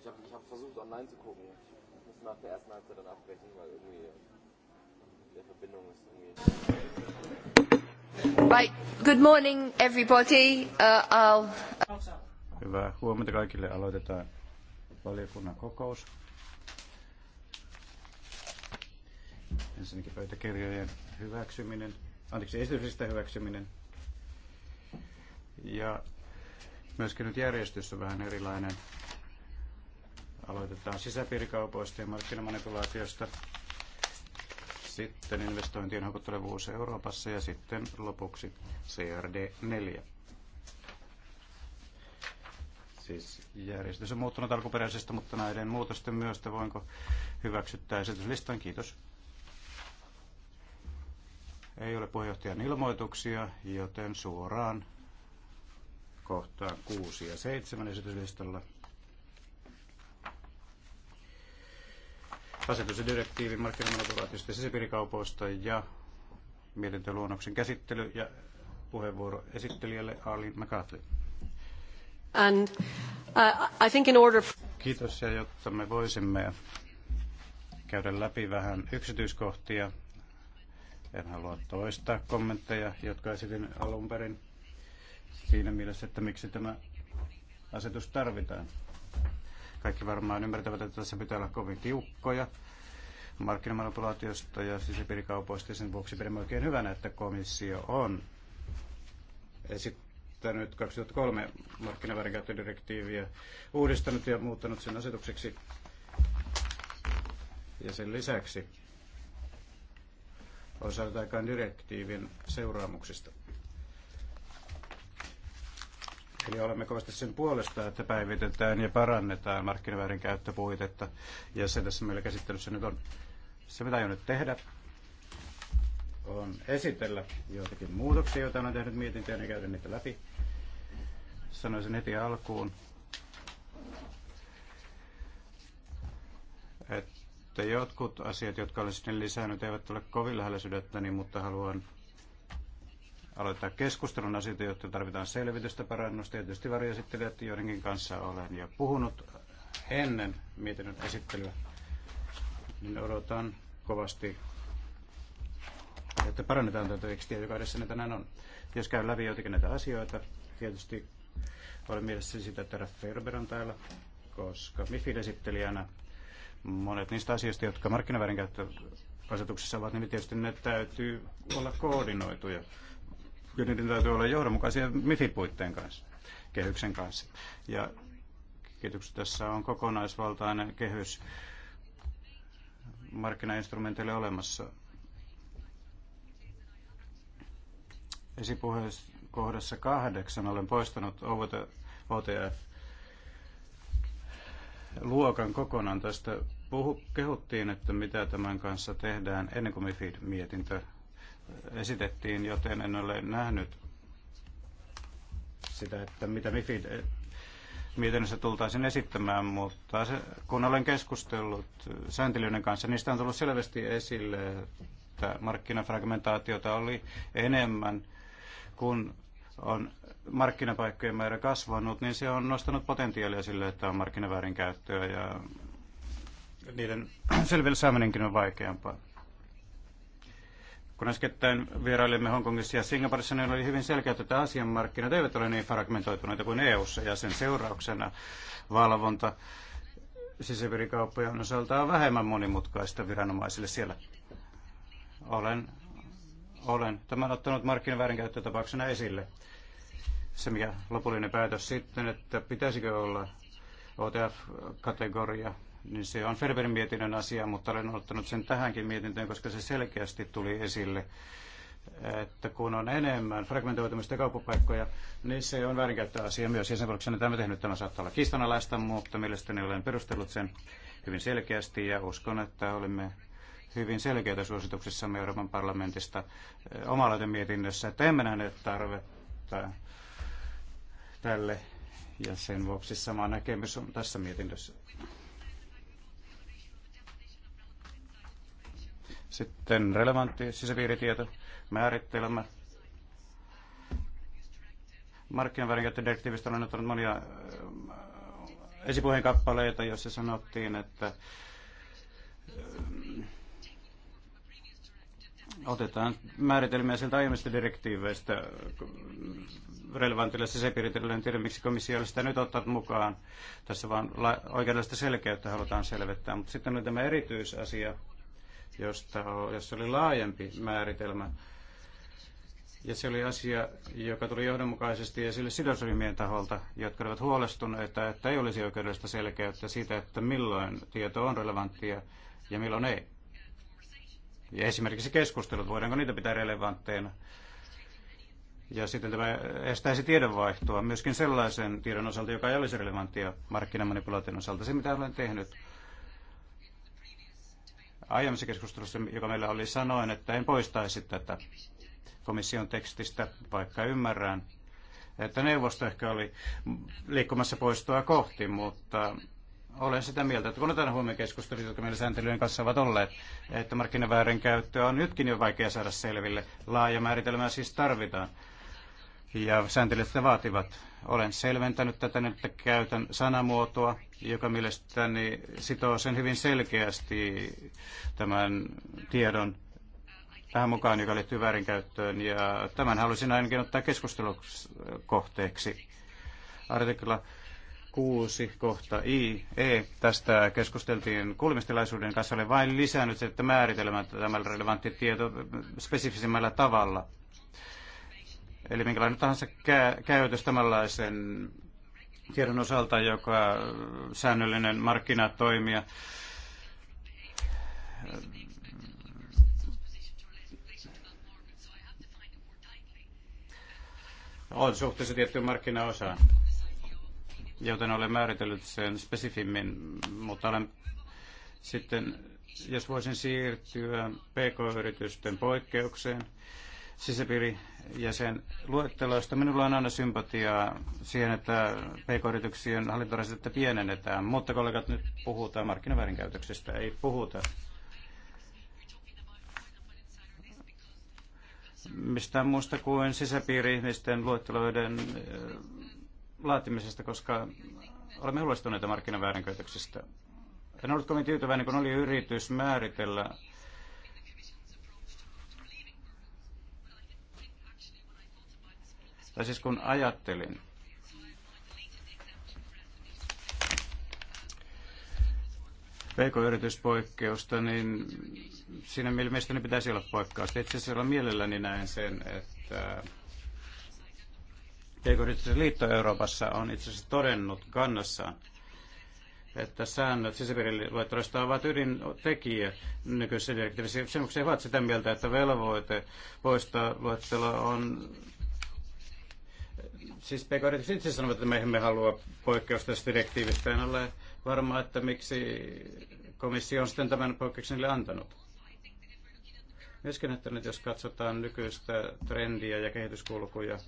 Ich habe ich hab versucht, online zu gucken. Ich muss nach der ersten Halbzeit dann abbrechen, weil irgendwie die Verbindung ist irgendwie. Right. Good morning, everybody. Uh, I'll... Hyvää huomenta kaikille. Aloitetaan valiokunnan kokous. Ensinnäkin pöytäkirjojen hyväksyminen, anteeksi esityksistä hyväksyminen. Ja myöskin nyt järjestys on vähän erilainen. Aloitetaan sisäpiirikaupoista ja markkinamanipulaatiosta, sitten investointien houkuttelevuus Euroopassa ja sitten lopuksi CRD4. Siis järjestys on muuttunut alkuperäisestä, mutta näiden muutosten myöstä voinko hyväksyttää esityslistan. Kiitos. Ei ole puheenjohtajan ilmoituksia, joten suoraan kohtaan 6 ja 7 esityslistalla. asetus ja direktiivi markkinamanipulaatiosta sisäpiirikaupoista ja mietintöluonnoksen käsittely ja puheenvuoro esittelijälle Arlene McCarthy. And, uh, I think in order... Kiitos ja jotta me voisimme käydä läpi vähän yksityiskohtia. En halua toistaa kommentteja, jotka esitin alun perin siinä mielessä, että miksi tämä asetus tarvitaan. Kaikki varmaan ymmärtävät, että tässä pitää olla kovin tiukkoja markkinamanipulaatiosta ja sisäpiirikaupoista. Ja sen vuoksi pidämme oikein hyvänä, että komissio on esittänyt 2003 markkinaväärinkäyttödirektiiviä uudistanut ja muuttanut sen asetukseksi. Ja sen lisäksi osaltaikaan aikaan direktiivin seuraamuksista. Eli olemme kovasti sen puolesta, että päivitetään ja parannetaan markkinaväärin käyttöpuitetta, ja se tässä meillä käsittelyssä nyt on. Se, mitä aion nyt tehdä, on esitellä joitakin muutoksia, joita olen tehnyt mietintöön ja käydä niitä läpi. Sanoisin heti alkuun, että jotkut asiat, jotka olen sinne lisännyt, eivät ole kovin lähellä sydäntäni, mutta haluan aloittaa keskustelun asioita, jotta tarvitaan selvitystä, parannusta. Ja tietysti varjoesittelijät, joidenkin kanssa olen jo puhunut ennen mietinnön esittelyä, niin odotan kovasti, että parannetaan tätä tekstiä, joka ne tänään on. Jos käy läpi joitakin näitä asioita, tietysti olen mielessä sitä, että Ferber on täällä, koska MIFID-esittelijänä monet niistä asioista, jotka markkinaväärinkäyttö asetuksessa ovat, niin tietysti ne täytyy olla koordinoituja kyllä niiden täytyy olla johdonmukaisia MIFI-puitteen kanssa, kehyksen kanssa. Ja kiitokset, tässä on kokonaisvaltainen kehys markkinainstrumenteille olemassa. Esipuheessa kohdassa kahdeksan olen poistanut OTF luokan kokonaan. Tästä puhu, kehuttiin, että mitä tämän kanssa tehdään ennen kuin MIFID-mietintö esitettiin, joten en ole nähnyt sitä, että mitä MIFID se tultaisiin esittämään, mutta se, kun olen keskustellut sääntelijöiden kanssa, niistä on tullut selvästi esille, että markkinafragmentaatiota oli enemmän kuin on markkinapaikkojen määrä kasvanut, niin se on nostanut potentiaalia sille, että on markkinaväärinkäyttöä ja niiden selville saaminenkin on vaikeampaa. Kun äskettäin vierailimme Hongkongissa ja Singaporessa, niin oli hyvin selkeä, että asianmarkkinat eivät ole niin fragmentoituneita kuin EU:ssa ja sen seurauksena valvonta sisäpiirikauppojen osalta on vähemmän monimutkaista viranomaisille siellä. Olen, olen tämän ottanut markkinaväärinkäyttötapauksena esille. Se, mikä lopullinen päätös sitten, että pitäisikö olla OTF-kategoria niin se on Ferberin mietinnön asia, mutta olen ottanut sen tähänkin mietintöön, koska se selkeästi tuli esille, että kun on enemmän fragmentoitumista kauppapaikkoja, niin se on asia myös. Ja sen vuoksi tämä tehnyt, tämä saattaa olla kiistanalaista, mutta mielestäni olen perustellut sen hyvin selkeästi ja uskon, että olimme hyvin selkeitä suosituksissamme Euroopan parlamentista eh, omalla mietinnössä, että emme nähneet tarvetta tälle ja sen vuoksi sama näkemys on tässä mietinnössä. Sitten relevantti sisäpiiritieto, määrittelemä. Markkinaväärinkäyttödirektiivistä on annettu monia äh, esipuheen kappaleita, joissa sanottiin, että äh, otetaan määritelmiä sieltä aiemmista direktiiveistä äh, relevantille sisäpiiritellylle. En tiedä, miksi komissio oli sitä nyt ottanut mukaan. Tässä vaan oikeudellista selkeyttä halutaan selvittää. Mutta sitten oli tämä erityisasia, josta, jossa oli laajempi määritelmä. Ja se oli asia, joka tuli johdonmukaisesti esille sidosryhmien taholta, jotka olivat huolestuneita, että ei olisi oikeudellista selkeyttä siitä, että milloin tieto on relevanttia ja milloin ei. Ja esimerkiksi keskustelut, voidaanko niitä pitää relevantteina. Ja sitten tämä estäisi tiedonvaihtoa myöskin sellaisen tiedon osalta, joka ei olisi relevanttia markkinamanipulaation osalta. Se, mitä olen tehnyt, Aiemmassa keskustelussa, joka meillä oli, sanoin, että en poistaisi tätä komission tekstistä, vaikka ymmärrän, että neuvosto ehkä oli liikkumassa poistoa kohti, mutta olen sitä mieltä, että kun otetaan huomioon keskustelut, jotka meillä sääntelyjen kanssa ovat olleet, että käyttöä on nytkin jo vaikea saada selville. Laaja määritelmä siis tarvitaan ja sääntelijät sitä vaativat. Olen selventänyt tätä nyt, että käytän sanamuotoa, joka mielestäni sitoo sen hyvin selkeästi tämän tiedon tähän mukaan, joka liittyy väärinkäyttöön. Ja tämän halusin ainakin ottaa keskustelukohteeksi. Artikla 6 kohta I, E. Tästä keskusteltiin kulmistilaisuuden kanssa. Olen vain lisännyt, että määritelmät tämä relevantti tieto spesifisimmällä tavalla – Eli minkälainen tahansa käytös tämänlaisen tiedon osalta, joka säännöllinen markkinatoimija on suhteessa tiettyyn markkinaosaan, joten olen määritellyt sen spesifimmin, mutta olen sitten, jos voisin siirtyä pk-yritysten poikkeukseen, sisäpiirijäsen luetteloista. Minulla on aina sympatiaa siihen, että pk-yrityksien hallintorasitetta pienennetään, mutta kollegat nyt puhutaan markkinaväärinkäytöksestä, ei puhuta mistään muusta kuin sisäpiiri-ihmisten luetteloiden äh, laatimisesta, koska olemme huolestuneita markkinaväärinkäytöksistä. En ollut kovin tyytyväinen, kun oli yritys määritellä Tai siis kun ajattelin, pk-yrityspoikkeusta, niin siinä mielestäni pitäisi olla poikkausta. Itse asiassa mielelläni näen sen, että pk liitto Euroopassa on itse asiassa todennut kannassaan, että säännöt sisäpiiriluettelosta ovat ydintekijä nykyisessä direktiivissä. Sen vuoksi he ovat sitä mieltä, että velvoite poistaa luettelo on Siis pk itse sanovat, että me emme halua poikkeusta tästä direktiivistä. En ole varma, että miksi komissio on sitten tämän poikkeuksen antanut. Myöskin, että nyt jos katsotaan nykyistä trendiä ja kehityskulkuja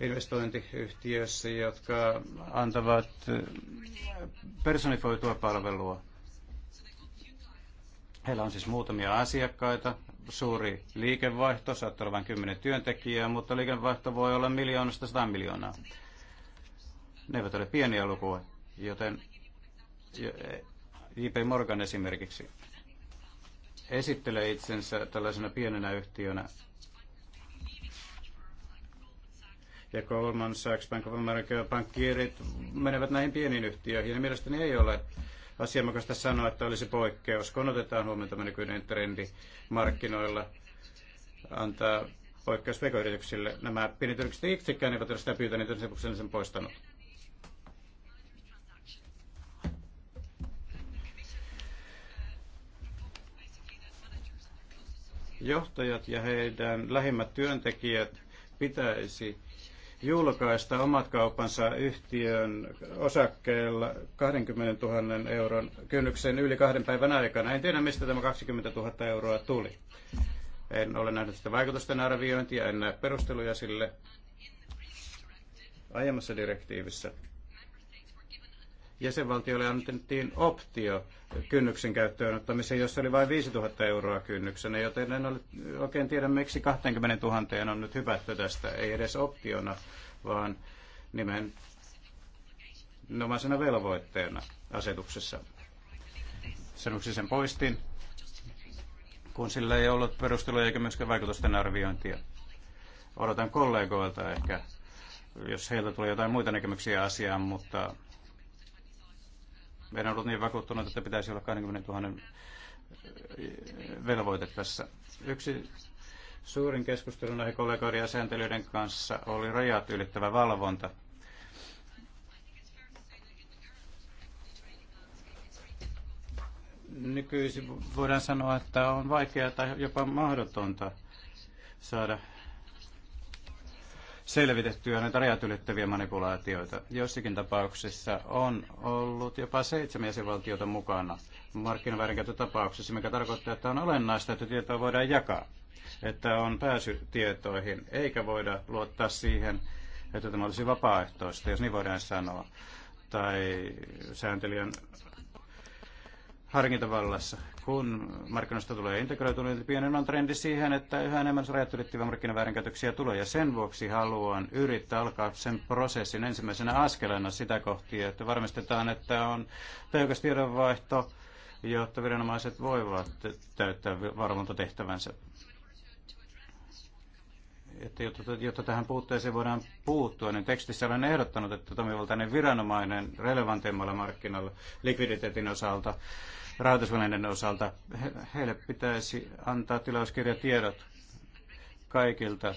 investointiyhtiöissä, jotka antavat personifoitua palvelua. Heillä on siis muutamia asiakkaita, suuri liikevaihto, saattaa olla vain kymmenen työntekijää, mutta liikevaihto voi olla miljoonasta sata miljoonaa. Ne eivät ole pieniä lukuja, joten J.P. Eh, Morgan esimerkiksi esittelee itsensä tällaisena pienenä yhtiönä. Ja Goldman Sachs, Bank of America, pankkiirit menevät näihin pieniin yhtiöihin. Ja mielestäni ei ole asianmukaista sanoa, että olisi poikkeus, kun otetaan huomioon tämä nykyinen trendi markkinoilla antaa poikkeus vekoyrityksille. Nämä pienet yritykset itsekään eivät ole sitä pyytäneet, niin sen poistanut. johtajat ja heidän lähimmät työntekijät pitäisi julkaista omat kaupansa yhtiön osakkeilla 20 000 euron kynnyksen yli kahden päivän aikana. En tiedä, mistä tämä 20 000 euroa tuli. En ole nähnyt sitä vaikutusten arviointia, en näe perusteluja sille aiemmassa direktiivissä jäsenvaltioille annettiin optio kynnyksen käyttöön ottamiseen, jossa oli vain 5000 euroa kynnyksenä, joten en ole, oikein tiedä, miksi 20 000 on nyt hypätty tästä, ei edes optiona, vaan nimen nomaisena velvoitteena asetuksessa. Sen sen poistin, kun sillä ei ollut perusteluja eikä myöskään vaikutusten arviointia. Odotan kollegoilta ehkä, jos heiltä tulee jotain muita näkemyksiä asiaan, mutta on ollut niin vakuuttunut, että pitäisi olla 20 000 eh, velvoite tässä. Yksi suurin keskustelu näihin kollegoiden ja sääntelyiden kanssa oli rajat ylittävä valvonta. Nykyisin voidaan sanoa, että on vaikeaa tai jopa mahdotonta saada selvitettyä näitä rajat ylittäviä manipulaatioita. Joissakin tapauksissa on ollut jopa seitsemän jäsenvaltiota mukana markkinaväärinkäyttötapauksessa, mikä tarkoittaa, että on olennaista, että tietoa voidaan jakaa, että on pääsy tietoihin, eikä voida luottaa siihen, että tämä olisi vapaaehtoista, jos niin voidaan sanoa, tai sääntelijän harkintavallassa kun markkinoista tulee niin pienen on trendi siihen, että yhä enemmän rajat ylittäviä markkinaväärinkäytöksiä tulee. Ja sen vuoksi haluan yrittää alkaa sen prosessin ensimmäisenä askeleena sitä kohti, että varmistetaan, että on tehokas tiedonvaihto, jotta viranomaiset voivat täyttää valvontatehtävänsä. Että jotta, jotta tähän puutteeseen voidaan puuttua, niin tekstissä olen ehdottanut, että toimivaltainen viranomainen relevanteimmalla markkinalla likviditeetin osalta rahoitusvälineiden osalta. heille pitäisi antaa tilauskirjatiedot kaikilta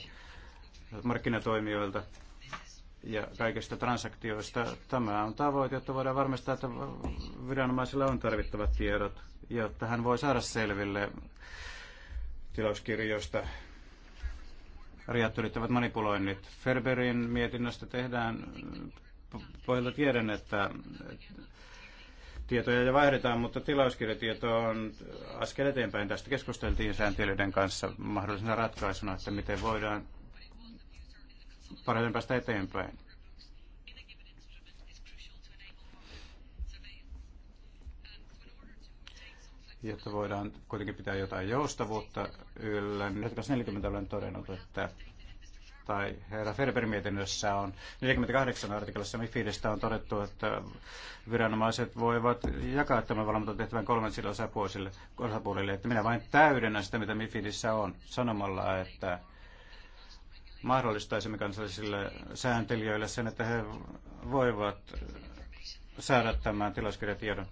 markkinatoimijoilta ja kaikista transaktioista. Tämä on tavoite, jotta voidaan varmistaa, että viranomaisilla on tarvittavat tiedot, jotta hän voi saada selville tilauskirjoista riat ylittävät manipuloinnit. Ferberin mietinnöstä tehdään pohjalta tiedän, että tietoja ja vaihdetaan, mutta tilauskirjatieto on askel eteenpäin. Tästä keskusteltiin sääntelyiden kanssa mahdollisena ratkaisuna, että miten voidaan parhaiten päästä eteenpäin. jotta voidaan kuitenkin pitää jotain joustavuutta yllä. Nyt niin 40 olen todennut, että tai herra Ferber mietinnössä on 48 artiklassa MIFIDistä on todettu, että viranomaiset voivat jakaa tämän valvontatehtävän kolmansille osapuolille, osapuolille. Että minä vain täydennän sitä, mitä MIFIDissä on, sanomalla, että mahdollistaisimme kansallisille sääntelijöille sen, että he voivat saada tämän tilauskirjatiedon.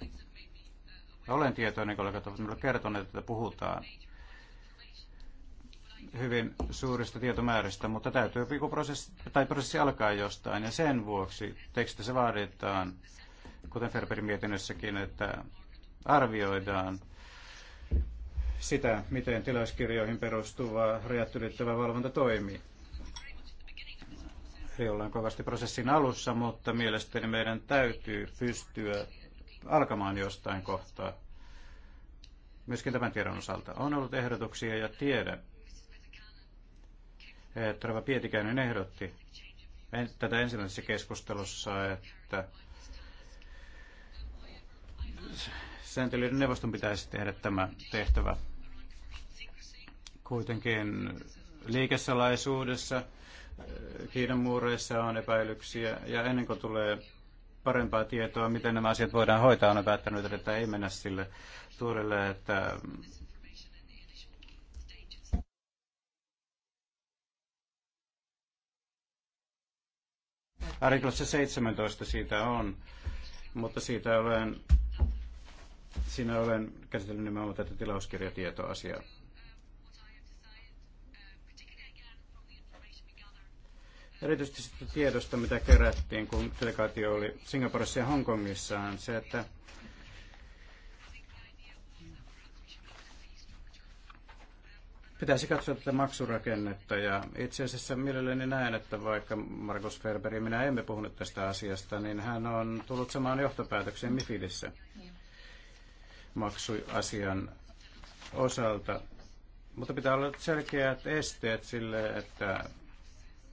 Olen tietoinen, kollegat ovat minulle kertoneet, että puhutaan hyvin suurista tietomääristä, mutta täytyy joku prosessi, tai prosessi alkaa jostain, ja sen vuoksi tekstissä vaaditaan, kuten Ferberin mietinnössäkin, että arvioidaan sitä, miten tilauskirjoihin perustuva rajat ylittävä valvonta toimii. Eli ollaan kovasti prosessin alussa, mutta mielestäni meidän täytyy pystyä alkamaan jostain kohtaa. Myöskin tämän tiedon osalta on ollut ehdotuksia ja tiedä, että Pietikäinen ehdotti tätä ensimmäisessä keskustelussa, että sääntelyiden neuvoston pitäisi tehdä tämä tehtävä. Kuitenkin liikesalaisuudessa Kiinan muureissa on epäilyksiä ja ennen kuin tulee parempaa tietoa, miten nämä asiat voidaan hoitaa, on päättänyt, että ei mennä sille tuurelle, että Artiklassa 17 siitä on, mutta siitä olen, siinä olen käsitellyt nimenomaan tätä tilauskirjatietoasiaa. Erityisesti sitä tiedosta, mitä kerättiin, kun delegaatio oli Singaporessa ja Hongkongissa, on se, että Pitäisi katsoa tätä maksurakennetta ja itse asiassa mielelläni näen, että vaikka Markus Ferberi ja minä emme puhunut tästä asiasta, niin hän on tullut samaan johtopäätökseen Mifidissä maksuasian osalta. Mutta pitää olla selkeät esteet sille, että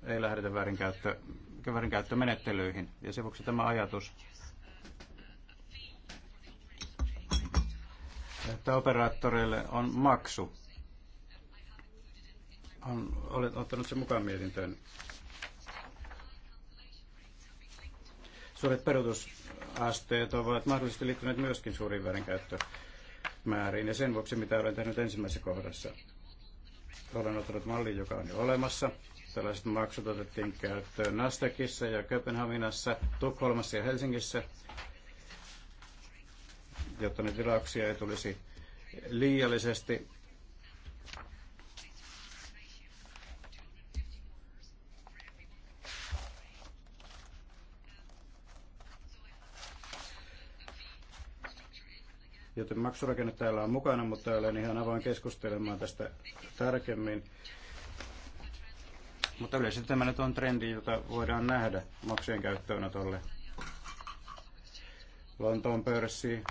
ei lähdetä väärinkäyttö, väärinkäyttömenettelyihin. Ja se vuoksi tämä ajatus, että operaattoreille on maksu on, olet ottanut sen mukaan mietintöön. Suuret perutusasteet ovat mahdollisesti liittyneet myöskin suuriin väärinkäyttömääriin ja sen vuoksi, mitä olen tehnyt ensimmäisessä kohdassa. Olen ottanut mallin, joka on jo olemassa. Tällaiset maksut otettiin käyttöön Nastekissa ja Kööpenhaminassa, Tukholmassa ja Helsingissä, jotta ne tilauksia ei tulisi liiallisesti joten maksurakenne täällä on mukana, mutta olen ihan avoin keskustelemaan tästä tarkemmin. Mutta yleensä tämä nyt on trendi, jota voidaan nähdä maksujen tuolle Lontoon pörssiin.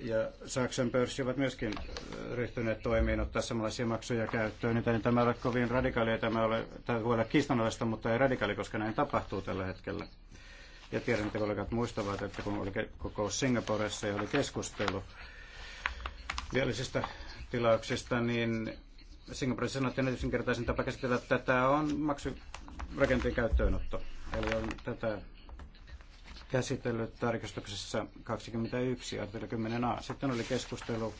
ja Saksan pörssi ovat myöskin äh, ryhtyneet toimiin ottaa samanlaisia maksuja käyttöön. tämä ei ole kovin radikaali, tämä, ole, tämä voi olla kiistanalaista, mutta ei radikaali, koska näin tapahtuu tällä hetkellä. Ja tiedän, että kollegat muistavat, että kun oli kokous Singaporessa ja oli keskustelu viallisista tilauksista, niin Singaporessa sanottiin, että yksinkertaisin tapa käsitellä tätä on maksurakenteen käyttöönotto. Eli on tätä käsitellyt tarkistuksessa 21 artikla 10a. Sitten oli keskustelu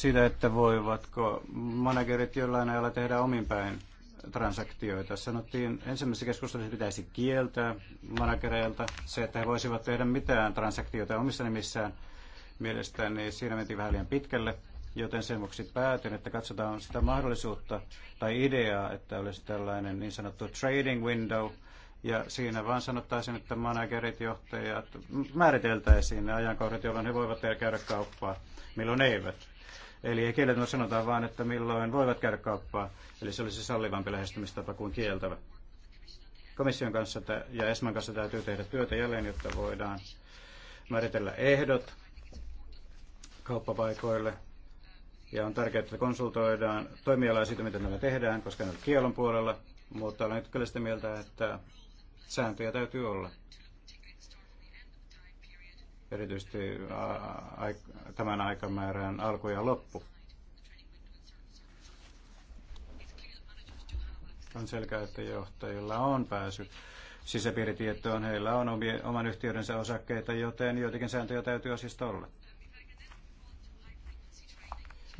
sitä, että voivatko managerit jollain ajalla tehdä päin transaktioita. Sanottiin ensimmäisessä keskustelussa, että pitäisi kieltää managereilta se, että he voisivat tehdä mitään transaktioita omissa nimissään. Mielestäni niin siinä mentiin vähän liian pitkälle, joten sen vuoksi päätin, että katsotaan sitä mahdollisuutta tai ideaa, että olisi tällainen niin sanottu trading window, ja siinä vaan sanottaisiin, että managerit, johtajat määriteltäisiin ne ajankohdat, jolloin he voivat käydä kauppaa, milloin eivät Eli ei kielletä, sanotaan vaan, että milloin voivat käydä kauppaa. Eli se olisi sallivampi lähestymistapa kuin kieltävä. Komission kanssa ja ESMAn kanssa täytyy tehdä työtä jälleen, jotta voidaan määritellä ehdot kauppapaikoille. Ja on tärkeää, että konsultoidaan toimialaa siitä, miten tämä tehdään, koska ne on kielon puolella. Mutta olen nyt kyllä sitä mieltä, että sääntöjä täytyy olla erityisesti tämän aikamäärän alku ja loppu. On selkeää, että johtajilla on pääsy sisäpiiritietoon. Heillä on oman yhtiöidensä osakkeita, joten joitakin sääntöjä täytyy asiasta olla.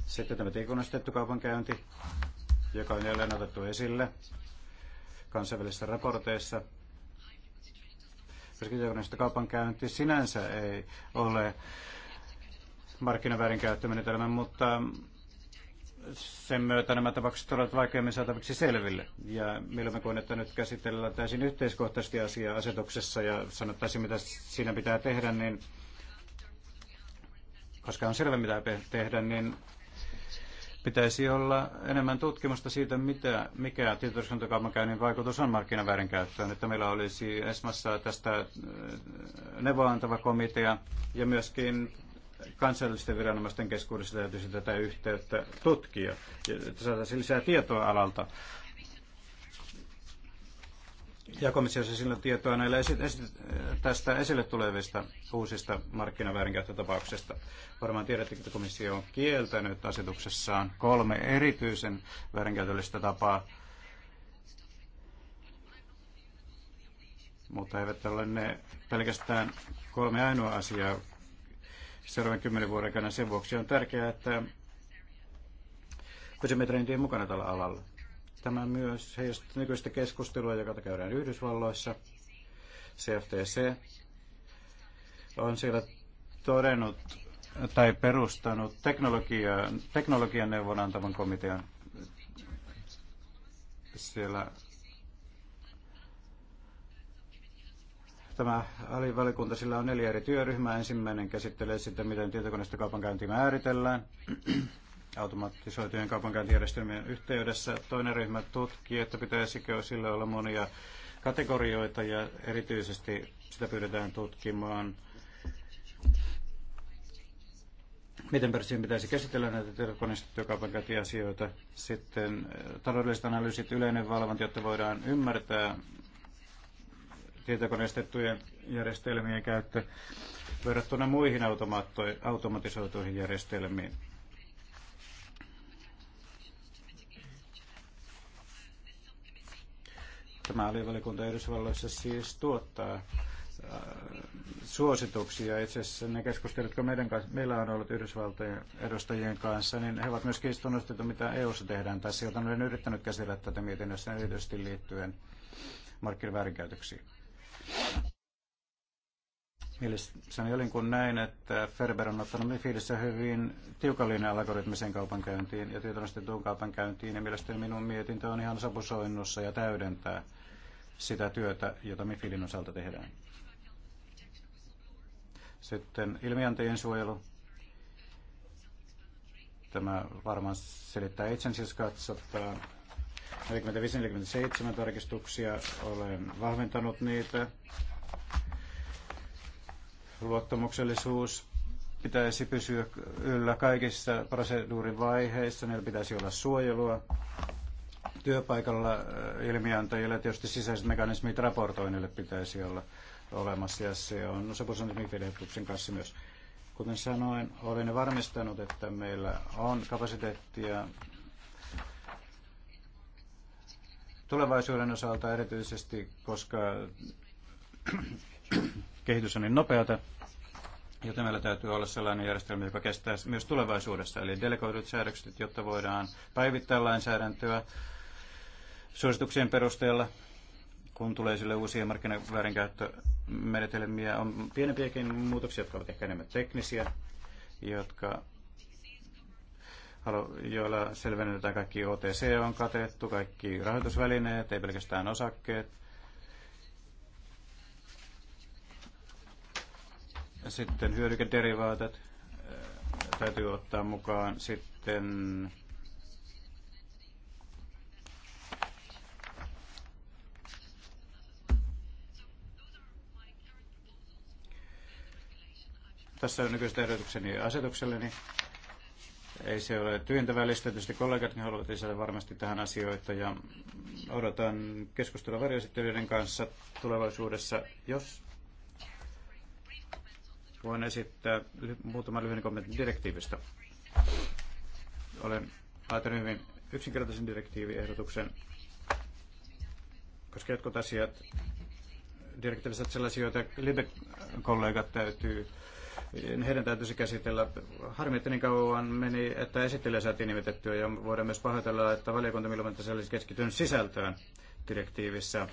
Sitten tämä tiikunnastettu kaupankäynti, joka on jälleen otettu esille kansainvälisissä raporteissa riskijohdonnaista kaupankäynti sinänsä ei ole markkinaväärinkäyttömenetelmän, mutta sen myötä nämä tapaukset ovat vaikeammin saataviksi selville. Ja milloin koen, että nyt käsitellään täysin yhteiskohtaisesti asiaa asetuksessa ja sanottaisiin, mitä siinä pitää tehdä, niin koska on selvä, mitä tehdä, niin Pitäisi olla enemmän tutkimusta siitä, mitä, mikä tietoyhteiskuntakaupankäynnin vaikutus on käyttöön. että meillä olisi ESMassa tästä äh, neuvoantava komitea ja myöskin kansallisten viranomaisten keskuudessa täytyisi tätä yhteyttä tutkia, että saataisiin lisää tietoa alalta ja komissiossa silloin tietoa näillä esi- esi- tästä esille tulevista uusista markkinaväärinkäyttötapauksista. Varmaan tiedätte, että komissio on kieltänyt asetuksessaan kolme erityisen väärinkäytöllistä tapaa, mutta eivät ole ne pelkästään kolme ainoa asiaa seuraavan kymmenen vuoden aikana. Sen vuoksi on tärkeää, että pysymme trendien mukana tällä alalla. Tämä myös heijastuu nykyistä keskustelua, joka käydään Yhdysvalloissa. CFTC on siellä todennut tai perustanut teknologia teknologian neuvonantavan komitean. Siellä tämä alivalikunta, sillä on neljä eri työryhmää. Ensimmäinen käsittelee sitä, miten tietokoneista kaupankäynti määritellään automatisoitujen kaupankäyntijärjestelmien yhteydessä. Toinen ryhmä tutkii, että pitäisikö sillä olla monia kategorioita ja erityisesti sitä pyydetään tutkimaan miten pörssien pitäisi käsitellä näitä tietokoneistettuja kaupankäyntiasioita? Sitten eh, taloudelliset analyysit, yleinen valvonta, jotta voidaan ymmärtää tietokoneistettujen järjestelmien käyttö verrattuna muihin automatisoituihin järjestelmiin. Tämä alivaliokunta Yhdysvalloissa siis tuottaa äh, suosituksia. Itse asiassa ne keskustelut, jotka meidän kanssa, meillä on ollut Yhdysvaltojen edustajien kanssa, niin he ovat myöskin kiistuneet, mitä EU-ssa tehdään tässä, jota olen yrittänyt käsitellä tätä mietinnössä erityisesti liittyen markkinaväärinkäytöksiin. Mielestäni olin kun näin, että Ferber on ottanut Mifidissä hyvin tiukan linjan algoritmisen kaupankäyntiin ja tietoisesti tuon kaupankäyntiin, ja mielestäni minun mietintö on ihan sapusoinnussa ja täydentää – sitä työtä, jota Mifilin osalta tehdään. Sitten ilmiantajien suojelu. Tämä varmaan selittää itsensä, jos katsotaan. 45-47 tarkistuksia, olen vahventanut niitä. Luottamuksellisuus pitäisi pysyä yllä kaikissa proseduurin vaiheissa, niillä pitäisi olla suojelua työpaikalla ilmiantajille tietysti sisäiset mekanismit raportoinnille pitäisi olla olemassa ja se on sopussa Mifidehtuksen kanssa myös. Kuten sanoin, olen varmistanut, että meillä on kapasiteettia tulevaisuuden osalta erityisesti, koska kehitys on niin nopeata, joten meillä täytyy olla sellainen järjestelmä, joka kestää myös tulevaisuudessa, eli delegoidut säädökset, jotta voidaan päivittää lainsäädäntöä Suosituksien perusteella, kun tulee sille uusia markkinaväärinkäyttömenetelmiä, on pienempiäkin muutoksia, jotka ovat ehkä enemmän teknisiä, jotka joilla selvennetään kaikki OTC on katettu, kaikki rahoitusvälineet, ei pelkästään osakkeet. Sitten hyödykederivaatat täytyy ottaa mukaan. Sitten Tässä on nykyiset ehdotukseni asetukselleni. Niin ei se ole tyhjentävää listaa. Tietysti kollegatkin haluavat lisätä varmasti tähän asioita ja odotan keskustelua varjoesittelijöiden kanssa tulevaisuudessa, jos voin esittää muutaman lyhyen kommentin direktiivistä. Olen ajatellut hyvin yksinkertaisen direktiiviehdotuksen, koska jotkut asiat direktiivissä sellaisia, joita libe kollegat täytyy heidän täytyisi käsitellä. Harmi, että niin kauan meni, että esittelijä saatiin nimitettyä ja voidaan myös pahoitella, että valiokunta milloin tässä olisi keskittynyt sisältöön direktiivissä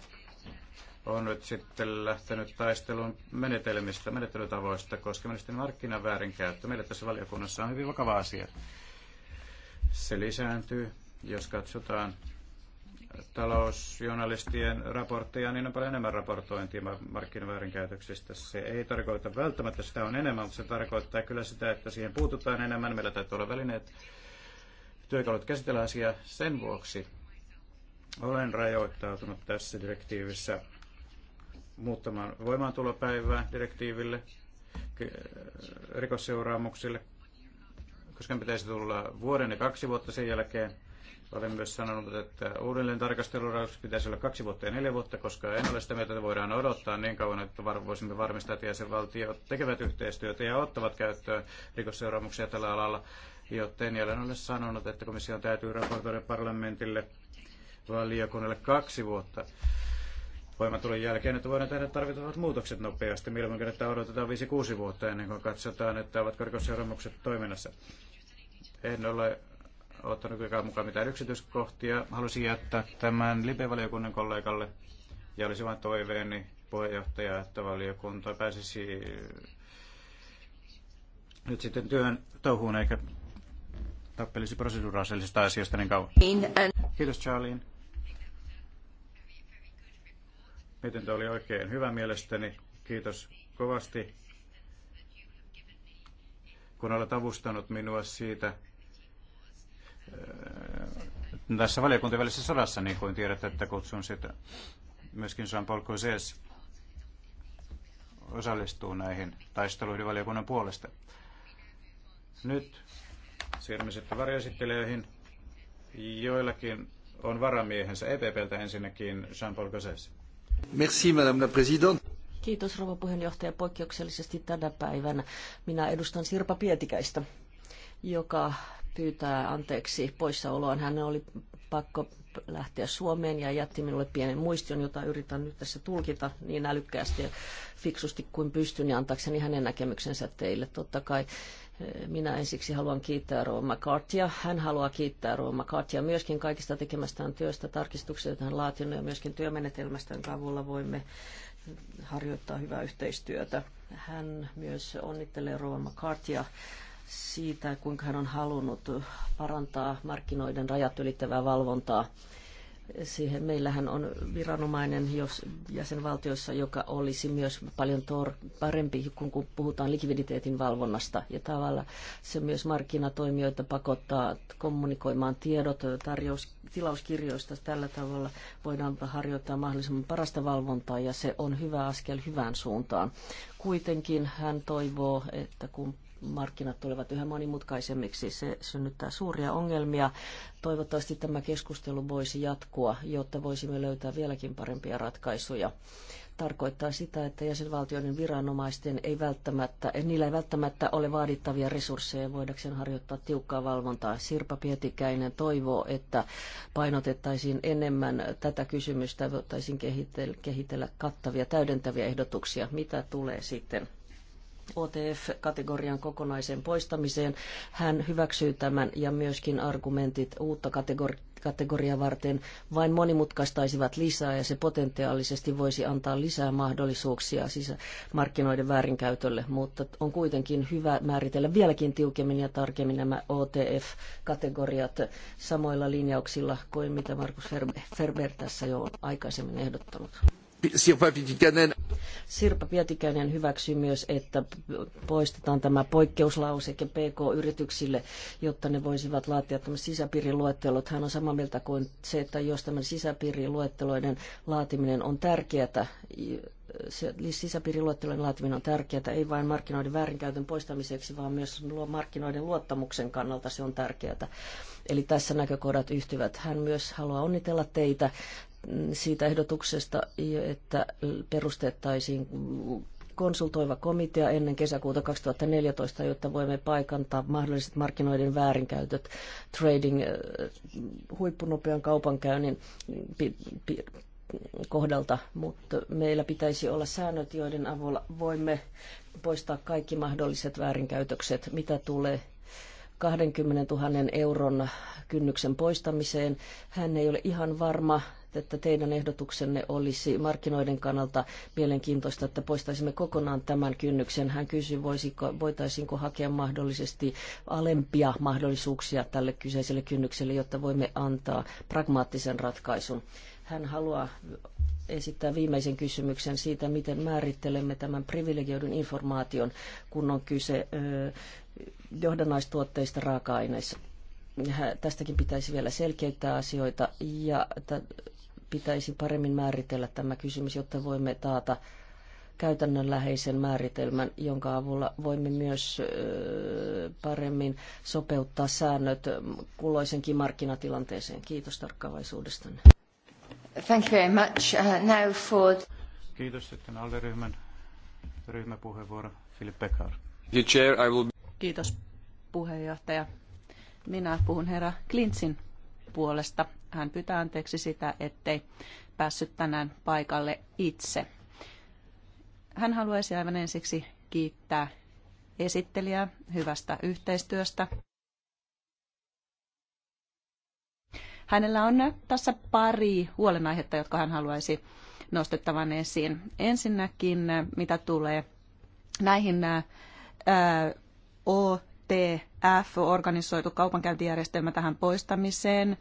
on nyt sitten lähtenyt taistelun menetelmistä, menettelytavoista, koska mielestäni markkinan väärinkäyttö meillä tässä valiokunnassa on hyvin vakava asia. Se lisääntyy, jos katsotaan talousjournalistien raportteja, niin on paljon enemmän raportointia markkinaväärinkäytöksistä. Se ei tarkoita välttämättä sitä on enemmän, mutta se tarkoittaa kyllä sitä, että siihen puututaan enemmän. Meillä täytyy olla välineet, työkalut käsitellä asiaa. Sen vuoksi olen rajoittautunut tässä direktiivissä muuttamaan voimaantulopäivää direktiiville, rikosseuraamuksille, koska pitäisi tulla vuoden ja kaksi vuotta sen jälkeen – olen myös sanonut, että uudelleen tarkastelurajoitus pitäisi olla kaksi vuotta ja neljä vuotta, koska en ole sitä mieltä, että voidaan odottaa niin kauan, että voisimme varmistaa, että jäsenvaltiot tekevät yhteistyötä ja ottavat käyttöön rikosseuraamuksia tällä alalla. Joten jälleen olen sanonut, että komission täytyy raportoida parlamentille valiokunnalle kaksi vuotta voimatulon jälkeen, että voidaan tehdä tarvittavat muutokset nopeasti. Milloin kertaa odotetaan 5-6 vuotta ennen kuin katsotaan, että ovat rikosseuraamukset toiminnassa. En ole ottanut kukaan mukaan mitään yksityiskohtia. Halusin jättää tämän live-valiokunnan kollegalle ja olisi vain toiveeni puheenjohtaja, että valiokunta pääsisi nyt sitten työn touhuun eikä tappelisi proseduraalisista asioista niin kauan. Kiitos Charlene. Mietintö oli oikein hyvä mielestäni. Kiitos kovasti, kun olet avustanut minua siitä, tässä valiokuntien välisessä sodassa, niin kuin tiedät, että kutsun sitä. Myöskin Jean-Paul Cosés osallistuu näihin taisteluihin valiokunnan puolesta. Nyt siirrymme sitten varjoesittelijöihin. Joillakin on varamiehensä EPPltä ensinnäkin Jean-Paul Cosés. Merci, Madame la Présidente. Kiitos rouva puheenjohtaja poikkeuksellisesti tänä päivänä. Minä edustan Sirpa Pietikäistä, joka pyytää anteeksi poissaoloon. Hän oli pakko lähteä Suomeen ja jätti minulle pienen muistion, jota yritän nyt tässä tulkita niin älykkäästi ja fiksusti kuin pystyn ja antaakseni hänen näkemyksensä teille. Totta kai eh, minä ensiksi haluan kiittää Roma McCartia. Hän haluaa kiittää Roma McCartia myöskin kaikista tekemästään työstä, tarkistuksia, joita hän laatinut ja myöskin työmenetelmästä, jonka avulla voimme harjoittaa hyvää yhteistyötä. Hän myös onnittelee Rova McCartia siitä, kuinka hän on halunnut parantaa markkinoiden rajat ylittävää valvontaa. Siihen meillähän on viranomainen jos jäsenvaltioissa, joka olisi myös paljon tor- parempi, kun, kun puhutaan likviditeetin valvonnasta. Ja tavalla se myös markkinatoimijoita pakottaa kommunikoimaan tiedot tarjous, tilauskirjoista. Tällä tavalla voidaan harjoittaa mahdollisimman parasta valvontaa ja se on hyvä askel hyvään suuntaan. Kuitenkin hän toivoo, että kun markkinat tulevat yhä monimutkaisemmiksi. Se synnyttää suuria ongelmia. Toivottavasti tämä keskustelu voisi jatkua, jotta voisimme löytää vieläkin parempia ratkaisuja. Tarkoittaa sitä, että jäsenvaltioiden viranomaisten ei välttämättä, niillä ei välttämättä ole vaadittavia resursseja voidakseen harjoittaa tiukkaa valvontaa. Sirpa Pietikäinen toivoo, että painotettaisiin enemmän tätä kysymystä, voitaisiin kehitellä kattavia täydentäviä ehdotuksia, mitä tulee sitten OTF-kategorian kokonaiseen poistamiseen. Hän hyväksyy tämän ja myöskin argumentit uutta kategori- kategoriaa varten vain monimutkaistaisivat lisää ja se potentiaalisesti voisi antaa lisää mahdollisuuksia sisämarkkinoiden väärinkäytölle, mutta on kuitenkin hyvä määritellä vieläkin tiukemmin ja tarkemmin nämä OTF-kategoriat samoilla linjauksilla kuin mitä Markus Ferber tässä jo on aikaisemmin ehdottanut. Sirpa Pietikäinen. Sirpa Pietikäinen hyväksyi myös, että poistetaan tämä poikkeuslauseke PK-yrityksille, jotta ne voisivat laatia tämmöiset sisäpiiriluettelot. Hän on samaa mieltä kuin se, että jos tämän sisäpiiriluetteloiden laatiminen on tärkeää, sisäpiiriluettelojen laatiminen on tärkeää, ei vain markkinoiden väärinkäytön poistamiseksi, vaan myös markkinoiden luottamuksen kannalta se on tärkeää. Eli tässä näkökohdat yhtyvät. Hän myös haluaa onnitella teitä siitä ehdotuksesta, että perustettaisiin konsultoiva komitea ennen kesäkuuta 2014, jotta voimme paikantaa mahdolliset markkinoiden väärinkäytöt, trading, äh, huippunopean kaupankäynnin kohdalta, mutta meillä pitäisi olla säännöt, joiden avulla voimme poistaa kaikki mahdolliset väärinkäytökset, mitä tulee 20 000 euron kynnyksen poistamiseen. Hän ei ole ihan varma että teidän ehdotuksenne olisi markkinoiden kannalta mielenkiintoista, että poistaisimme kokonaan tämän kynnyksen. Hän kysyi, voisiko, voitaisiinko hakea mahdollisesti alempia mahdollisuuksia tälle kyseiselle kynnykselle, jotta voimme antaa pragmaattisen ratkaisun. Hän haluaa esittää viimeisen kysymyksen siitä, miten määrittelemme tämän privilegioidun informaation, kun on kyse johdannaistuotteista raaka-aineissa. Tästäkin pitäisi vielä selkeyttää asioita ja pitäisi paremmin määritellä tämä kysymys, jotta voimme taata käytännönläheisen määritelmän, jonka avulla voimme myös paremmin sopeuttaa säännöt kulloisenkin markkinatilanteeseen. Kiitos tarkkaavaisuudestanne. Thank you very much. Uh, now for... Kiitos sitten ryhmän ryhmäpuheenvuoro Philip Beckar. Chair, I will... Kiitos puheenjohtaja. Minä puhun herra Klintsin puolesta. Hän pyytää anteeksi sitä, ettei päässyt tänään paikalle itse. Hän haluaisi aivan ensiksi kiittää esittelijää hyvästä yhteistyöstä. Hänellä on tässä pari huolenaihetta, jotka hän haluaisi nostettavan esiin. Ensinnäkin, mitä tulee näihin ää, O- ITF, organisoitu kaupankäyntijärjestelmä tähän poistamiseen.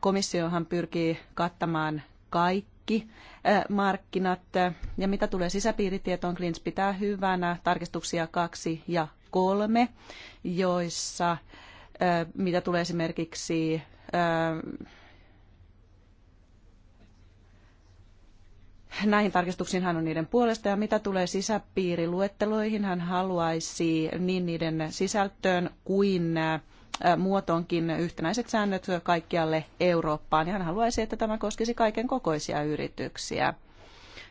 Komissiohan pyrkii kattamaan kaikki markkinat. Ja mitä tulee sisäpiiritietoon, Klins pitää hyvänä tarkistuksia kaksi ja kolme, joissa mitä tulee esimerkiksi Näihin tarkistuksiin hän on niiden puolesta ja mitä tulee sisäpiiriluetteloihin, hän haluaisi niin niiden sisältöön kuin muotoonkin yhtenäiset säännöt kaikkialle Eurooppaan. Ja hän haluaisi, että tämä koskisi kaiken kokoisia yrityksiä.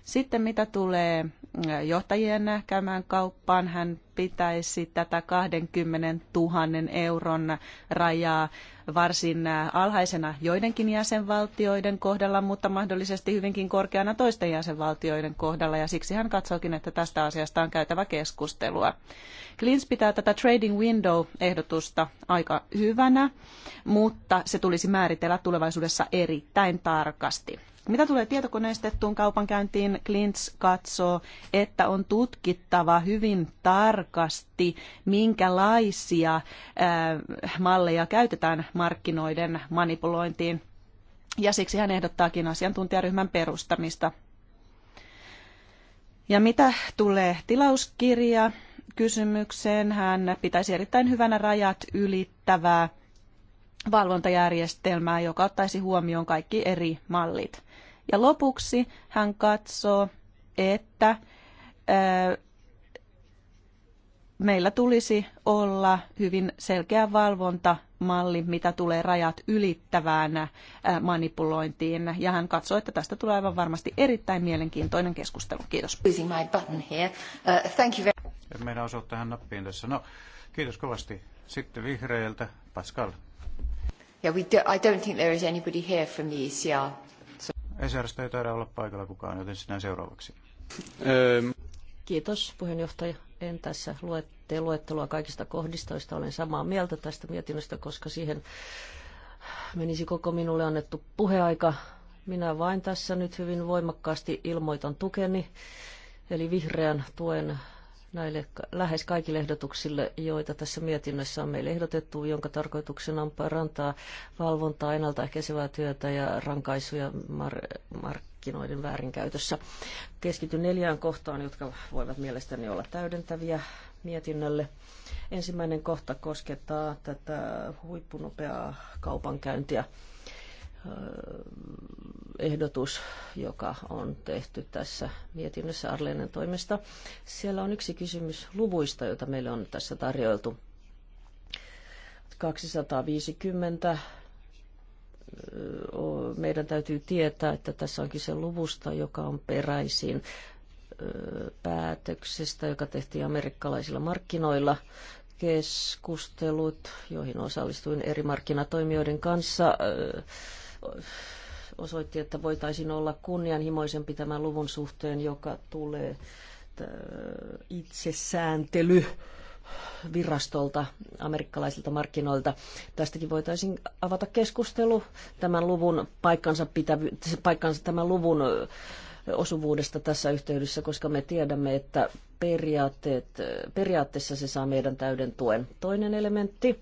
Sitten mitä tulee äh, johtajien käymään kauppaan, hän pitäisi tätä 20 000 euron rajaa varsin äh, alhaisena joidenkin jäsenvaltioiden kohdalla, mutta mahdollisesti hyvinkin korkeana toisten jäsenvaltioiden kohdalla, ja siksi hän katsookin, että tästä asiasta on käytävä keskustelua. Klins pitää tätä trading window-ehdotusta aika hyvänä, mutta se tulisi määritellä tulevaisuudessa erittäin tarkasti. Mitä tulee tietokoneistettuun kaupankäyntiin, Klints katsoo, että on tutkittava hyvin tarkasti, minkälaisia äh, malleja käytetään markkinoiden manipulointiin. Ja siksi hän ehdottaakin asiantuntijaryhmän perustamista. Ja mitä tulee tilauskirja kysymykseen, hän pitäisi erittäin hyvänä rajat ylittävää valvontajärjestelmää, joka ottaisi huomioon kaikki eri mallit. Ja lopuksi hän katsoo, että meillä tulisi olla hyvin selkeä valvontamalli, mitä tulee rajat ylittävään manipulointiin. Ja hän katsoo, että tästä tulee aivan varmasti erittäin mielenkiintoinen keskustelu. Kiitos. Uh, Meidän osuu tähän nappiin tässä. No, kiitos kovasti. Sitten vihreiltä Pascal. Yeah, we do, I don't think there is anybody here from the ECR. ECRstä ei taida olla paikalla kukaan, joten sinä seuraavaksi. Kiitos puheenjohtaja. En tässä lue, tee luettelua kaikista kohdista, joista olen samaa mieltä tästä mietinnöstä, koska siihen menisi koko minulle annettu puheaika. Minä vain tässä nyt hyvin voimakkaasti ilmoitan tukeni, eli vihreän tuen näille lähes kaikille ehdotuksille, joita tässä mietinnössä on meille ehdotettu, jonka tarkoituksena on parantaa valvontaa, ennaltaehkäisevää työtä ja rankaisuja mar- markkinoiden väärinkäytössä. Keskityn neljään kohtaan, jotka voivat mielestäni olla täydentäviä mietinnölle. Ensimmäinen kohta koskettaa tätä huippunopeaa kaupankäyntiä ehdotus, joka on tehty tässä mietinnössä Arleenen toimesta. Siellä on yksi kysymys luvuista, joita meille on tässä tarjoiltu. 250. Meidän täytyy tietää, että tässä on kyse luvusta, joka on peräisin päätöksestä, joka tehtiin amerikkalaisilla markkinoilla. Keskustelut, joihin osallistuin eri markkinatoimijoiden kanssa, osoitti, että voitaisiin olla kunnianhimoisempi tämän luvun suhteen, joka tulee itsesääntely virastolta, amerikkalaisilta markkinoilta. Tästäkin voitaisiin avata keskustelu tämän luvun paikkansa, pitävy, paikkansa tämän luvun osuvuudesta tässä yhteydessä, koska me tiedämme, että periaatteet, periaatteessa se saa meidän täyden tuen. Toinen elementti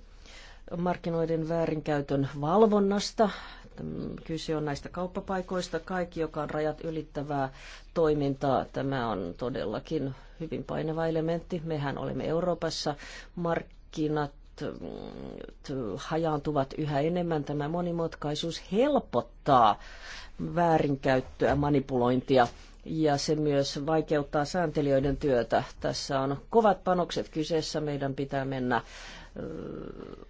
markkinoiden väärinkäytön valvonnasta Mm, kyse on näistä kauppapaikoista. Kaikki, joka on rajat ylittävää toimintaa, tämä on todellakin hyvin painava elementti. Mehän olemme Euroopassa. Markkinat mm, hajaantuvat yhä enemmän. Tämä monimutkaisuus helpottaa väärinkäyttöä, manipulointia ja se myös vaikeuttaa sääntelijöiden työtä. Tässä on kovat panokset kyseessä. Meidän pitää mennä mm,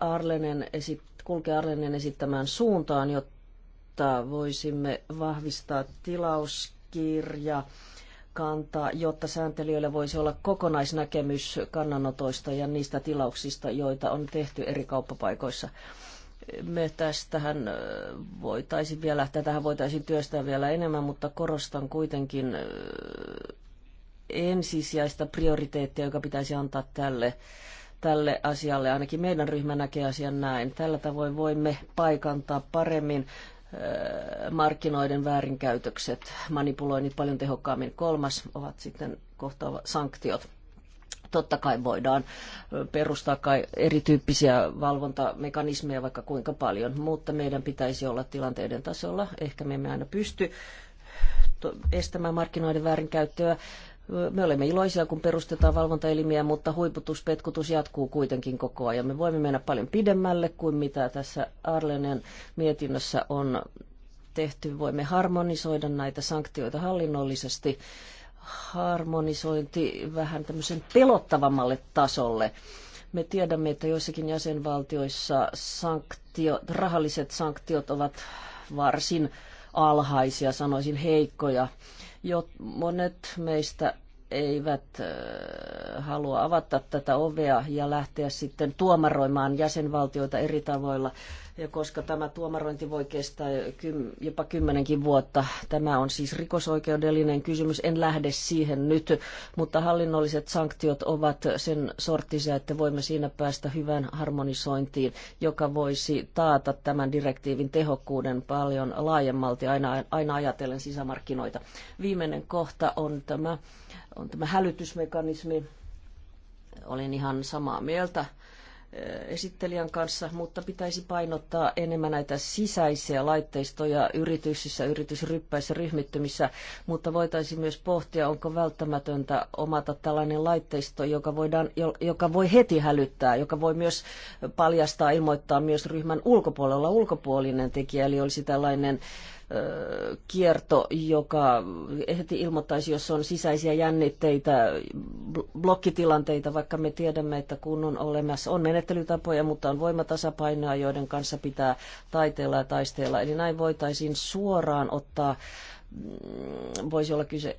Arlenen esittämään kulkea Arlenin esittämään suuntaan, jotta voisimme vahvistaa tilauskirja kantaa, jotta sääntelijöillä voisi olla kokonaisnäkemys kannanotoista ja niistä tilauksista, joita on tehty eri kauppapaikoissa me tästähän voitaisiin vielä, tätähän voitaisiin työstää vielä enemmän, mutta korostan kuitenkin ensisijaista prioriteettia, joka pitäisi antaa tälle tälle asialle. Ainakin meidän ryhmä näkee asian näin. Tällä tavoin voimme paikantaa paremmin markkinoiden väärinkäytökset, manipuloinnit paljon tehokkaammin. Kolmas ovat sitten kohta sanktiot. Totta kai voidaan perustaa kai erityyppisiä valvontamekanismeja vaikka kuinka paljon, mutta meidän pitäisi olla tilanteiden tasolla. Ehkä me emme aina pysty estämään markkinoiden väärinkäyttöä, me olemme iloisia, kun perustetaan valvontaelimiä, mutta huiputuspetkutus jatkuu kuitenkin koko ajan. Me voimme mennä paljon pidemmälle kuin mitä tässä Arlenen mietinnössä on tehty. Voimme harmonisoida näitä sanktioita hallinnollisesti. Harmonisointi vähän tämmöisen pelottavammalle tasolle. Me tiedämme, että joissakin jäsenvaltioissa sanktio, rahalliset sanktiot ovat varsin alhaisia, sanoisin heikkoja jo monet meistä eivät halua avata tätä ovea ja lähteä sitten tuomaroimaan jäsenvaltioita eri tavoilla. Ja koska tämä tuomarointi voi kestää jopa kymmenenkin vuotta, tämä on siis rikosoikeudellinen kysymys, en lähde siihen nyt, mutta hallinnolliset sanktiot ovat sen sorttisia, että voimme siinä päästä hyvään harmonisointiin, joka voisi taata tämän direktiivin tehokkuuden paljon laajemmalti, aina, aina ajatellen sisämarkkinoita. Viimeinen kohta on tämä on tämä hälytysmekanismi. Olen ihan samaa mieltä eh, esittelijän kanssa, mutta pitäisi painottaa enemmän näitä sisäisiä laitteistoja yrityksissä, yritysryppäissä, ryhmittymissä, mutta voitaisiin myös pohtia, onko välttämätöntä omata tällainen laitteisto, joka, voidaan, joka voi heti hälyttää, joka voi myös paljastaa, ilmoittaa myös ryhmän ulkopuolella ulkopuolinen tekijä, eli olisi tällainen äh, kierto, joka heti ilmoittaisi, jos on sisäisiä jännitteitä, blokkitilanteita, vaikka me tiedämme, että kun on olemassa, on menettelytapoja, mutta on voimatasapainoa, joiden kanssa pitää taiteella ja taisteella. Eli näin voitaisiin suoraan ottaa, mm, voisi olla kyse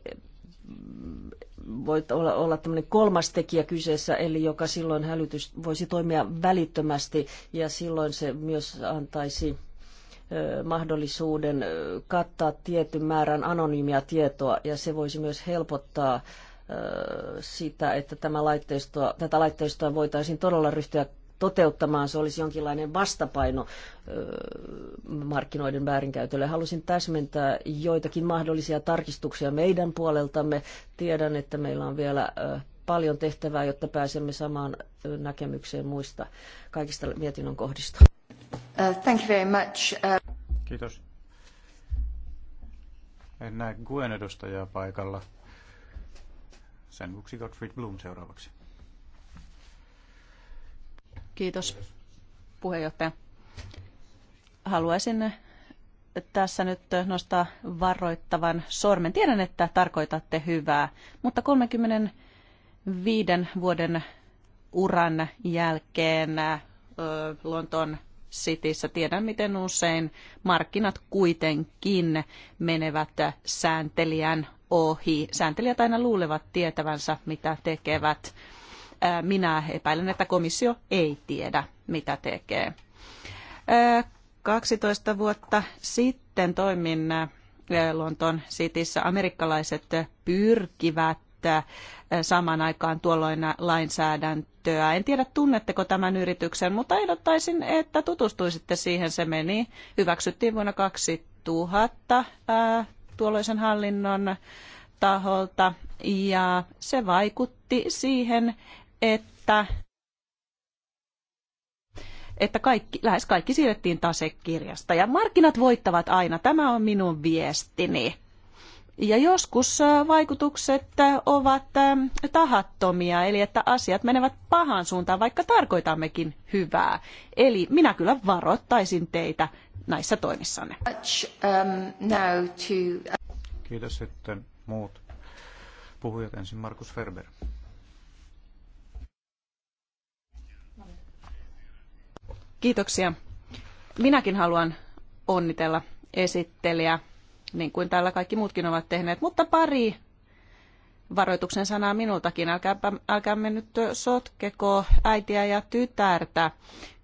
voi olla, olla tämmöinen kolmas tekijä kyseessä, eli joka silloin hälytys voisi toimia välittömästi ja silloin se myös antaisi mahdollisuuden kattaa tietyn määrän anonyymia tietoa ja se voisi myös helpottaa sitä, että tämä laitteistoa, tätä laitteistoa voitaisiin todella ryhtyä toteuttamaan. Se olisi jonkinlainen vastapaino markkinoiden väärinkäytölle. Halusin täsmentää joitakin mahdollisia tarkistuksia meidän puoleltamme. Tiedän, että meillä on vielä paljon tehtävää, jotta pääsemme samaan näkemykseen muista kaikista mietinnön kohdista. Uh, thank you very much. Uh, Kiitos. En näe Guen edustajaa paikalla. Sen vuoksi Gottfried Bloom seuraavaksi. Kiitos puheenjohtaja. Haluaisin tässä nyt nostaa varoittavan sormen. Tiedän, että tarkoitatte hyvää, mutta 35 vuoden uran jälkeen Lontoon Cityssä. Tiedän, miten usein markkinat kuitenkin menevät sääntelijän ohi. Sääntelijät aina luulevat tietävänsä, mitä tekevät. Minä epäilen, että komissio ei tiedä, mitä tekee. 12 vuotta sitten toimin Lontoon Cityssä. Amerikkalaiset pyrkivät samaan aikaan tuolloin lainsäädäntöä. En tiedä, tunnetteko tämän yrityksen, mutta ehdottaisin, että tutustuisitte siihen. Se meni, hyväksyttiin vuonna 2000 tuolloisen hallinnon taholta ja se vaikutti siihen, että että kaikki, lähes kaikki siirrettiin tasekirjasta. Ja markkinat voittavat aina, tämä on minun viestini. Ja joskus vaikutukset ovat tahattomia, eli että asiat menevät pahan suuntaan, vaikka tarkoitammekin hyvää. Eli minä kyllä varoittaisin teitä näissä toimissanne. Um, uh, Kiitos sitten muut puhujat. Ensin Markus Ferber. Kiitoksia. Minäkin haluan onnitella esittelijä niin kuin täällä kaikki muutkin ovat tehneet. Mutta pari varoituksen sanaa minultakin. Älkääpä, älkäämme nyt sotkeko äitiä ja tytärtä.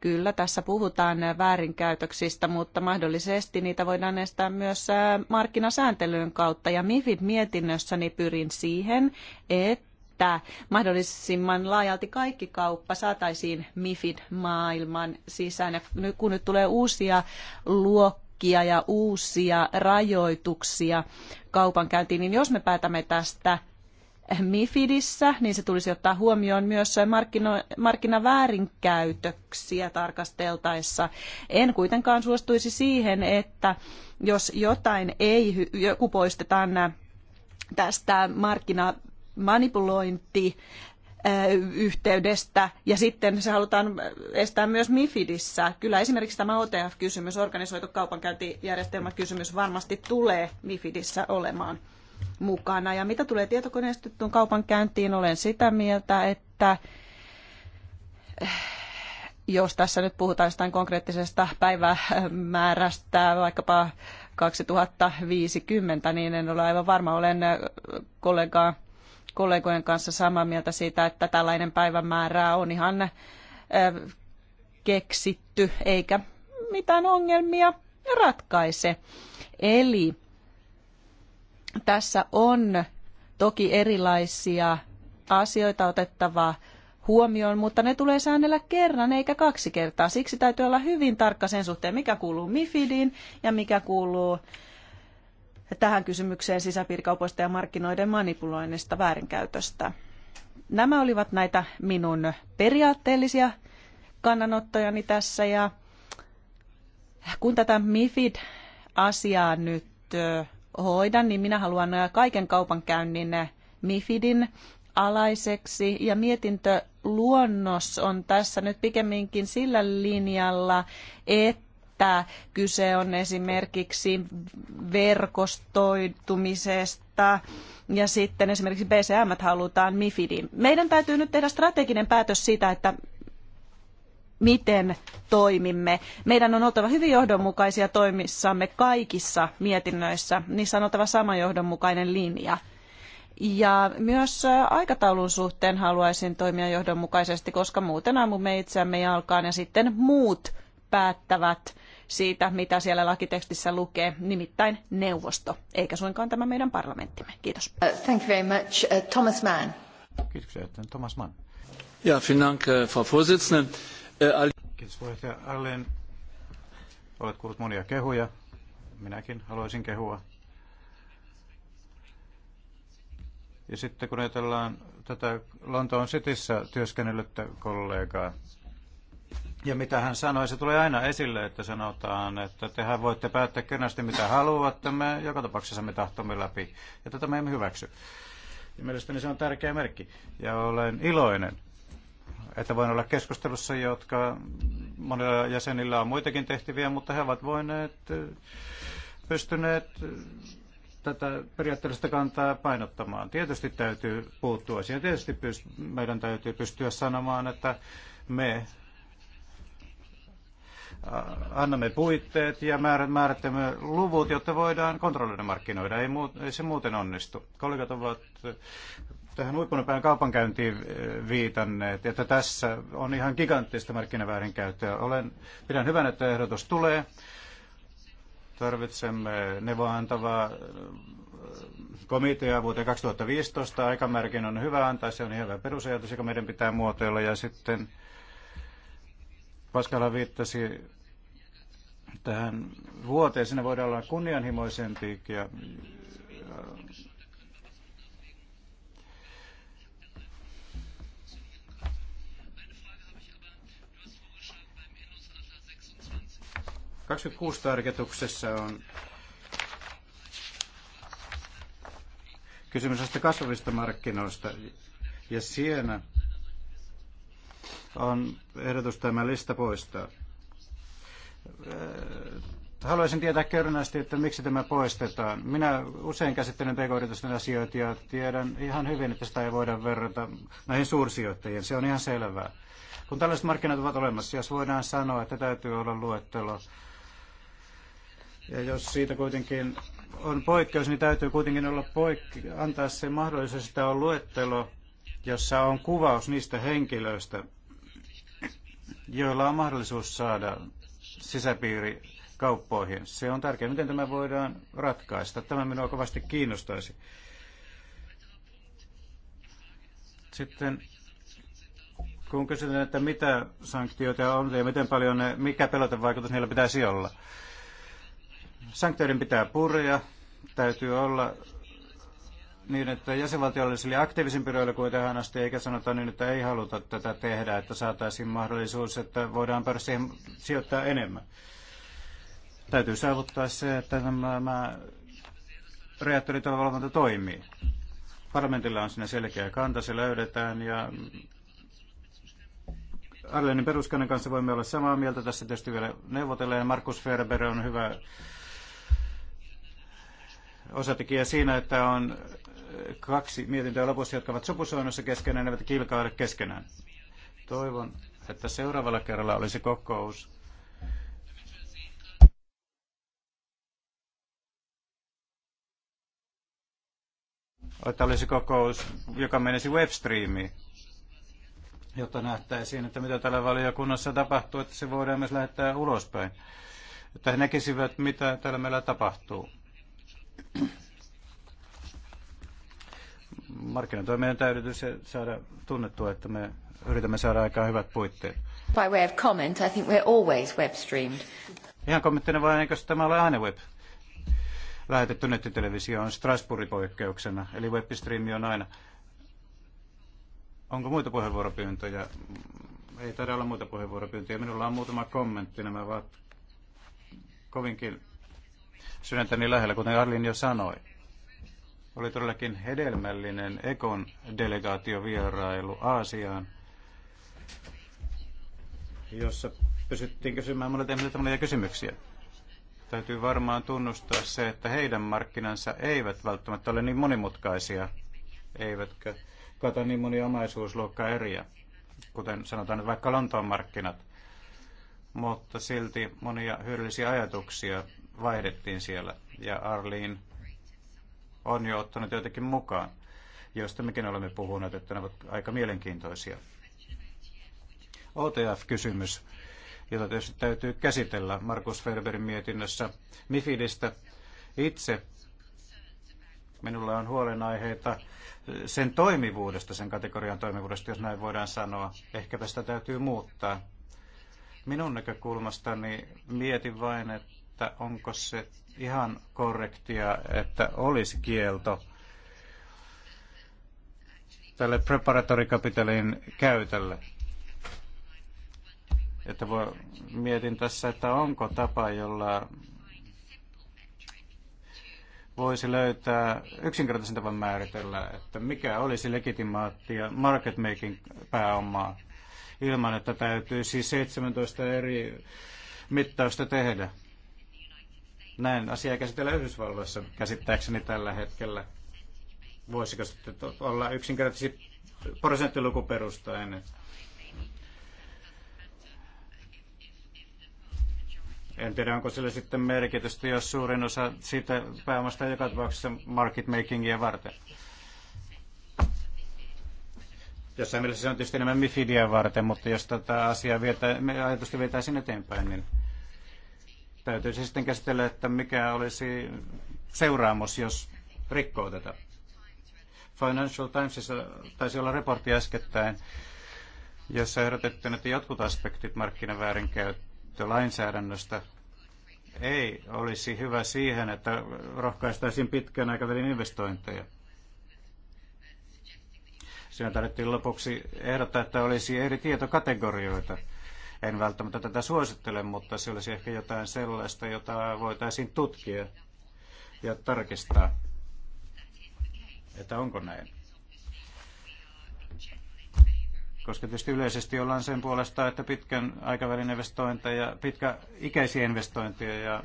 Kyllä tässä puhutaan väärinkäytöksistä, mutta mahdollisesti niitä voidaan estää myös markkinasääntelyn kautta. Ja MIFID-mietinnössäni pyrin siihen, että että mahdollisimman laajalti kaikki kauppa saataisiin MIFID-maailman sisään. Ja kun nyt tulee uusia luokkia, uhkia ja uusia rajoituksia kaupankäyntiin, niin jos me päätämme tästä MIFIDissä, niin se tulisi ottaa huomioon myös markkino- markkinaväärinkäytöksiä tarkasteltaessa. En kuitenkaan suostuisi siihen, että jos jotain ei, joku poistetaan tästä markkinamanipulointi yhteydestä ja sitten se halutaan estää myös MIFIDissä. Kyllä esimerkiksi tämä OTF-kysymys, organisoitu kaupankäyntijärjestelmäkysymys varmasti tulee MIFIDissä olemaan mukana. Ja mitä tulee tietokoneistettuun kaupankäyntiin, olen sitä mieltä, että äh, jos tässä nyt puhutaan jostain konkreettisesta päivämäärästä, vaikkapa 2050, niin en ole aivan varma, olen äh, kollegaa kollegojen kanssa samaa mieltä siitä, että tällainen päivämäärä on ihan keksitty eikä mitään ongelmia ratkaise. Eli tässä on toki erilaisia asioita otettavaa huomioon, mutta ne tulee säännellä kerran eikä kaksi kertaa. Siksi täytyy olla hyvin tarkka sen suhteen, mikä kuuluu MIFIDiin ja mikä kuuluu tähän kysymykseen sisäpiirikaupoista ja markkinoiden manipuloinnista väärinkäytöstä. Nämä olivat näitä minun periaatteellisia kannanottojani tässä ja kun tätä MIFID-asiaa nyt hoidan, niin minä haluan kaiken kaupankäynnin MIFIDin alaiseksi ja mietintöluonnos on tässä nyt pikemminkin sillä linjalla, että että kyse on esimerkiksi verkostoitumisesta ja sitten esimerkiksi BCM halutaan MIFIDin. Meidän täytyy nyt tehdä strateginen päätös siitä, että miten toimimme. Meidän on oltava hyvin johdonmukaisia toimissamme kaikissa mietinnöissä. Niissä on oltava sama johdonmukainen linja. Ja myös aikataulun suhteen haluaisin toimia johdonmukaisesti, koska muuten ammumme itseämme jalkaan ja sitten muut päättävät siitä, mitä siellä lakitekstissä lukee, nimittäin neuvosto, eikä suinkaan tämä meidän parlamenttimme. Kiitos. Uh, thank you very much. Uh, Thomas Mann. Kiitoksia, Thomas Mann. Ja, vielen Dank, äh, Frau Vorsitzende. Äh, Kiitos puheenjohtaja Allen. Olet kuullut monia kehuja. Minäkin haluaisin kehua. Ja sitten kun ajatellaan tätä Lontoon Cityssä työskennellyttä kollegaa, ja mitä hän sanoi, se tulee aina esille, että sanotaan, että tehän voitte päättää kenästi mitä haluatte, me joka tapauksessa me tahtomme läpi. Ja tätä me emme hyväksy. Ja mielestäni se on tärkeä merkki. Ja olen iloinen, että voin olla keskustelussa, jotka monilla jäsenillä on muitakin tehtäviä, mutta he ovat voineet, pystyneet tätä periaatteellista kantaa painottamaan. Tietysti täytyy puuttua siihen. Tietysti pyst- meidän täytyy pystyä sanomaan, että me annamme puitteet ja määrittämme luvut, jotta voidaan kontrolloida markkinoida. Ei, muu, ei se muuten onnistu. Kollegat ovat tähän huippunopään kaupankäyntiin viitanneet, että tässä on ihan giganttista markkinaväärinkäyttöä. Olen, pidän hyvän, että ehdotus tulee. Tarvitsemme neuvoantavaa komitea vuoteen 2015. Aikamärkin on hyvä antaa, se on ihan hyvä perusajatus, joka meidän pitää muotoilla. Ja sitten Paskala viittasi tähän vuoteen. Siinä voidaan olla kunnianhimoisempi ja Kaksikymmentäkuusi tarkoituksessa on kysymys kasvavista markkinoista ja siinä on ehdotus tämä lista poistaa. Äh, haluaisin tietää kerrannasti, että miksi tämä poistetaan. Minä usein käsittelen pk asioita ja tiedän ihan hyvin, että sitä ei voida verrata näihin suursijoittajien. Se on ihan selvää. Kun tällaiset markkinat ovat olemassa, jos voidaan sanoa, että täytyy olla luettelo, ja jos siitä kuitenkin on poikkeus, niin täytyy kuitenkin olla poikki, antaa se mahdollisuus, että on luettelo, jossa on kuvaus niistä henkilöistä, joilla on mahdollisuus saada sisäpiiri kauppoihin. Se on tärkeää. Miten tämä voidaan ratkaista? Tämä minua kovasti kiinnostaisi. Sitten kun kysytään, että mitä sanktioita on ja miten paljon ne, mikä pelotevaikutus niillä pitäisi olla. Sanktioiden pitää purja, täytyy olla niin, että jäsenvaltioille sille rooli kuin tähän asti, eikä sanota niin, että ei haluta tätä tehdä, että saataisiin mahdollisuus, että voidaan pörssiin sijoittaa enemmän. Täytyy saavuttaa se, että nämä reaktoritalvalvonta toimii. Parlamentilla on siinä selkeä kanta, se löydetään ja Arlenin peruskannan kanssa voimme olla samaa mieltä. Tässä tietysti vielä neuvotellaan. Markus Ferber on hyvä osatekijä siinä, että on kaksi mietintöä lopussa, jotka ovat sopusoinnossa keskenään, eivät kilkaile keskenään. Toivon, että seuraavalla kerralla olisi kokous, että olisi kokous, joka menisi webstreamiin, jotta nähtäisiin, että mitä täällä valiokunnassa tapahtuu, että se voidaan myös lähettää ulospäin. Että he näkisivät, mitä täällä meillä tapahtuu meidän täytyy saada tunnettua, että me yritämme saada aika hyvät puitteet. By way of comment, I think we're always web streamed. Ihan kommenttina vain, eikö tämä ole aina web? Lähetetty nettitelevisioon Strasbourgin poikkeuksena, eli webstreami on aina. Onko muita puheenvuoropyyntöjä? Ei taida olla muita puheenvuoropyyntöjä. Minulla on muutama kommentti. Nämä ovat kovinkin sydäntäni lähellä, kuten Arlin jo sanoi. Oli todellakin hedelmällinen Ekon delegaatiovierailu Aasiaan, jossa pysyttiin kysymään monelta ihmisiltä kysymyksiä. Täytyy varmaan tunnustaa se, että heidän markkinansa eivät välttämättä ole niin monimutkaisia, eivätkä kata niin monia omaisuusluokkaa eriä, kuten sanotaan nyt vaikka Lontoon markkinat. Mutta silti monia hyödyllisiä ajatuksia vaihdettiin siellä. Ja Arliin on jo ottanut joitakin mukaan, joista mekin olemme puhuneet, että ne ovat aika mielenkiintoisia. OTF-kysymys, jota tietysti täytyy käsitellä Markus Ferberin mietinnössä Mifidistä. Itse minulla on huolenaiheita sen toimivuudesta, sen kategorian toimivuudesta, jos näin voidaan sanoa. Ehkäpä sitä täytyy muuttaa. Minun näkökulmastani mietin vain, että onko se ihan korrektia, että olisi kielto tälle capitalin käytölle. Että voi, mietin tässä, että onko tapa, jolla voisi löytää yksinkertaisen tavan määritellä, että mikä olisi legitimaattia market making pääomaa ilman, että täytyy siis 17 eri mittausta tehdä. Näin asiaa käsitellä Yhdysvalloissa käsittääkseni tällä hetkellä. Voisiko sitten olla yksinkertaisesti prosenttilukuperustainen? En tiedä, onko sillä sitten merkitystä, jos suurin osa siitä pääomasta joka tapauksessa market makingia varten. Jossain mielessä se on tietysti enemmän Mifidia varten, mutta jos tätä asiaa vietä, ajatusta vietäisiin eteenpäin, niin Täytyisi siis sitten käsitellä, että mikä olisi seuraamus, jos rikkoo tätä. Financial Timesissa taisi olla reportti äskettäin, jossa ehdotettiin, että jotkut aspektit lainsäädännöstä ei olisi hyvä siihen, että rohkaistaisiin pitkän aikavälin investointeja. Siinä tarvittiin lopuksi ehdottaa, että olisi eri tietokategorioita – en välttämättä tätä suosittele, mutta se olisi ehkä jotain sellaista, jota voitaisiin tutkia ja tarkistaa, että onko näin. Koska tietysti yleisesti ollaan sen puolesta, että pitkän aikavälin investointeja, pitkäikäisiä investointeja ja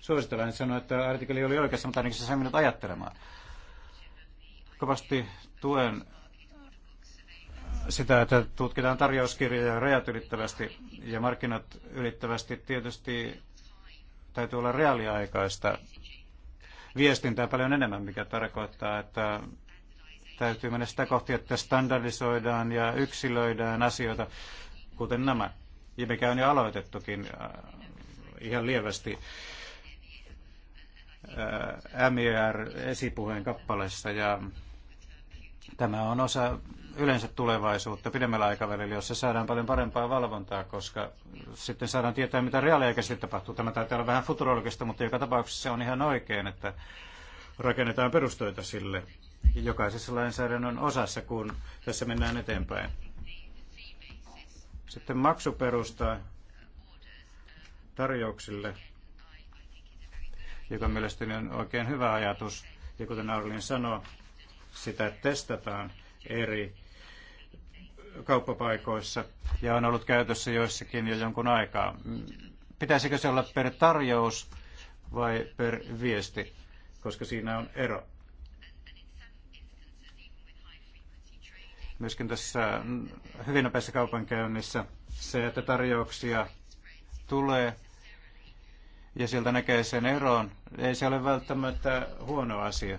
suositellaan, että niin sanoa, että artikkeli oli oikeassa, mutta ainakin se sai minut ajattelemaan. Kovasti tuen sitä, että tutkitaan tarjouskirjoja rajat ylittävästi ja markkinat ylittävästi tietysti täytyy olla reaaliaikaista viestintää paljon enemmän, mikä tarkoittaa, että täytyy mennä sitä kohti, että standardisoidaan ja yksilöidään asioita, kuten nämä, ja mikä on jo aloitettukin äh, ihan lievästi äh, MIR-esipuheen e kappaleessa, ja tämä on osa yleensä tulevaisuutta pidemmällä aikavälillä, jossa saadaan paljon parempaa valvontaa, koska sitten saadaan tietää, mitä reaaliaikaisesti tapahtuu. Tämä taitaa olla vähän futurologista, mutta joka tapauksessa on ihan oikein, että rakennetaan perustoita sille jokaisessa lainsäädännön osassa, kun tässä mennään eteenpäin. Sitten maksuperusta tarjouksille, joka mielestäni on oikein hyvä ajatus. Ja kuten Arlin sanoi, sitä testataan eri kauppapaikoissa ja on ollut käytössä joissakin jo jonkun aikaa. Pitäisikö se olla per tarjous vai per viesti, koska siinä on ero? Myöskin tässä hyvin nopeassa kaupankäynnissä se, että tarjouksia tulee ja sieltä näkee sen eroon, ei se ole välttämättä huono asia.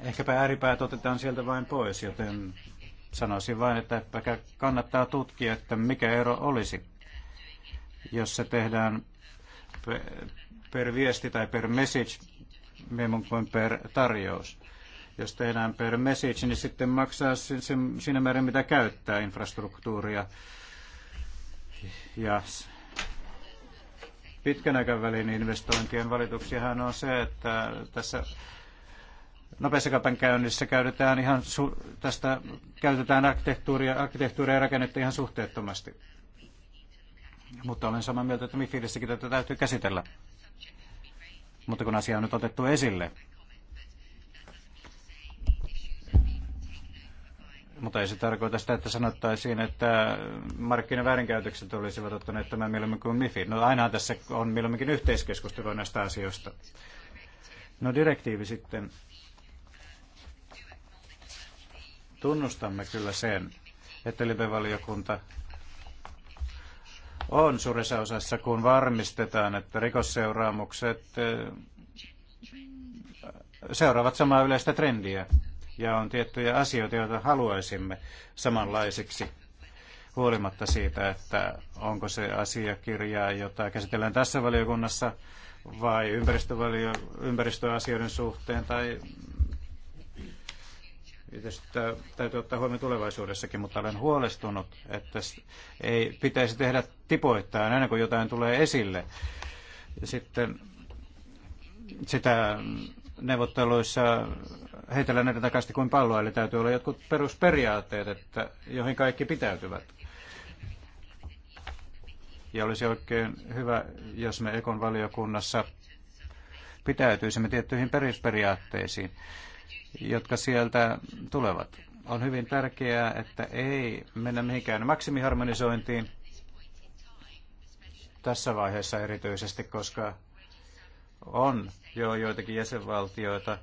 Ehkäpä ääripäät otetaan sieltä vain pois, joten Sanoisin vain, että kannattaa tutkia, että mikä ero olisi, jos se tehdään per viesti tai per message, mieluummin kuin per tarjous. Jos tehdään per message, niin sitten maksaa siinä määrin, mitä käyttää infrastruktuuria. Ja pitkän aikavälin investointien valituksiahan on se, että tässä nopeassa kaupankäynnissä käytetään ihan tästä, käytetään arkkitehtuuria, arkkitehtuuria ja rakennetta ihan suhteettomasti. Mutta olen samaa mieltä, että Mifidissäkin tätä täytyy käsitellä. Mutta kun asia on nyt otettu esille, Mutta ei se tarkoita sitä, että sanottaisiin, että väärinkäytökset olisivat ottaneet tämän mieluummin kuin MIFID. No aina tässä on mieluumminkin yhteiskeskustelua näistä asioista. No direktiivi sitten. Tunnustamme kyllä sen, että libevaliokunta on suuressa osassa, kun varmistetaan, että rikosseuraamukset eh, seuraavat samaa yleistä trendiä ja on tiettyjä asioita, joita haluaisimme samanlaisiksi huolimatta siitä, että onko se asiakirja, jota käsitellään tässä valiokunnassa vai ympäristövalio, ympäristöasioiden suhteen tai Tästä täytyy ottaa huomioon tulevaisuudessakin, mutta olen huolestunut, että ei pitäisi tehdä tipoittain aina kun jotain tulee esille. Sitten sitä neuvotteluissa heitellä näitä takaisin kuin palloa, eli täytyy olla jotkut perusperiaatteet, että joihin kaikki pitäytyvät. Ja olisi oikein hyvä, jos me Ekon valiokunnassa pitäytyisimme tiettyihin perusperiaatteisiin jotka sieltä tulevat. On hyvin tärkeää, että ei mennä mihinkään maksimiharmonisointiin tässä vaiheessa erityisesti, koska on jo joitakin jäsenvaltioita,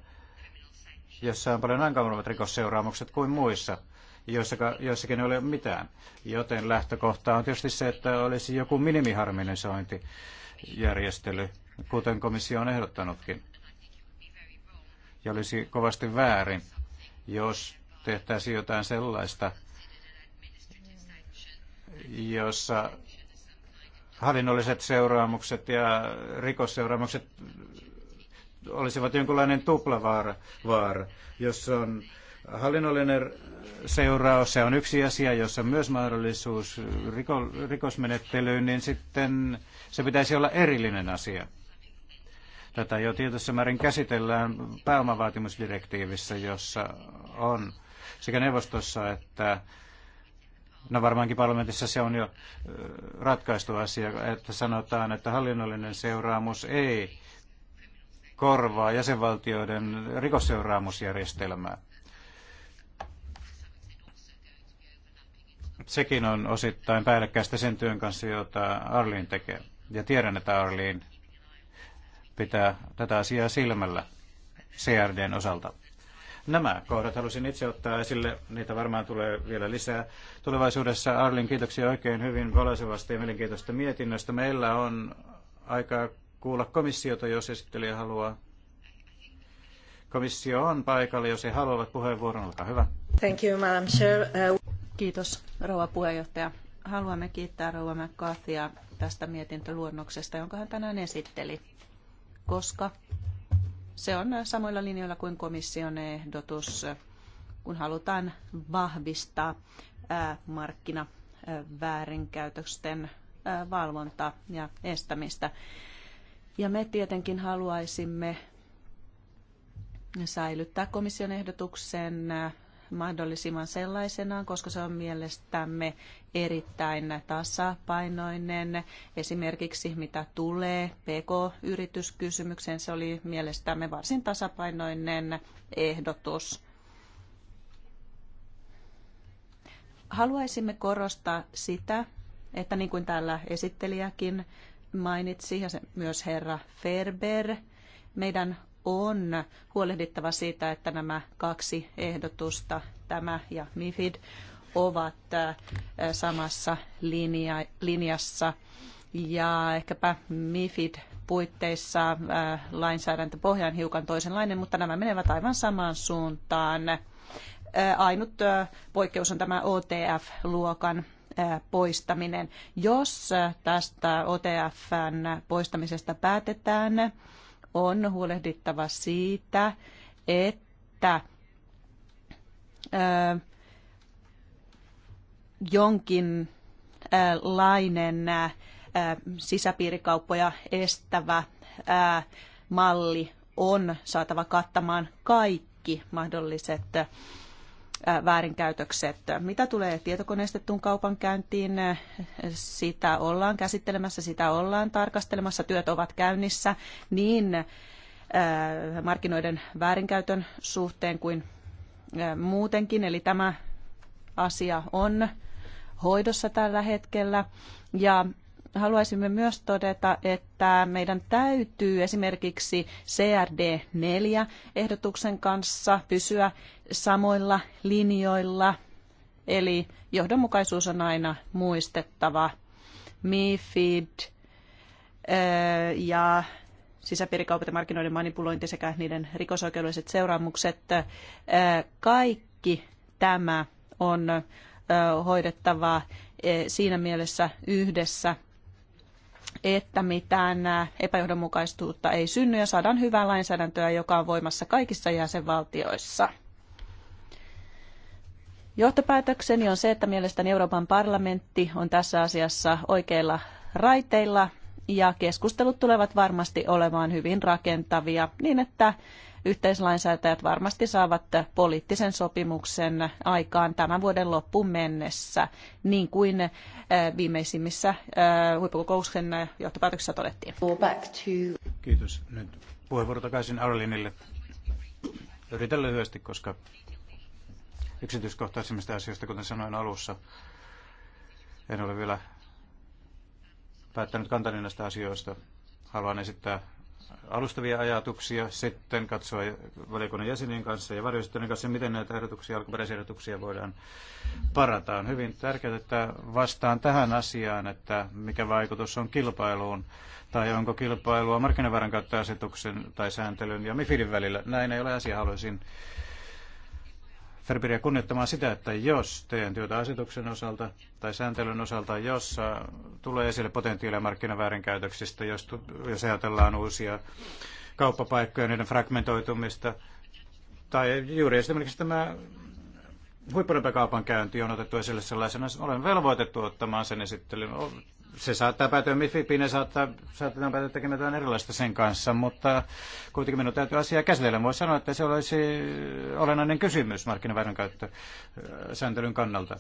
jossa on paljon ankarammat rikosseuraamukset kuin muissa, joissakin ei ole mitään. Joten lähtökohta on tietysti se, että olisi joku minimiharmonisointijärjestely, kuten komissio on ehdottanutkin. Ja olisi kovasti väärin, jos tehtäisiin jotain sellaista, jossa hallinnolliset seuraamukset ja rikosseuraamukset olisivat jonkinlainen tuplavaara, vaara, jossa on hallinnollinen seuraus, se on yksi asia, jossa on myös mahdollisuus riko, rikosmenettelyyn, niin sitten se pitäisi olla erillinen asia. Tätä jo tietyssä määrin käsitellään pääomavaatimusdirektiivissä, jossa on sekä neuvostossa että No varmaankin parlamentissa se on jo ratkaistu asia, että sanotaan, että hallinnollinen seuraamus ei korvaa jäsenvaltioiden rikosseuraamusjärjestelmää. Sekin on osittain päällekkäistä sen työn kanssa, jota Arlin tekee. Ja tiedän, että Arlin pitää tätä asiaa silmällä CRDn osalta. Nämä kohdat halusin itse ottaa esille, niitä varmaan tulee vielä lisää tulevaisuudessa. Arlin, kiitoksia oikein hyvin valaisevasta ja mielenkiintoista mietinnöstä. Meillä on aikaa kuulla komissiota, jos esittelijä haluaa. Komissio on paikalla, jos he haluavat puheenvuoron, olkaa hyvä. Thank you, Madam Chair. Uh, Kiitos, rouva puheenjohtaja. Haluamme kiittää rouva McCarthyä tästä mietintöluonnoksesta, jonka hän tänään esitteli koska se on samoilla linjoilla kuin komission ehdotus, kun halutaan vahvistaa markkinaväärinkäytösten valvontaa ja estämistä. Ja me tietenkin haluaisimme säilyttää komission ehdotuksen mahdollisimman sellaisenaan, koska se on mielestämme erittäin tasapainoinen. Esimerkiksi mitä tulee PK-yrityskysymykseen, se oli mielestämme varsin tasapainoinen ehdotus. Haluaisimme korostaa sitä, että niin kuin täällä esittelijäkin mainitsi ja myös herra Ferber, meidän on huolehdittava siitä, että nämä kaksi ehdotusta, tämä ja MIFID, ovat äh, samassa linja, linjassa. Ja ehkäpä MIFID puitteissa äh, lainsäädäntöpohja on hiukan toisenlainen, mutta nämä menevät aivan samaan suuntaan. Äh, ainut poikkeus on tämä OTF-luokan poistaminen. Jos tästä OTFn poistamisesta päätetään, on huolehdittava siitä, että ö, jonkinlainen ö, sisäpiirikauppoja estävä ö, malli on saatava kattamaan kaikki mahdolliset Äh, väärinkäytökset. Mitä tulee tietokoneistettuun kaupankäyntiin, äh, sitä ollaan käsittelemässä, sitä ollaan tarkastelemassa, työt ovat käynnissä niin äh, markkinoiden väärinkäytön suhteen kuin muutenkin. Eli tämä asia on hoidossa tällä hetkellä. Ja haluaisimme myös todeta, että meidän täytyy esimerkiksi CRD4-ehdotuksen kanssa pysyä samoilla linjoilla, eli johdonmukaisuus on aina muistettava. MIFID ja sisäpiirikaupat ja markkinoiden manipulointi sekä niiden rikosoikeudelliset seuraamukset, kaikki tämä on hoidettava siinä mielessä yhdessä että mitään epäjohdonmukaisuutta ei synny ja saadaan hyvää lainsäädäntöä, joka on voimassa kaikissa jäsenvaltioissa. Johtopäätökseni on se, että mielestäni Euroopan parlamentti on tässä asiassa oikeilla raiteilla ja keskustelut tulevat varmasti olemaan hyvin rakentavia niin, että yhteislainsäätäjät varmasti saavat poliittisen sopimuksen aikaan tämän vuoden loppuun mennessä, niin kuin eh, viimeisimmissä eh, huippukokouksen johtopäätöksissä todettiin. Kiitos. Nyt puheenvuoro takaisin Arlinille. Yritän lyhyesti, koska yksityiskohtaisimmista asioista, kuten sanoin alussa, en ole vielä päättänyt kantani näistä asioista. Haluan esittää alustavia ajatuksia, sitten katsoa valiokunnan jäsenien kanssa ja varjoistuneen kanssa, miten näitä ehdotuksia, alkuperäisiä ehdotuksia voidaan parata. On hyvin tärkeää, että vastaan tähän asiaan, että mikä vaikutus on kilpailuun tai onko kilpailua markkinavaran tai sääntelyn ja MIFIDin välillä. Näin ei ole asia, haluaisin Ferberia kunnioittamaan sitä, että jos teidän työtä asetuksen osalta tai sääntelyn osalta, jos tulee esille potentiaalia markkinaväärinkäytöksistä, jos, jos ajatellaan uusia kauppapaikkoja, niiden fragmentoitumista, tai juuri esimerkiksi tämä huippunopea käynti on otettu esille sellaisena, olen velvoitettu ottamaan sen esittelyn se saattaa päätyä Mifipiin ja saattaa, saattaa päätyä tekemään jotain erilaista sen kanssa, mutta kuitenkin minun täytyy asiaa käsitellä. Voisi sanoa, että se olisi olennainen kysymys äh, sääntelyn kannalta.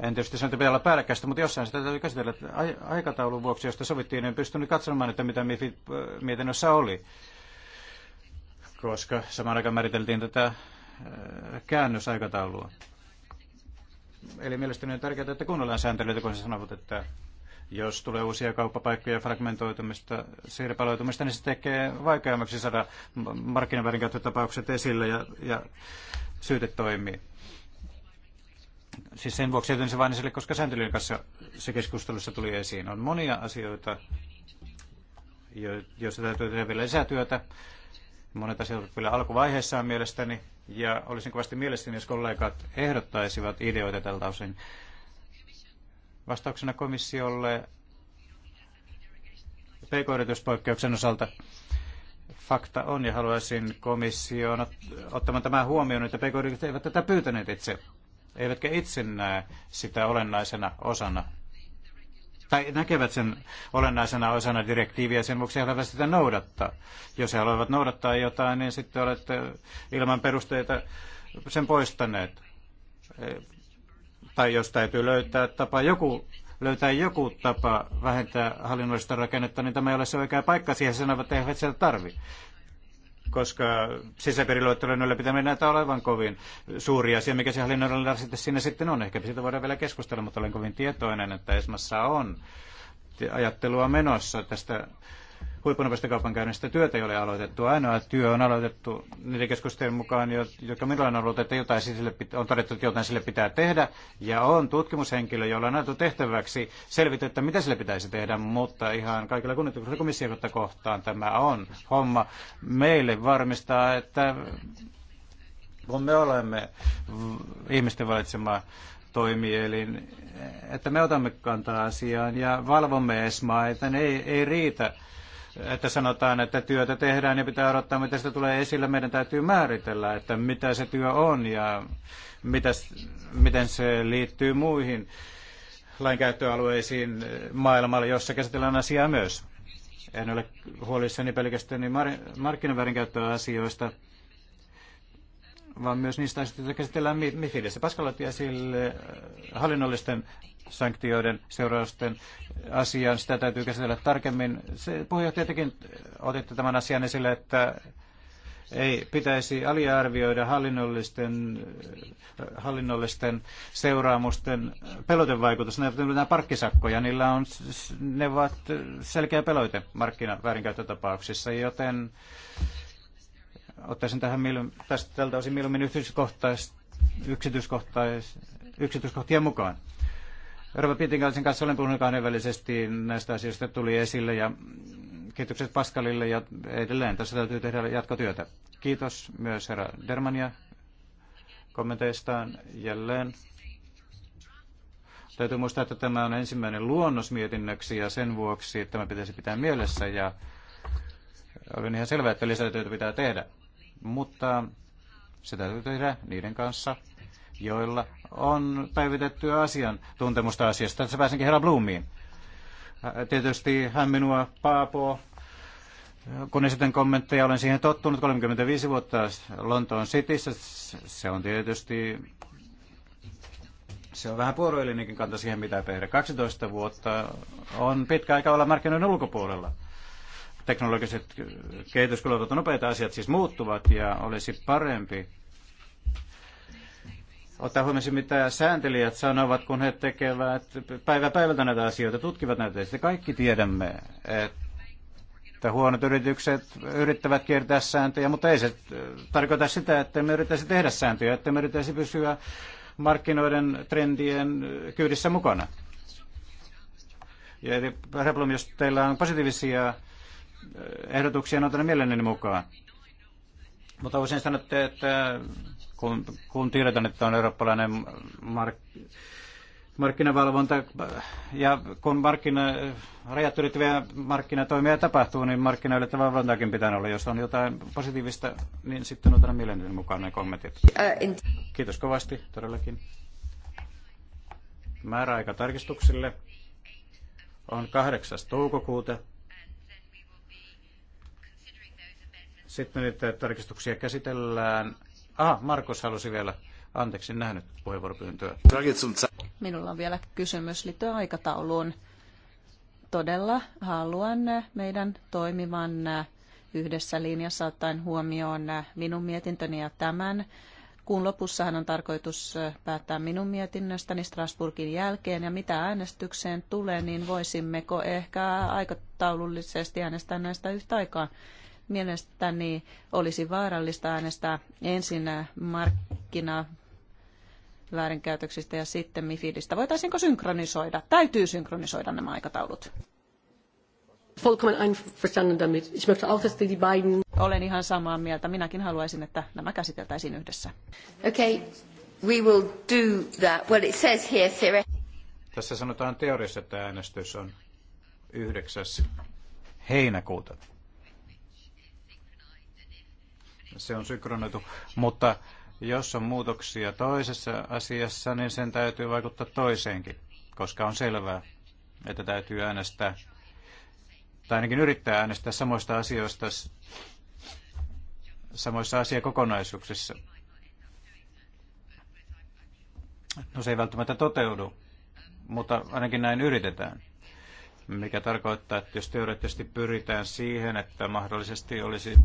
En tietysti sanoa, että pitää olla päällekkäistä, mutta jossain sitä täytyy käsitellä. Aikataulun vuoksi, josta sovittiin, en pystynyt katsomaan, että mitä MIFID äh, mietinnössä oli, koska samaan aikaan määriteltiin tätä äh, käännösaikataulua. Eli mielestäni on tärkeää, että kuunnellaan sääntelyitä, kun sanovat, että jos tulee uusia kauppapaikkoja, fragmentoitumista, siirpaloitumista, niin se tekee vaikeammaksi saada markkinaväärinkäyttötapaukset esille ja, ja syyte toimii. Siis sen vuoksi se vain esille, koska sääntelyn kanssa se keskustelussa tuli esiin. On monia asioita, joissa täytyy tehdä vielä lisätyötä. Monet asiat ovat vielä alkuvaiheessaan mielestäni. Ja olisin kovasti mielestäni, jos kollegat ehdottaisivat ideoita tältä osin. Vastauksena komissiolle pk-yrityspoikkeuksen osalta fakta on, ja haluaisin komission ottamaan tämän huomioon, että pk eivät tätä pyytäneet itse, eivätkä itse näe sitä olennaisena osana tai näkevät sen olennaisena osana direktiiviä, sen vuoksi he haluavat sitä noudattaa. Jos he haluavat noudattaa jotain, niin sitten olette ilman perusteita sen poistaneet. E, tai jos täytyy löytää tapa joku löytää joku tapa vähentää hallinnollista rakennetta, niin tämä ei ole se oikea paikka siihen, sanovat, että eivät siellä tarvi koska sisäperiluettelon ylläpitäminen näyttää olevan kovin suuri asia, mikä se hallinnollinen rasite siinä sitten on. Ehkä siitä voidaan vielä keskustella, mutta olen kovin tietoinen, että Esmassa on ajattelua menossa tästä huippunopeista kaupankäynnistä työtä ei ole aloitettu. Ainoa työ on aloitettu niiden keskustelujen mukaan, jotka minulla on ollut, että jotain sille on todettu, että jotain sille pitää tehdä. Ja on tutkimushenkilö, jolla on annettu tehtäväksi selvittää, että mitä sille pitäisi tehdä, mutta ihan kaikilla kunnioituksella komissiota kohtaan tämä on homma meille varmistaa, että kun me olemme ihmisten valitsema toimielin, että me otamme kantaa asiaan ja valvomme ESMAa, että ne ei, ei riitä että sanotaan, että työtä tehdään ja pitää odottaa, mitä sitä tulee esillä. Meidän täytyy määritellä, että mitä se työ on ja mitä, miten se liittyy muihin lainkäyttöalueisiin maailmalla, jossa käsitellään asiaa myös. En ole huolissani pelkästään niin markkinaväärinkäyttöasioista vaan myös niistä asioista, joita käsitellään MIFIDissä. Pascal otti esille äh, hallinnollisten sanktioiden seurausten asian. Sitä täytyy käsitellä tarkemmin. Se, puheenjohtaja tekin äh, otitte tämän asian esille, että ei pitäisi aliarvioida hallinnollisten, äh, hallinnollisten seuraamusten pelotevaikutus. Nämä parkkisakkoja, niillä on, ne ovat selkeä pelote markkinaväärinkäyttötapauksissa, joten ottaisin tähän mieluummin, tästä, tältä osin mieluummin yksityiskohtais, yksityiskohtais, yksityiskohtia mukaan. Rova Pietikäisen kanssa olen puhunut kahdenvälisesti näistä asioista, tuli esille ja kiitokset Paskalille ja edelleen. Tässä täytyy tehdä jatkotyötä. Kiitos myös herra Dermania kommenteistaan jälleen. Täytyy muistaa, että tämä on ensimmäinen luonnos mietinnöksi ja sen vuoksi tämä pitäisi pitää mielessä ja olen ihan selvää, että lisätyötä pitää tehdä mutta se täytyy tehdä niiden kanssa, joilla on päivitettyä tuntemusta asiasta. Tässä pääsenkin herra Blumiin. Tietysti hän minua paapoo, kun esitän kommentteja. Olen siihen tottunut 35 vuotta Lontoon Cityssä. Se on tietysti se on vähän puolueellinenkin kanta siihen, mitä tehdä. 12 vuotta on pitkä aika olla markkinoiden ulkopuolella teknologiset kehityskulut ovat nopeita, asiat siis muuttuvat ja olisi parempi ottaa huomioon mitä sääntelijät sanovat, kun he tekevät päivä päivältä näitä asioita, tutkivat näitä. asioita. kaikki tiedämme, että huonot yritykset yrittävät kiertää sääntöjä, mutta ei se tarkoita sitä, että me yrittäisi tehdä sääntöjä, että me yrittäisi pysyä markkinoiden trendien kyydissä mukana. Ja Reblom, jos teillä on positiivisia ehdotuksia on otan mielelläni mukaan. Mutta voisin sanoa, että kun, kun tiedetään, että on eurooppalainen mark, markkinavalvonta ja kun markkina, rajat ylittäviä markkinatoimia tapahtuu, niin markkinoille valvontaakin pitää olla. Jos on jotain positiivista, niin sitten otan mielelläni mukaan ne kommentit. Kiitos kovasti, todellakin. Määräaika tarkistuksille on 8. toukokuuta Sitten niitä tarkistuksia käsitellään. Ah, Markus halusi vielä. Anteeksi, nähnyt puheenvuoropyyntöä. Minulla on vielä kysymys liittyen aikatauluun. Todella haluan meidän toimivan yhdessä linjassa ottaen huomioon minun mietintöni ja tämän. Kuun lopussahan on tarkoitus päättää minun mietinnöstäni Strasburgin jälkeen ja mitä äänestykseen tulee, niin voisimmeko ehkä aikataulullisesti äänestää näistä yhtä aikaa. Mielestäni olisi vaarallista äänestää ensin markkina väärinkäytöksistä ja sitten MIFIDistä. Voitaisiinko synkronisoida? Täytyy synkronisoida nämä aikataulut. Olen ihan samaa mieltä. Minäkin haluaisin, että nämä käsiteltäisiin yhdessä. Okay. We will do that. Well, it says here, theory. Tässä sanotaan teoriassa, että äänestys on 9. heinäkuuta se on synkronoitu, mutta jos on muutoksia toisessa asiassa, niin sen täytyy vaikuttaa toiseenkin, koska on selvää, että täytyy äänestää, tai ainakin yrittää äänestää samoista asioista samoissa asiakokonaisuuksissa. No se ei välttämättä toteudu, mutta ainakin näin yritetään. Mikä tarkoittaa, että jos teoreettisesti pyritään siihen, että mahdollisesti olisi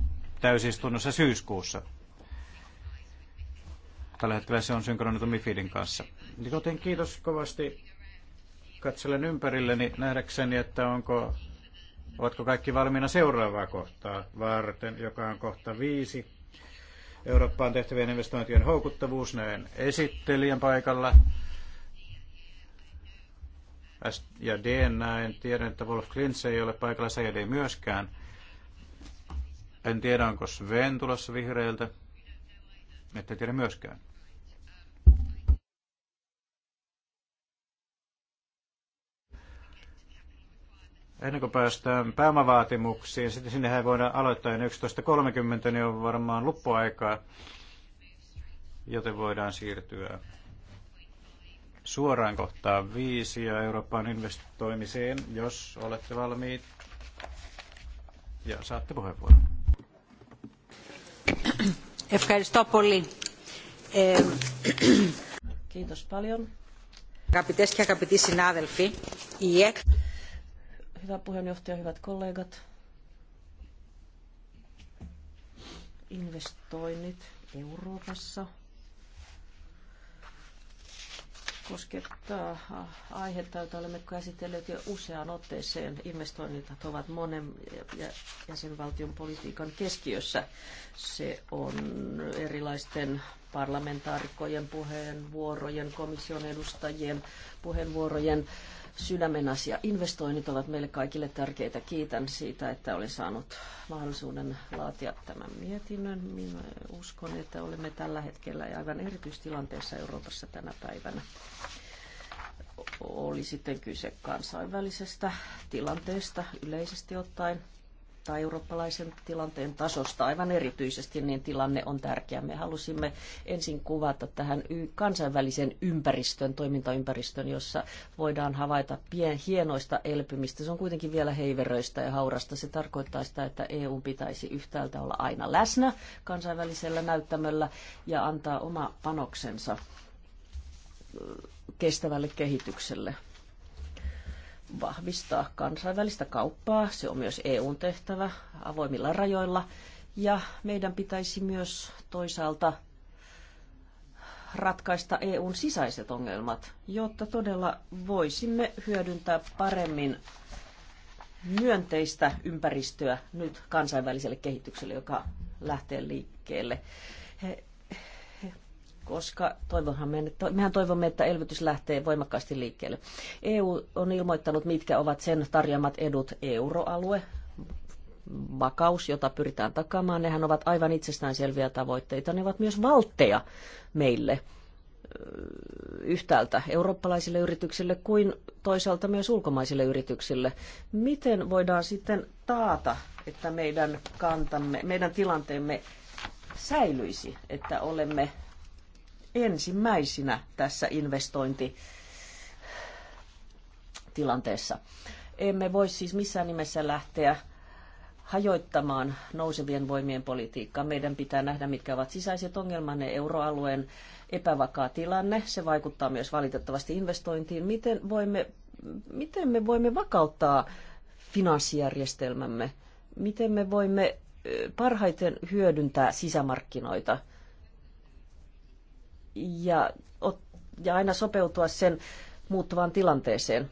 täysistunnossa syyskuussa. Tällä hetkellä se on synkronoitu Mifidin kanssa. Joten kiitos kovasti. Katselen ympärilleni nähdäkseni, että onko, ovatko kaikki valmiina seuraavaa kohtaa varten, joka on kohta viisi. Eurooppaan tehtävien investointien houkuttavuus, näen esittelijän paikalla. S ja D näen, Tiedän, että Wolf Klintz ei ole paikalla, se ei myöskään. En tiedä, onko Sven tulossa vihreiltä. Ette tiedä myöskään. Ennen kuin päästään pääomavaatimuksiin, sitten sinnehän voidaan aloittaa ja niin 11.30, niin on varmaan luppuaikaa, joten voidaan siirtyä suoraan kohtaan viisi ja Euroopan investoimiseen, jos olette valmiit ja saatte puheenvuoron. Ευχαριστώ πολύ. paljon. Αγαπητές και αγαπητοί συνάδελφοι, η ΕΚ... Hyvä puheenjohtaja, hyvät kollegat. Investoinnit Euroopassa koskettaa äh, aihetta, jota olemme käsitelleet jo useaan otteeseen. Investoinnit ovat monen jäsenvaltion politiikan keskiössä. Se on erilaisten parlamentaarikkojen puheenvuorojen, komission edustajien puheenvuorojen sydämen asia. Investoinnit ovat meille kaikille tärkeitä. Kiitän siitä, että olen saanut mahdollisuuden laatia tämän mietinnön. Minä uskon, että olemme tällä hetkellä ja aivan erityistilanteessa Euroopassa tänä päivänä. Oli sitten kyse kansainvälisestä tilanteesta yleisesti ottaen – tai eurooppalaisen tilanteen tasosta. Aivan erityisesti niin tilanne on tärkeä. Me halusimme ensin kuvata tähän kansainvälisen ympäristön, toimintaympäristön, jossa voidaan havaita pien, hienoista elpymistä. Se on kuitenkin vielä heiveröistä ja haurasta. Se tarkoittaa sitä, että EU pitäisi yhtäältä olla aina läsnä kansainvälisellä näyttämöllä ja antaa oma panoksensa kestävälle kehitykselle vahvistaa kansainvälistä kauppaa. Se on myös EUn tehtävä avoimilla rajoilla. Ja meidän pitäisi myös toisaalta ratkaista EUn sisäiset ongelmat, jotta todella voisimme hyödyntää paremmin myönteistä ympäristöä nyt kansainväliselle kehitykselle, joka lähtee liikkeelle koska toivonhan me, mehän toivomme, että elvytys lähtee voimakkaasti liikkeelle. EU on ilmoittanut, mitkä ovat sen tarjoamat edut euroalue, vakaus, jota pyritään takaamaan. Nehän ovat aivan itsestäänselviä tavoitteita. Ne ovat myös valtteja meille yhtäältä eurooppalaisille yrityksille kuin toisaalta myös ulkomaisille yrityksille. Miten voidaan sitten taata, että meidän kantamme, meidän tilanteemme säilyisi, että olemme ensimmäisinä tässä investointitilanteessa. Emme voi siis missään nimessä lähteä hajoittamaan nousevien voimien politiikkaa. Meidän pitää nähdä, mitkä ovat sisäiset ongelmanne euroalueen epävakaa tilanne. Se vaikuttaa myös valitettavasti investointiin. Miten, voimme, miten me voimme vakauttaa finanssijärjestelmämme? Miten me voimme parhaiten hyödyntää sisämarkkinoita – ja, ja aina sopeutua sen muuttuvaan tilanteeseen.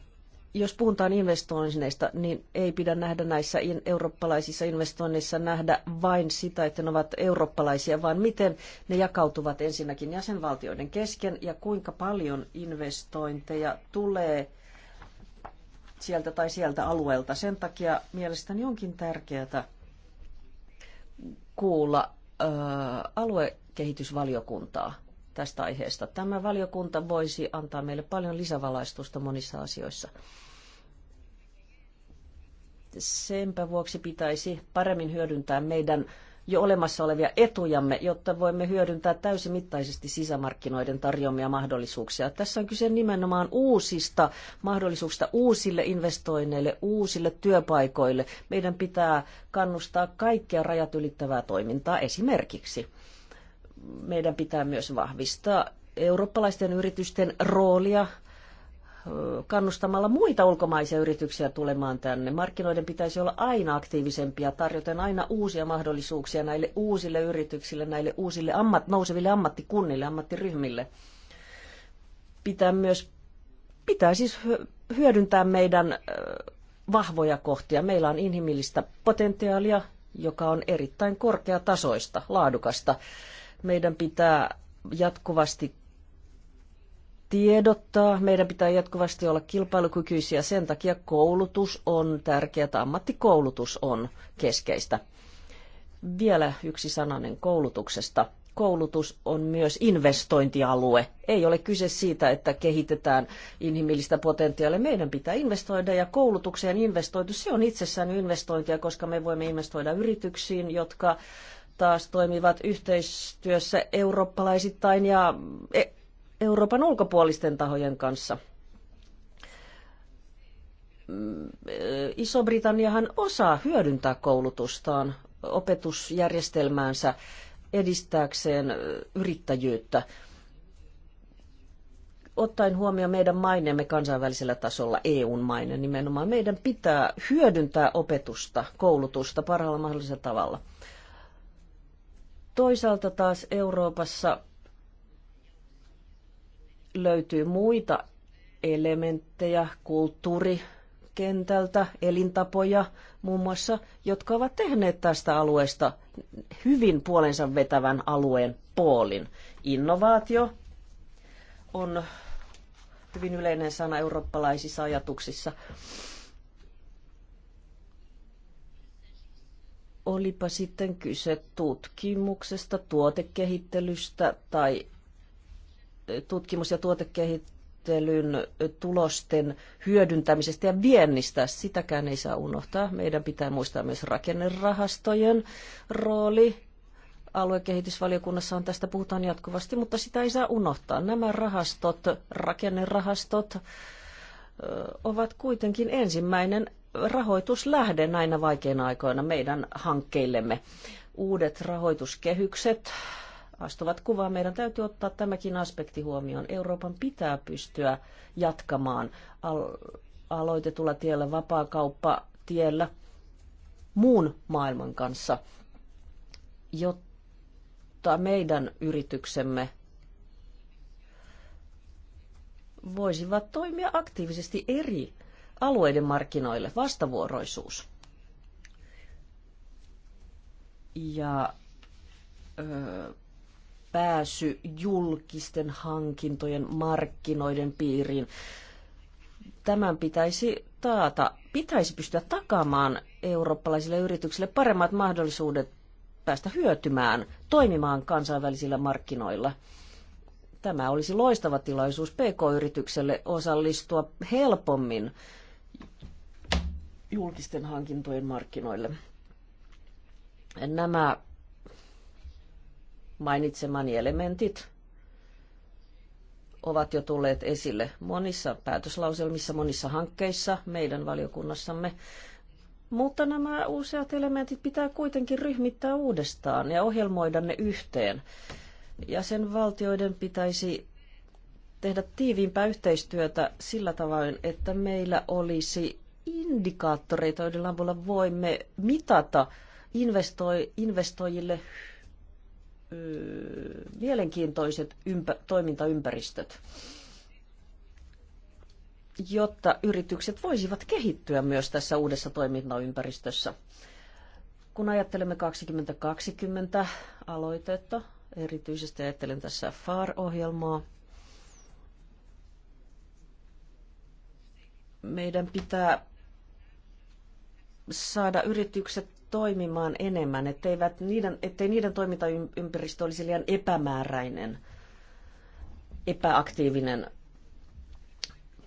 Jos puhutaan investoinneista, niin ei pidä nähdä näissä eurooppalaisissa investoinneissa nähdä vain sitä, että ne ovat eurooppalaisia, vaan miten ne jakautuvat ensinnäkin jäsenvaltioiden kesken ja kuinka paljon investointeja tulee sieltä tai sieltä alueelta. Sen takia mielestäni onkin tärkeää kuulla ää, aluekehitysvaliokuntaa tästä aiheesta. Tämä valiokunta voisi antaa meille paljon lisävalaistusta monissa asioissa. Senpä vuoksi pitäisi paremmin hyödyntää meidän jo olemassa olevia etujamme, jotta voimme hyödyntää täysimittaisesti sisämarkkinoiden tarjoamia mahdollisuuksia. Tässä on kyse nimenomaan uusista mahdollisuuksista uusille investoinneille, uusille työpaikoille. Meidän pitää kannustaa kaikkea rajat ylittävää toimintaa esimerkiksi meidän pitää myös vahvistaa eurooppalaisten yritysten roolia kannustamalla muita ulkomaisia yrityksiä tulemaan tänne. Markkinoiden pitäisi olla aina aktiivisempia, tarjoten aina uusia mahdollisuuksia näille uusille yrityksille, näille uusille ammat, nouseville ammattikunnille, ammattiryhmille. Pitää myös pitää siis hyödyntää meidän vahvoja kohtia. Meillä on inhimillistä potentiaalia, joka on erittäin korkeatasoista, laadukasta. Meidän pitää jatkuvasti tiedottaa, meidän pitää jatkuvasti olla kilpailukykyisiä. Sen takia koulutus on tärkeää, ammattikoulutus on keskeistä. Vielä yksi sananen koulutuksesta koulutus on myös investointialue. Ei ole kyse siitä, että kehitetään inhimillistä potentiaalia. Meidän pitää investoida ja koulutukseen investoitu, se on itsessään investointia, koska me voimme investoida yrityksiin, jotka taas toimivat yhteistyössä eurooppalaisittain ja e- Euroopan ulkopuolisten tahojen kanssa. Mm, Iso-Britanniahan osaa hyödyntää koulutustaan, opetusjärjestelmäänsä edistääkseen yrittäjyyttä. Ottaen huomioon meidän maineemme kansainvälisellä tasolla, EUn maine nimenomaan, meidän pitää hyödyntää opetusta, koulutusta parhaalla mahdollisella tavalla – Toisaalta taas Euroopassa löytyy muita elementtejä kulttuurikentältä, elintapoja muun muassa, jotka ovat tehneet tästä alueesta hyvin puolensa vetävän alueen poolin. Innovaatio on hyvin yleinen sana eurooppalaisissa ajatuksissa. Olipa sitten kyse tutkimuksesta, tuotekehittelystä tai eh, tutkimus- ja tuotekehittelyn eh, tulosten hyödyntämisestä ja viennistä. Sitäkään ei saa unohtaa. Meidän pitää muistaa myös rakennerahastojen rooli. Aluekehitysvaliokunnassa on tästä puhutaan jatkuvasti, mutta sitä ei saa unohtaa. Nämä rahastot, rakennerahastot, eh, ovat kuitenkin ensimmäinen rahoituslähde näinä vaikeina aikoina meidän hankkeillemme. Uudet rahoituskehykset astuvat kuvaan. Meidän täytyy ottaa tämäkin aspekti huomioon. Euroopan pitää pystyä jatkamaan al- aloitetulla tiellä, tiellä muun maailman kanssa, jotta meidän yrityksemme voisivat toimia aktiivisesti eri alueiden markkinoille, vastavuoroisuus. Ja ö, pääsy julkisten hankintojen markkinoiden piiriin. Tämän pitäisi taata, pitäisi pystyä takaamaan eurooppalaisille yrityksille paremmat mahdollisuudet päästä hyötymään, toimimaan kansainvälisillä markkinoilla. Tämä olisi loistava tilaisuus PK-yritykselle osallistua helpommin julkisten hankintojen markkinoille. Nämä mainitsemani elementit ovat jo tulleet esille monissa päätöslauselmissa, monissa hankkeissa meidän valiokunnassamme. Mutta nämä useat elementit pitää kuitenkin ryhmittää uudestaan ja ohjelmoida ne yhteen. Jäsenvaltioiden pitäisi tehdä tiiviimpää yhteistyötä sillä tavoin, että meillä olisi indikaattoreita, joiden avulla voimme mitata investoi, investoijille mielenkiintoiset ympä, toimintaympäristöt, jotta yritykset voisivat kehittyä myös tässä uudessa toimintaympäristössä. Kun ajattelemme 2020 aloitetta, erityisesti ajattelen tässä FAR-ohjelmaa, meidän pitää saada yritykset toimimaan enemmän, etteivät niiden, ettei niiden toimintaympäristö olisi liian epämääräinen, epäaktiivinen.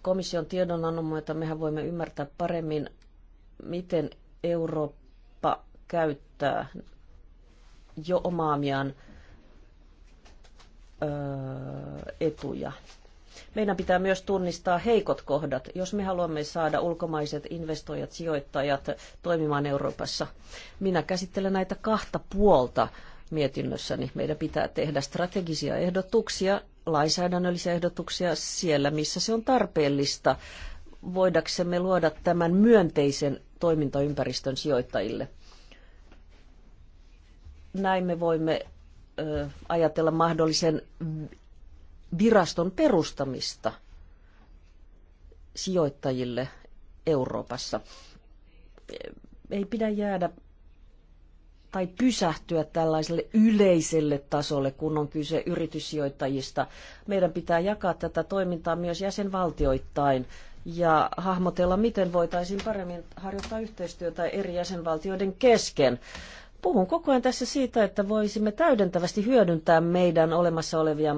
Komission tiedonannon myötä mehän voimme ymmärtää paremmin, miten Eurooppa käyttää jo omaamiaan öö, etuja. Meidän pitää myös tunnistaa heikot kohdat, jos me haluamme saada ulkomaiset investoijat, sijoittajat toimimaan Euroopassa. Minä käsittelen näitä kahta puolta mietinnössäni. Meidän pitää tehdä strategisia ehdotuksia, lainsäädännöllisiä ehdotuksia siellä, missä se on tarpeellista, voidaksemme luoda tämän myönteisen toimintaympäristön sijoittajille. Näin me voimme ajatella mahdollisen viraston perustamista sijoittajille Euroopassa. Ei pidä jäädä tai pysähtyä tällaiselle yleiselle tasolle, kun on kyse yrityssijoittajista. Meidän pitää jakaa tätä toimintaa myös jäsenvaltioittain ja hahmotella, miten voitaisiin paremmin harjoittaa yhteistyötä eri jäsenvaltioiden kesken Puhun koko ajan tässä siitä, että voisimme täydentävästi hyödyntää meidän olemassa olevia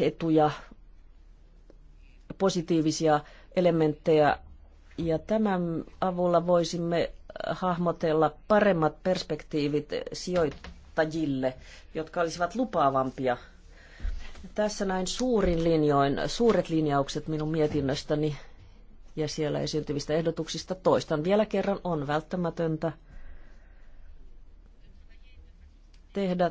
etuja, positiivisia elementtejä, ja tämän avulla voisimme hahmotella paremmat perspektiivit sijoittajille, jotka olisivat lupaavampia. Tässä näin suurin linjoin, suuret linjaukset minun mietinnöstäni ja siellä esiintyvistä ehdotuksista toistan vielä kerran on välttämätöntä – tehdä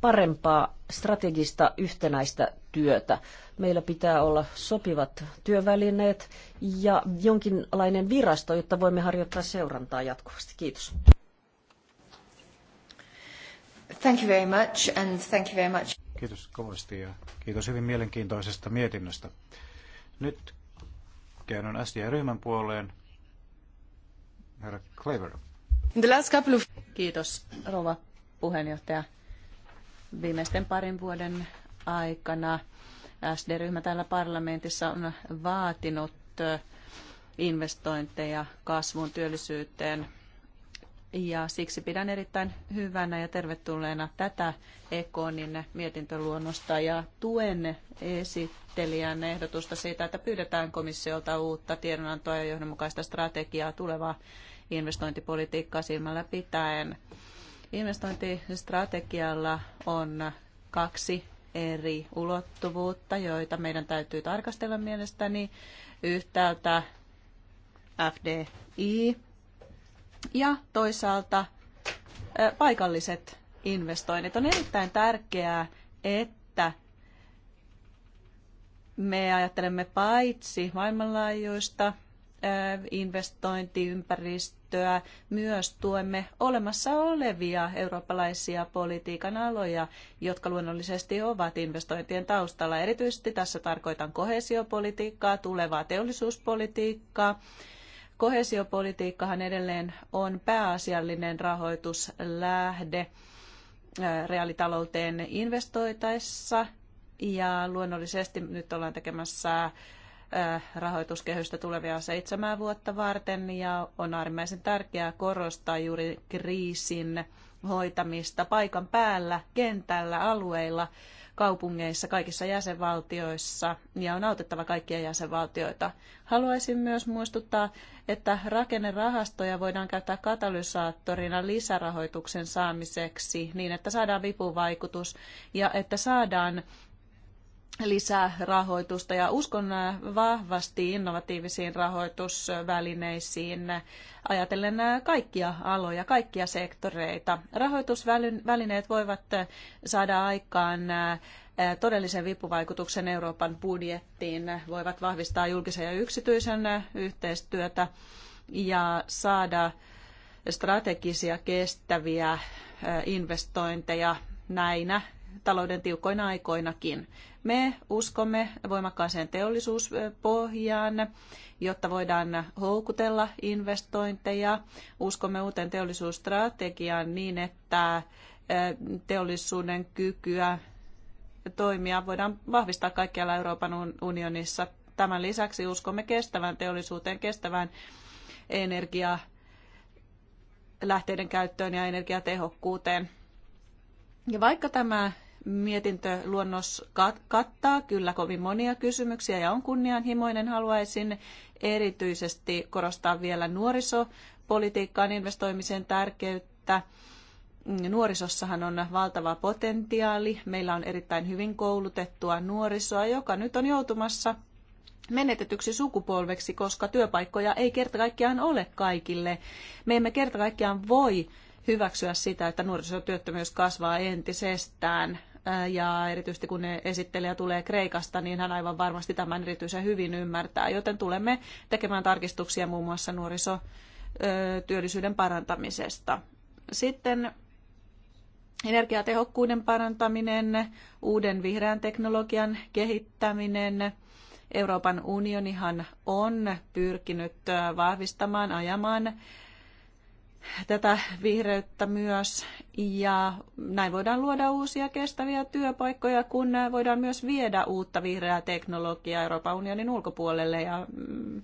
parempaa strategista yhtenäistä työtä. Meillä pitää olla sopivat työvälineet ja jonkinlainen virasto, jotta voimme harjoittaa seurantaa jatkuvasti. Kiitos. Thank you very much and thank you very much. Kiitos kovasti ja kiitos hyvin mielenkiintoisesta mietinnöstä. Nyt käännön SJ-ryhmän puoleen. Herra clever. Kiitos, rouva puheenjohtaja. Viimeisten parin vuoden aikana SD-ryhmä täällä parlamentissa on vaatinut investointeja kasvuun, työllisyyteen. Ja siksi pidän erittäin hyvänä ja tervetulleena tätä Ekonin mietintöluonnosta ja tuen esittelijän ehdotusta siitä, että pyydetään komissiolta uutta tiedonantoa ja johdonmukaista strategiaa tulevaa investointipolitiikkaa silmällä pitäen. Investointistrategialla on kaksi eri ulottuvuutta, joita meidän täytyy tarkastella mielestäni. Yhtäältä FDI ja toisaalta paikalliset investoinnit. On erittäin tärkeää, että me ajattelemme paitsi maailmanlaajuista investointiympäristöä, käyttöä. Myös tuemme olemassa olevia eurooppalaisia politiikan aloja, jotka luonnollisesti ovat investointien taustalla. Erityisesti tässä tarkoitan kohesiopolitiikkaa, tulevaa teollisuuspolitiikkaa. Kohesiopolitiikkahan edelleen on pääasiallinen rahoituslähde reaalitalouteen investoitaessa ja luonnollisesti nyt ollaan tekemässä Äh, rahoituskehystä tulevia seitsemää vuotta varten ja on äärimmäisen tärkeää korostaa juuri kriisin hoitamista paikan päällä, kentällä, alueilla, kaupungeissa, kaikissa jäsenvaltioissa ja on autettava kaikkia jäsenvaltioita. Haluaisin myös muistuttaa, että rakennerahastoja voidaan käyttää katalysaattorina lisärahoituksen saamiseksi niin, että saadaan vipuvaikutus ja että saadaan lisää rahoitusta ja uskon äh, vahvasti innovatiivisiin rahoitusvälineisiin äh, ajatellen äh, kaikkia aloja, kaikkia sektoreita. Rahoitusvälineet voivat saada aikaan todellisen vipuvaikutuksen Euroopan budjettiin, voivat vahvistaa julkisen ja yksityisen yhteistyötä ja saada strategisia kestäviä investointeja näinä talouden tiukkoina aikoinakin. Me uskomme voimakkaaseen teollisuuspohjaan, jotta voidaan houkutella investointeja. Uskomme uuteen teollisuusstrategiaan niin, että teollisuuden kykyä toimia voidaan vahvistaa kaikkialla Euroopan unionissa. Tämän lisäksi uskomme kestävään teollisuuteen, kestävään energialähteiden käyttöön ja energiatehokkuuteen. Ja vaikka tämä mietintöluonnos kattaa kyllä kovin monia kysymyksiä ja on kunnianhimoinen. Haluaisin erityisesti korostaa vielä nuorisopolitiikkaan investoimisen tärkeyttä. Nuorisossahan on valtava potentiaali. Meillä on erittäin hyvin koulutettua nuorisoa, joka nyt on joutumassa menetetyksi sukupolveksi, koska työpaikkoja ei kerta kaikkiaan ole kaikille. Me emme kerta kaikkiaan voi hyväksyä sitä, että nuorisotyöttömyys kasvaa entisestään ja erityisesti kun esittelijä tulee Kreikasta, niin hän aivan varmasti tämän erityisen hyvin ymmärtää, joten tulemme tekemään tarkistuksia muun muassa nuorisotyöllisyyden parantamisesta. Sitten energiatehokkuuden parantaminen, uuden vihreän teknologian kehittäminen. Euroopan unionihan on pyrkinyt vahvistamaan, ajamaan tätä vihreyttä myös ja näin voidaan luoda uusia kestäviä työpaikkoja, kun voidaan myös viedä uutta vihreää teknologiaa Euroopan unionin ulkopuolelle ja mm,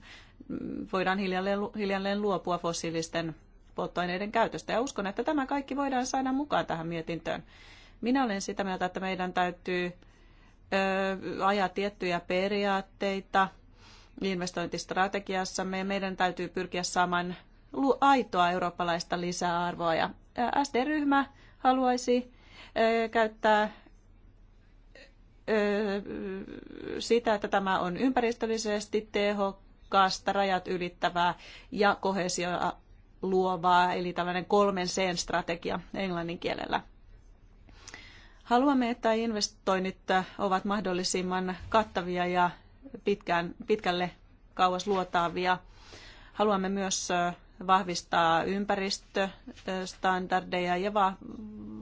voidaan hiljalleen, hiljalleen luopua fossiilisten polttoaineiden käytöstä. Ja uskon, että tämä kaikki voidaan saada mukaan tähän mietintöön. Minä olen sitä mieltä, että meidän täytyy ö, ajaa tiettyjä periaatteita investointistrategiassamme ja meidän täytyy pyrkiä saamaan aitoa eurooppalaista lisäarvoa. Ja SD-ryhmä haluaisi käyttää sitä, että tämä on ympäristöllisesti tehokasta, rajat ylittävää ja kohesioa luovaa, eli tällainen kolmen sen strategia englannin kielellä. Haluamme, että investoinnit ovat mahdollisimman kattavia ja pitkään, pitkälle kauas luotaavia. Haluamme myös vahvistaa ympäristöstandardeja ja va-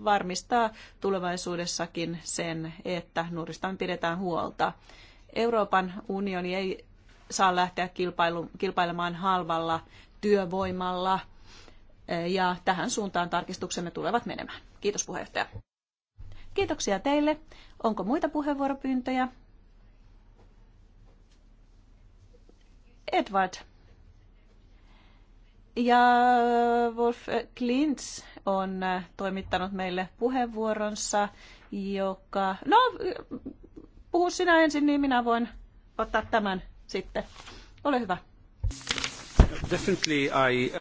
varmistaa tulevaisuudessakin sen, että nuorista pidetään huolta. Euroopan unioni ei saa lähteä kilpailu- kilpailemaan halvalla työvoimalla eh, ja tähän suuntaan tarkistuksemme tulevat menemään. Kiitos puheenjohtaja. Kiitoksia teille. Onko muita puheenvuoropyyntöjä? Edward. Ja äh, Wolf Klintz on äh, toimittanut meille puheenvuoronsa, joka... No, puhu sinä ensin, niin minä voin ottaa tämän sitten. Ole hyvä. Definitely I...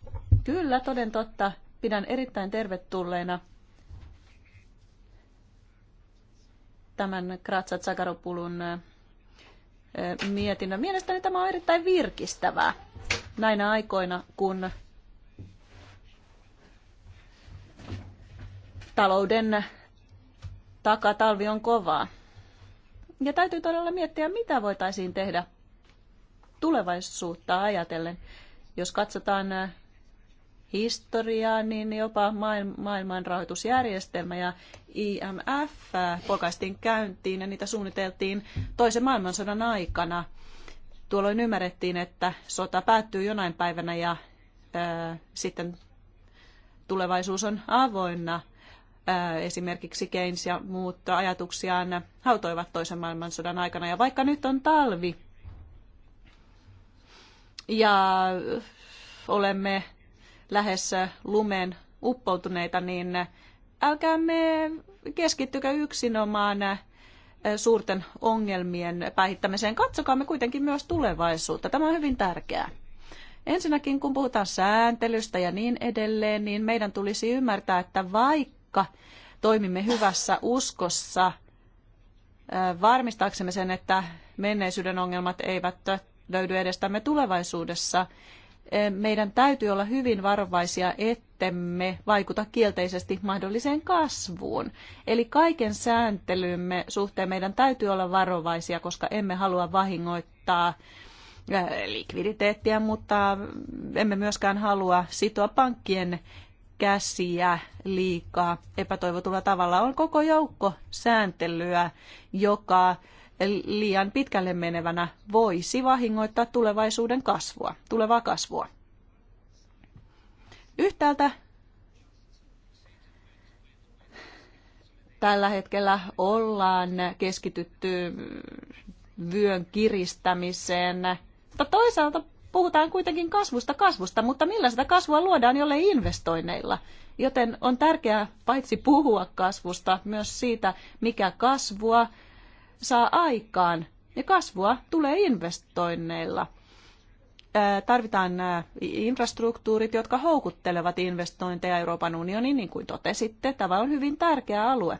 Kyllä, toden totta. Pidän erittäin tervetulleena tämän Kratsa Tsakaropulun äh, mietinnön. Mielestäni tämä on erittäin virkistävää näinä aikoina, kun talouden takatalvi on kovaa. Ja täytyy todella miettiä, mitä voitaisiin tehdä tulevaisuutta ajatellen. Jos katsotaan äh, historiaa, niin jopa maailman rahoitusjärjestelmä ja IMF äh, pokaistiin käyntiin ja niitä suunniteltiin toisen maailmansodan aikana. Tuolloin ymmärrettiin, että sota päättyy jonain päivänä ja ää, äh, sitten tulevaisuus on avoinna – Äh, esimerkiksi Keynes ja muut ajatuksiaan hautoivat toisen maailmansodan aikana. Ja vaikka nyt on talvi ja olemme lähes lumen uppoutuneita, niin älkäämme keskittykö yksinomaan äh, suurten ongelmien päihittämiseen. Katsokaamme kuitenkin myös tulevaisuutta. Tämä on hyvin tärkeää. Ensinnäkin, kun puhutaan sääntelystä ja niin edelleen, niin meidän tulisi ymmärtää, että vaikka vaikka toimimme hyvässä uskossa varmistaaksemme sen, että menneisyyden ongelmat eivät löydy edestämme tulevaisuudessa, meidän täytyy olla hyvin varovaisia, ettemme vaikuta kielteisesti mahdolliseen kasvuun. Eli kaiken sääntelymme suhteen meidän täytyy olla varovaisia, koska emme halua vahingoittaa likviditeettiä, mutta emme myöskään halua sitoa pankkien käsiä liikaa epätoivotulla tavalla. On koko joukko sääntelyä, joka liian pitkälle menevänä voisi vahingoittaa tulevaisuuden kasvua, tulevaa kasvua. Yhtäältä tällä hetkellä ollaan keskitytty vyön kiristämiseen, mutta toisaalta puhutaan kuitenkin kasvusta kasvusta, mutta millä sitä kasvua luodaan, jolle investoinneilla? Joten on tärkeää paitsi puhua kasvusta, myös siitä, mikä kasvua saa aikaan. Ja kasvua tulee investoinneilla. Tarvitaan nämä infrastruktuurit, jotka houkuttelevat investointeja Euroopan unioniin, niin kuin totesitte. Tämä on hyvin tärkeä alue,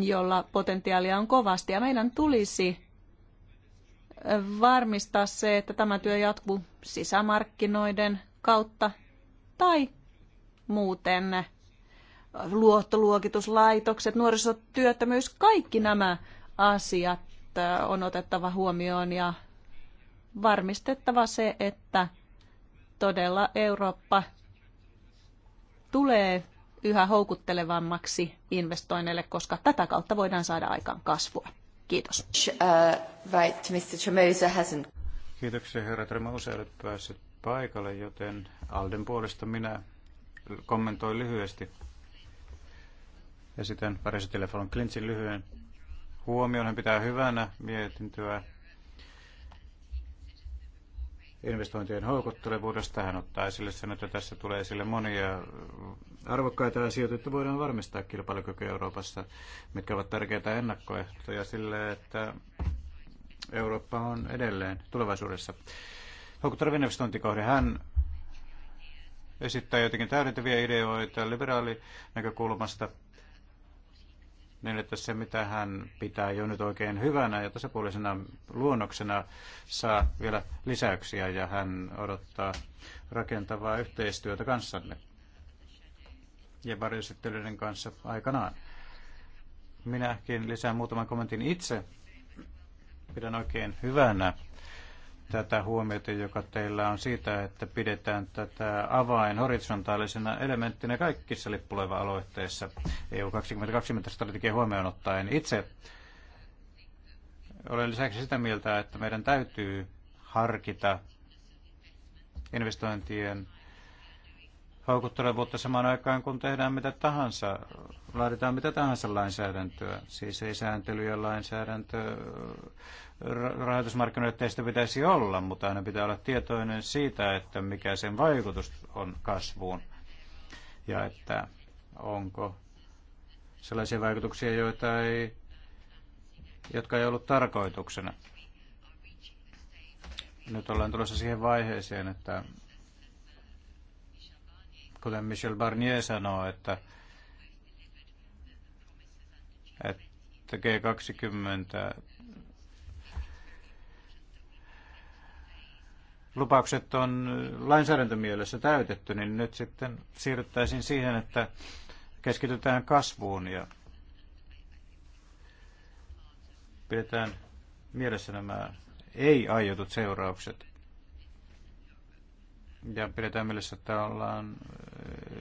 jolla potentiaalia on kovasti. Ja meidän tulisi varmistaa se, että tämä työ jatkuu sisämarkkinoiden kautta tai muuten luottoluokituslaitokset, nuorisotyöttömyys, kaikki nämä asiat äh, on otettava huomioon ja varmistettava se, että todella Eurooppa tulee yhä houkuttelevammaksi investoinneille, koska tätä kautta voidaan saada aikaan kasvua. Kiitos. Uh, right, Mr. Tremosa hasn't. Kiitoksia, herra Tremosa ei ole päässyt paikalle, joten Alden puolesta minä kommentoin lyhyesti. Esitän Pariisin telefonon Clinchin lyhyen huomioon. Hän pitää hyvänä mietintöä investointien houkuttelevuudesta. Hän ottaa esille sen, että tässä tulee esille monia arvokkaita asioita, että voidaan varmistaa kilpailukyky Euroopassa, mitkä ovat tärkeitä ennakkoehtoja sille, että Eurooppa on edelleen tulevaisuudessa. Houkutteleva investointikohde. Hän esittää jotenkin täydentäviä ideoita liberaali näkökulmasta niin että se mitä hän pitää jo nyt oikein hyvänä ja tasapuolisena luonnoksena saa vielä lisäyksiä ja hän odottaa rakentavaa yhteistyötä kanssanne ja varjoesittelyiden kanssa aikanaan. Minäkin lisään muutaman kommentin itse. Pidän oikein hyvänä tätä huomiota, joka teillä on siitä, että pidetään tätä avain horisontaalisena elementtinä kaikissa lippuleva-aloitteissa EU 2020 strategian huomioon ottaen. Itse olen lisäksi sitä mieltä, että meidän täytyy harkita investointien houkuttelevuutta samaan aikaan, kun tehdään mitä tahansa, laaditaan mitä tahansa lainsäädäntöä. Siis ei sääntely ja lainsäädäntö rahoitusmarkkinoiden teistä pitäisi olla, mutta aina pitää olla tietoinen siitä, että mikä sen vaikutus on kasvuun ja että onko sellaisia vaikutuksia, joita ei, jotka ei ollut tarkoituksena. Nyt ollaan tulossa siihen vaiheeseen, että kuten Michel Barnier sanoo, että, että G20 lupaukset on lainsäädäntömielessä täytetty, niin nyt sitten siirryttäisiin siihen, että keskitytään kasvuun ja pidetään mielessä nämä ei-aiotut seuraukset. Ja pidetään mielessä, että ollaan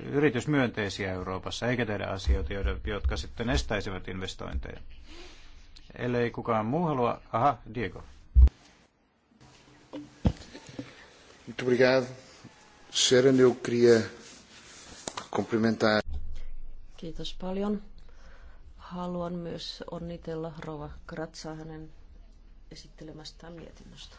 yritysmyönteisiä Euroopassa, eikä tehdä asioita, jotka sitten estäisivät investointeja. Ellei kukaan muu halua... Aha, Diego. Muito obrigado. Sharon, eu queria cumprimentar. Kiitos paljon. Haluan myös onnitella Rova Kratsaa hänen esittelemästään mietinnöstä.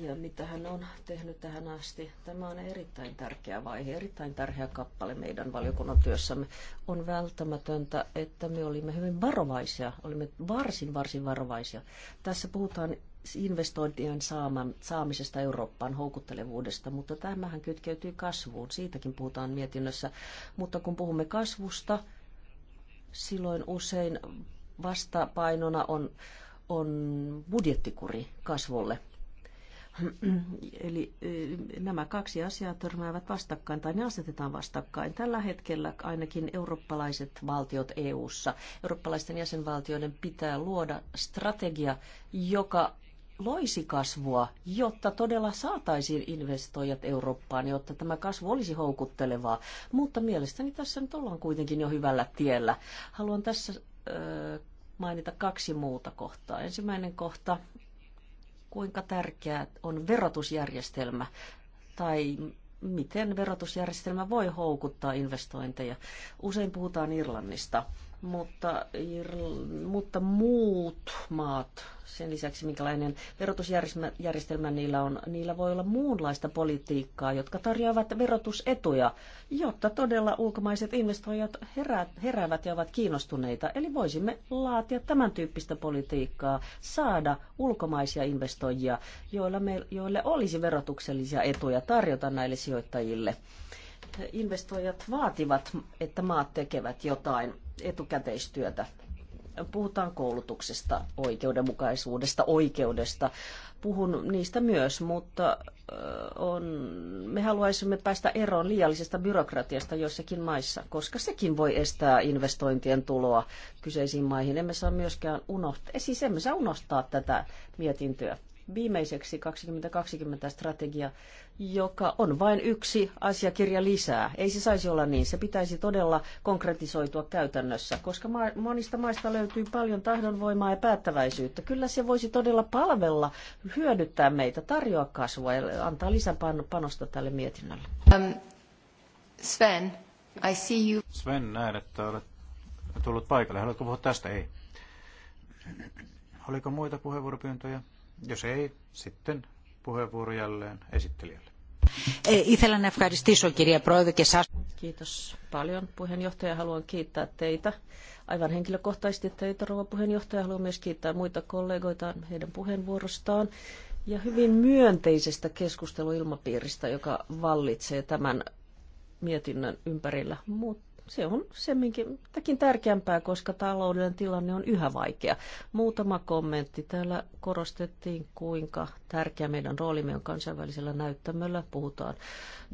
Ja mitä hän on tehnyt tähän asti. Tämä on erittäin tärkeä vaihe, erittäin tärkeä kappale meidän valiokunnan työssämme. On välttämätöntä, että me olimme hyvin varovaisia, olimme varsin, varsin varovaisia. Tässä puhutaan investointien saaman, saamisesta Eurooppaan houkuttelevuudesta, mutta tämähän kytkeytyy kasvuun. Siitäkin puhutaan mietinnössä. Mutta kun puhumme kasvusta, silloin usein vastapainona on, on budjettikuri kasvulle. Eli nämä kaksi asiaa törmäävät vastakkain tai ne asetetaan vastakkain. Tällä hetkellä ainakin eurooppalaiset valtiot EU:ssa, eurooppalaisten jäsenvaltioiden pitää luoda strategia, joka loisi kasvua, jotta todella saataisiin investoijat Eurooppaan, jotta tämä kasvu olisi houkuttelevaa. Mutta mielestäni tässä nyt ollaan kuitenkin jo hyvällä tiellä. Haluan tässä ö, mainita kaksi muuta kohtaa. Ensimmäinen kohta, kuinka tärkeää on verotusjärjestelmä tai miten verotusjärjestelmä voi houkuttaa investointeja. Usein puhutaan Irlannista mutta, mutta muut maat, sen lisäksi minkälainen verotusjärjestelmä niillä on, niillä voi olla muunlaista politiikkaa, jotka tarjoavat verotusetuja, jotta todella ulkomaiset investoijat herä, heräävät ja ovat kiinnostuneita. Eli voisimme laatia tämän tyyppistä politiikkaa, saada ulkomaisia investoijia, joilla me, joille olisi verotuksellisia etuja tarjota näille sijoittajille investoijat vaativat, että maat tekevät jotain etukäteistyötä. Puhutaan koulutuksesta, oikeudenmukaisuudesta, oikeudesta. Puhun niistä myös, mutta on, me haluaisimme päästä eroon liiallisesta byrokratiasta joissakin maissa, koska sekin voi estää investointien tuloa kyseisiin maihin. Emme saa myöskään unohtaa, siis emme saa unohtaa tätä mietintöä viimeiseksi 2020-strategia, joka on vain yksi asiakirja lisää. Ei se saisi olla niin. Se pitäisi todella konkretisoitua käytännössä, koska monista maista löytyy paljon tahdonvoimaa ja päättäväisyyttä. Kyllä se voisi todella palvella, hyödyttää meitä, tarjoa kasvua ja antaa lisäpanosta tälle mietinnölle. Um, Sven, I see you. Sven, näen, että olet tullut paikalle. Haluatko puhua tästä? Ei. Oliko muita puheenvuoropyyntöjä? Jos ei, sitten puheenvuoro jälleen esittelijälle. Ήθελα ευχαριστήσω Πρόεδρε και σας. Kiitos paljon puheenjohtaja. Haluan kiittää teitä. Aivan henkilökohtaisesti teitä rouva puheenjohtaja. Haluan myös kiittää muita kollegoita heidän puheenvuorostaan ja hyvin myönteisestä keskusteluilmapiiristä, joka vallitsee tämän mietinnön ympärillä. Mutta se on semminkin tärkeämpää, koska taloudellinen tilanne on yhä vaikea. Muutama kommentti. Täällä korostettiin, kuinka tärkeä meidän roolimme on kansainvälisellä näyttämöllä. Puhutaan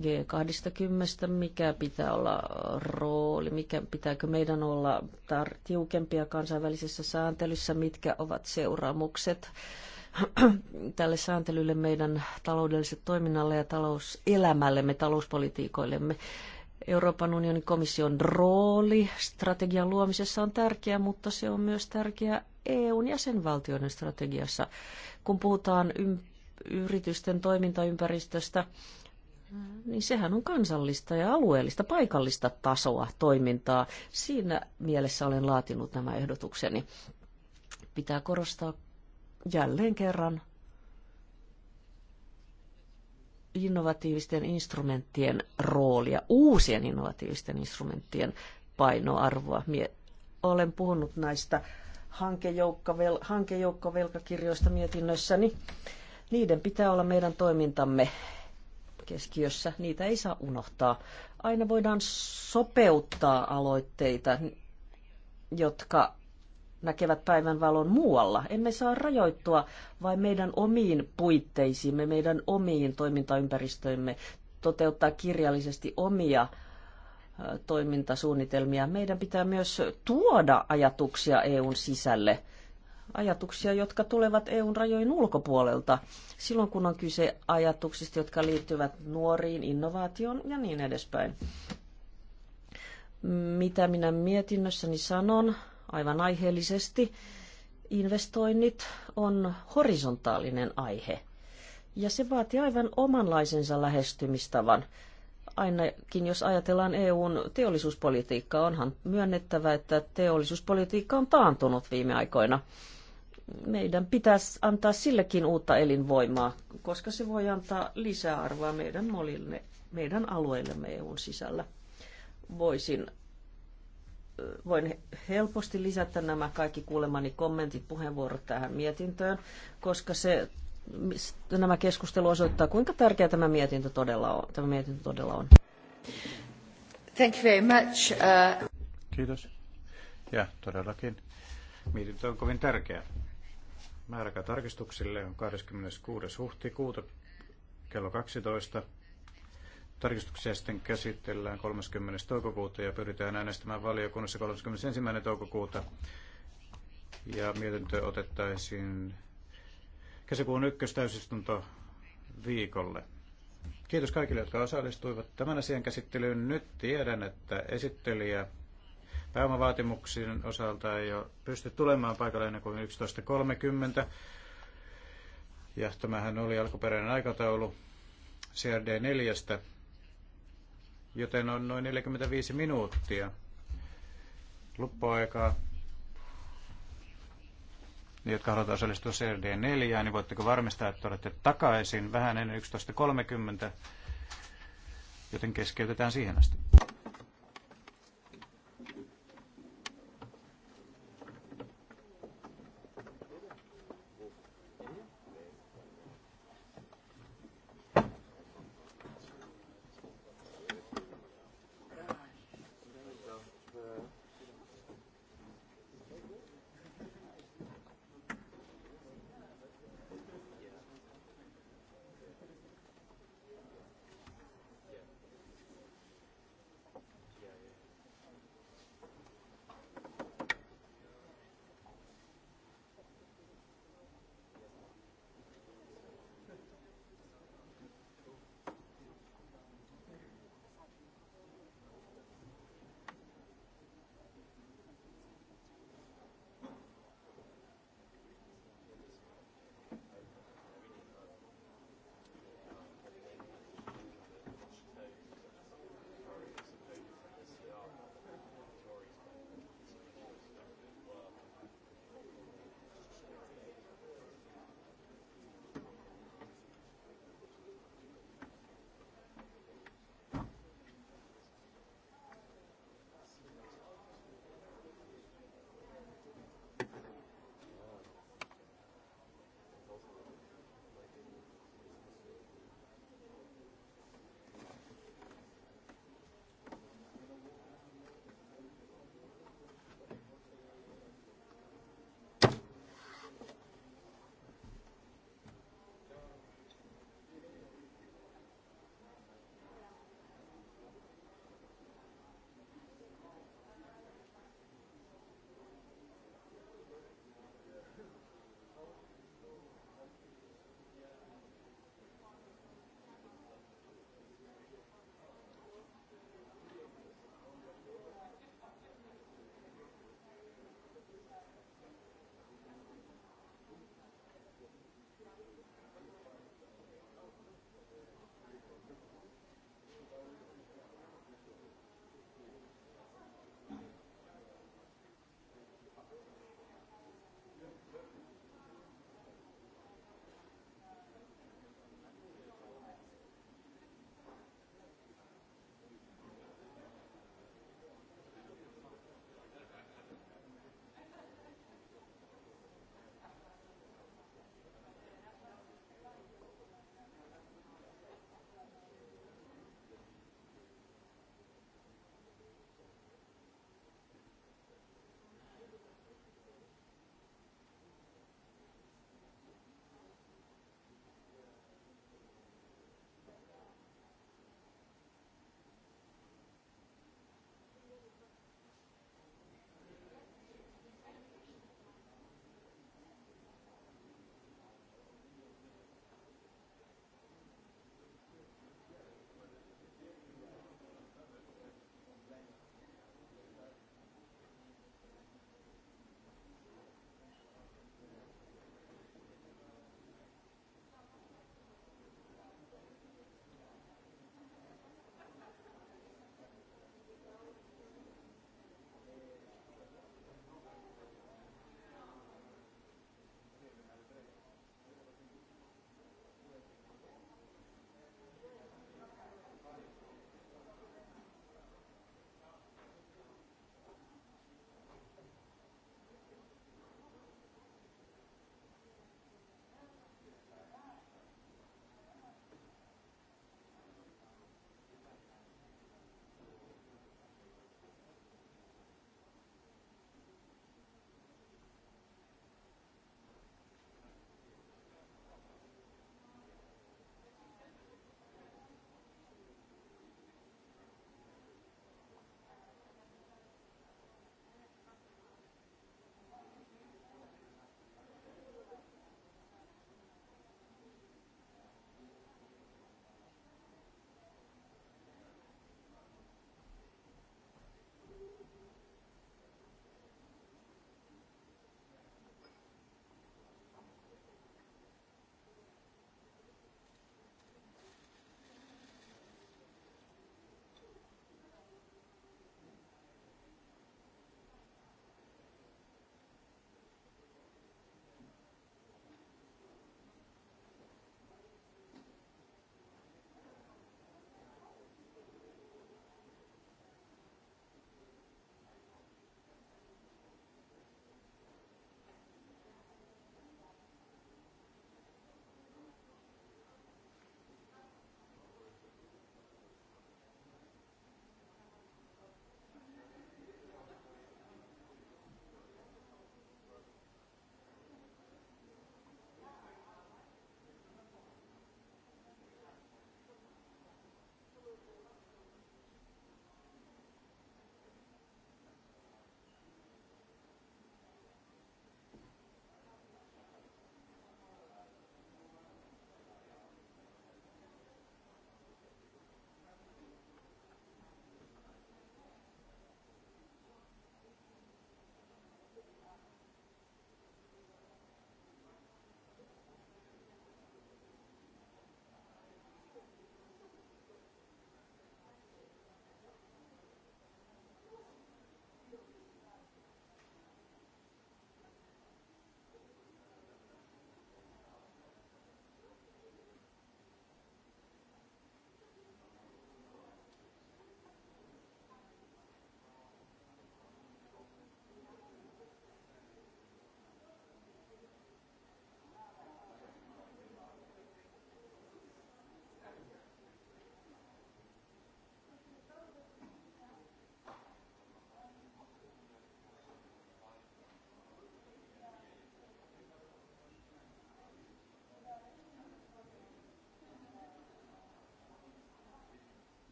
G20, mikä pitää olla rooli, mikä pitääkö meidän olla tar- tiukempia kansainvälisessä sääntelyssä, mitkä ovat seuraamukset tälle sääntelylle meidän taloudelliselle toiminnalle ja talouselämällemme, talouspolitiikoillemme. Euroopan unionin komission rooli strategian luomisessa on tärkeä, mutta se on myös tärkeä EUn jäsenvaltioiden strategiassa. Kun puhutaan yritysten toimintaympäristöstä, niin sehän on kansallista ja alueellista, paikallista tasoa toimintaa. Siinä mielessä olen laatinut nämä ehdotukseni. Pitää korostaa jälleen kerran innovatiivisten instrumenttien roolia, uusien innovatiivisten instrumenttien painoarvoa. Mie olen puhunut näistä hankejoukkovel, hankejoukkovelkakirjoista mietinnössäni. Niiden pitää olla meidän toimintamme keskiössä. Niitä ei saa unohtaa. Aina voidaan sopeuttaa aloitteita, jotka näkevät päivänvalon muualla. Emme saa rajoittua vain meidän omiin puitteisiimme, meidän omiin toimintaympäristöimme, toteuttaa kirjallisesti omia toimintasuunnitelmia. Meidän pitää myös tuoda ajatuksia EUn sisälle, ajatuksia, jotka tulevat EUn rajojen ulkopuolelta, silloin kun on kyse ajatuksista, jotka liittyvät nuoriin, innovaatioon ja niin edespäin. Mitä minä mietinnössäni sanon, aivan aiheellisesti, investoinnit on horisontaalinen aihe. Ja se vaatii aivan omanlaisensa lähestymistavan. Ainakin jos ajatellaan EUn teollisuuspolitiikkaa, onhan myönnettävä, että teollisuuspolitiikka on taantunut viime aikoina. Meidän pitäisi antaa sillekin uutta elinvoimaa, koska se voi antaa lisäarvoa meidän molille, meidän alueillemme EUn sisällä. Voisin voin helposti lisätä nämä kaikki kuulemani kommentit, puheenvuorot tähän mietintöön, koska se, nämä keskustelu osoittaa, kuinka tärkeä tämä mietintö todella on. Tämä mietintö todella on. Thank you very much. Uh... Kiitos. Ja todellakin mietintö on kovin tärkeä. Määräkä tarkistuksille on 26. huhtikuuta kello 12 Tarkistuksia sitten käsitellään 30. toukokuuta ja pyritään äänestämään valiokunnassa 31. toukokuuta. Ja mietintö otettaisiin kesäkuun ykköstäysistunto viikolle. Kiitos kaikille, jotka osallistuivat tämän asian käsittelyyn. Nyt tiedän, että esittelijä pääomavaatimuksien osalta ei ole pysty tulemaan paikalle ennen kuin 11.30. Ja tämähän oli alkuperäinen aikataulu CRD 4 joten on noin 45 minuuttia luppuaikaa. Ne, jotka haluavat osallistua CRD4, niin voitteko varmistaa, että olette takaisin vähän ennen 11.30, joten keskeytetään siihen asti.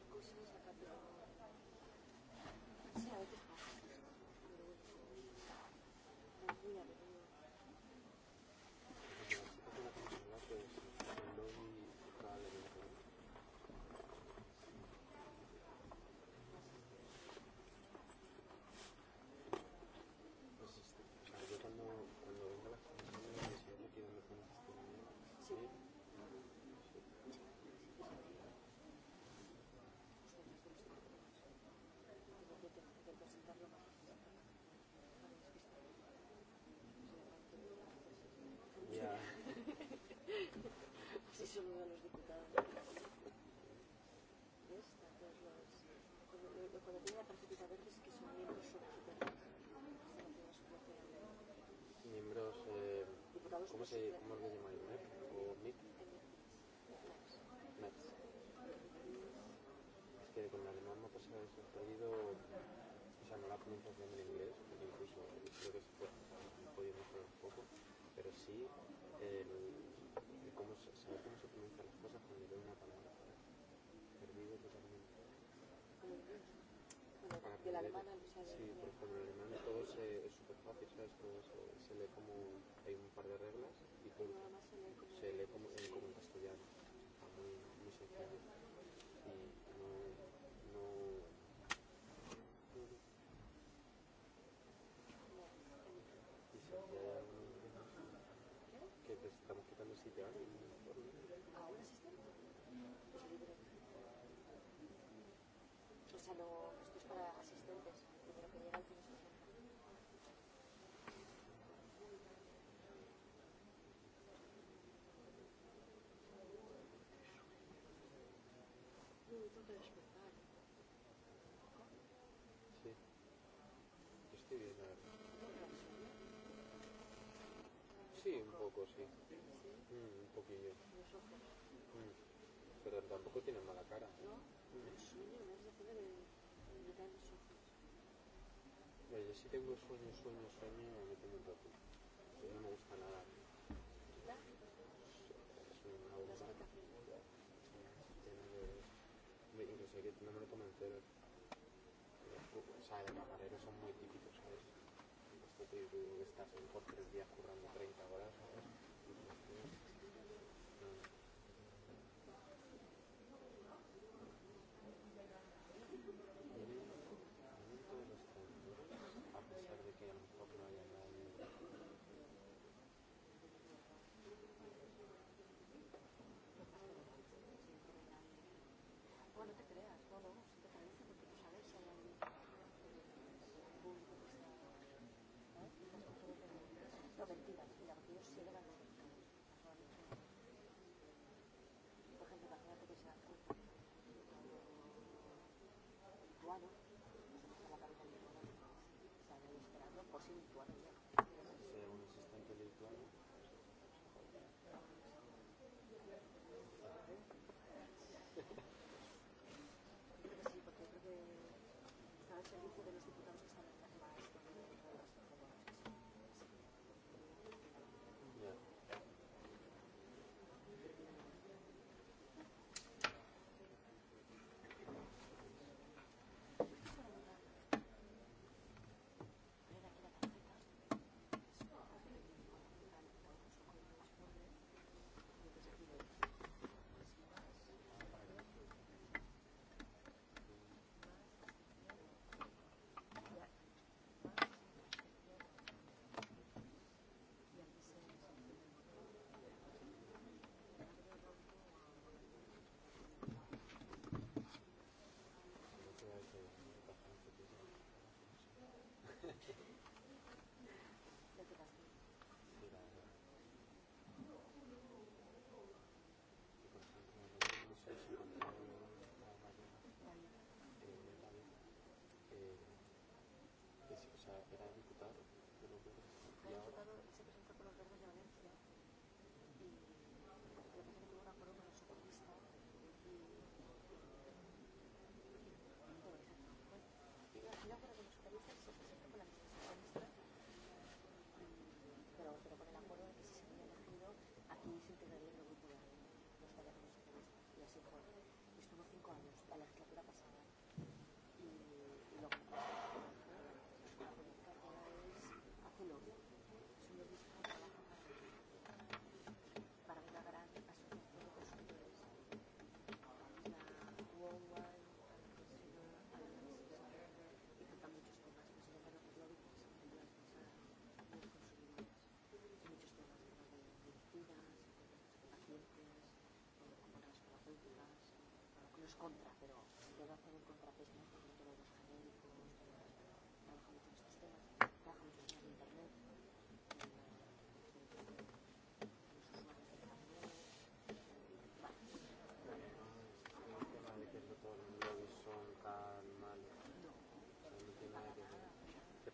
cualquier cosa, sácatelo. ¿Cómo se cómo le llamáis? ¿MEP o MIP? MEPS. Es que con el alemán no pasa eso. He perdido, o sea, no la pronunciación del inglés, incluso creo que se puede, he podido mejorar un poco, pero sí el, el cómo, saber cómo se pronuncian las cosas cuando veo una palabra. Perdido totalmente. Del alemán al Sí, porque con el alemán todo se, es súper fácil, ¿sabes? Todo se, se lee como hay un par de reglas y punto. Se lee como en, como en castellano, está muy, muy sencillo. Y no, no, no, Y si hay que te estamos quitando sitio a alguien, por mí. ¿Ahora sí O sea, no... Sí. Yo estoy bien, la verdad. Sí, un poco, sí. Mm, un poquillo. Mm. Pero tampoco tiene mala cara. No, mm. Mira, yo sí tengo sueño, sueño, sueño, me tengo un rato. No me gusta nada. ¿Verdad? Es una bomba yo sé que no me lo tomo entero. O sea, de camarero son muy típicos, ¿sabes? Entonces te digo que estás en por tres días currando 30 horas, ¿sabes? No, te creas, no, no, si te parece, porque tú sabes, hay público que está... No, porque ellos sí contra, pero yo voy a hacer un contrapeso ¿no? porque yo los genéricos, trabajo mucho en estos temas, trabajo mucho en Internet,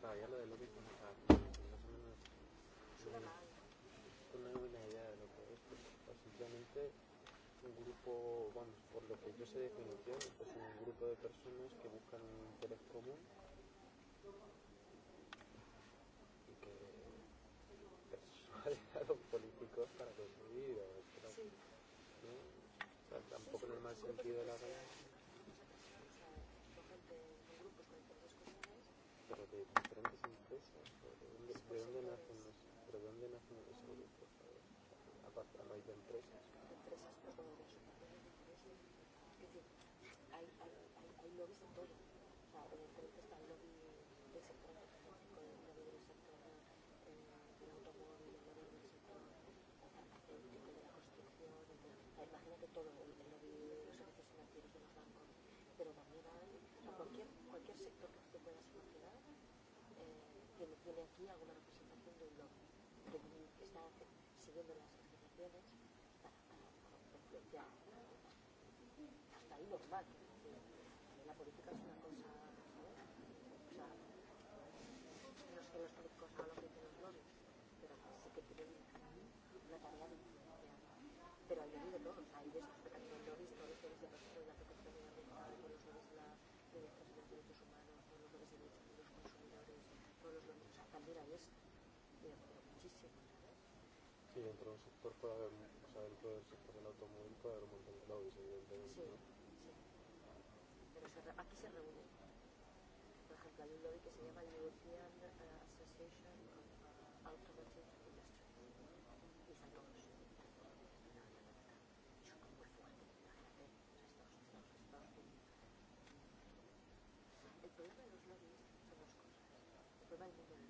todavía lo del no tengo idea de lo que es, simplemente un grupo, bueno, por lo que yo sé definición, es un grupo de personas que buscan un interés común y que persuaden a los políticos para conseguir, o, pero, sí. ¿no? o sea, tampoco en el mal sentido de la palabra. Pero de diferentes empresas, ¿de dónde, de dónde nacen los, dónde nacen grupos? a raíz no de empresas. hacía alguna representación de Europa, pero mi está siguiendo las legislaciones para, para, para influenciar. Hasta ahí normal, porque también la política es Sí, dentro un sector, o sea, dentro del sector del automóvil puede haber un montón de lobbies, evidentemente. Sí, ¿no? sí. Pero se, aquí se reúne. Por ejemplo, hay un lobby que se llama European Association of Automotive Industry. Y están todos. Chocan muy fuerte. Imagínate, los Estados Unidos, los Estados Unidos. El problema de los lobbies son dos cosas. El problema del mundo del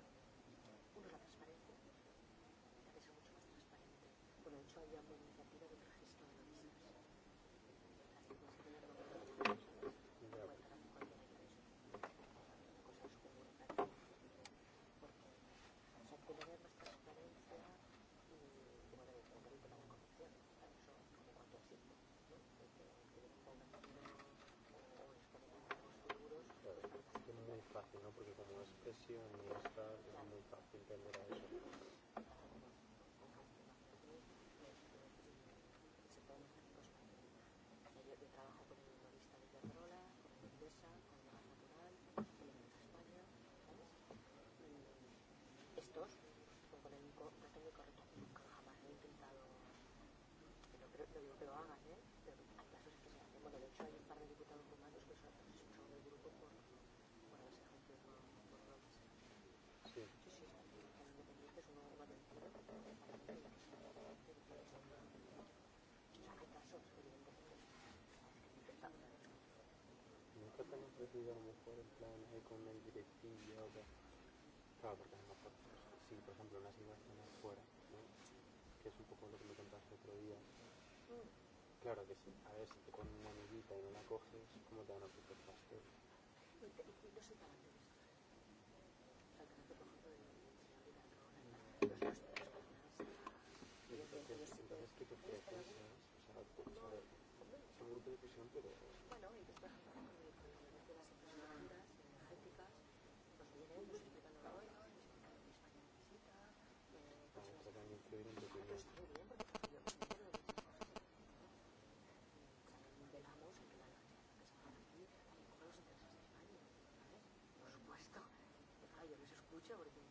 pero lo digo que lo hagan, ¿eh? Pero hay casos que se hacen. Bueno, de hecho hay un par de diputados rumanos que son expulsados del grupo por, por haber ejercido por drogas. Sí. Sí, sí, son independientes, uno va del puro, otro va Nunca te han ofrecido a lo mejor en plan eh, con el directillo, que... Claro, porque a lo mejor, si por ejemplo una situación afuera, ¿no? que es un poco lo que me contaste otro día, Claro que sí. A ver, si te ponen una amiguita y no la coges, ¿cómo te van a ofrecer pastel? que no entonces, entonces, ¿qué te ofreces? O sea, un grupo de pero... Bueno, y después... வருகிறது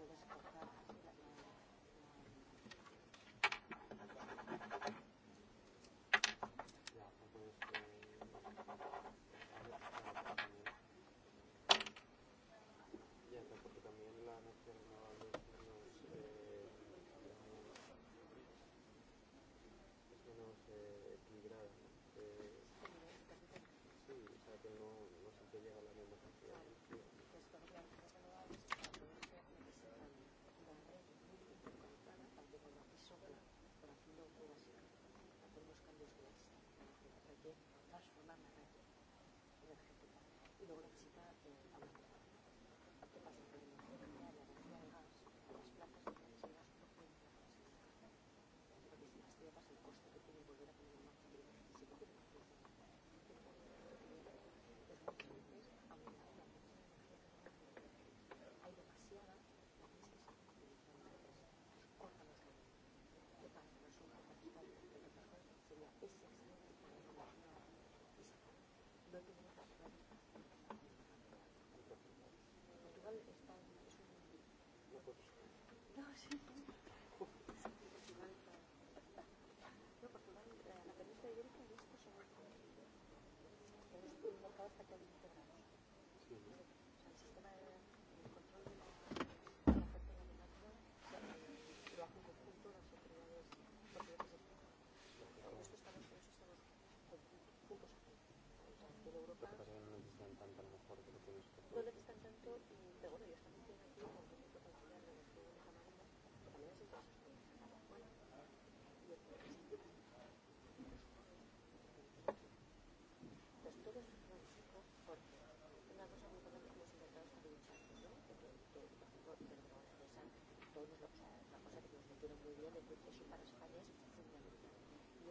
puhemies dolci.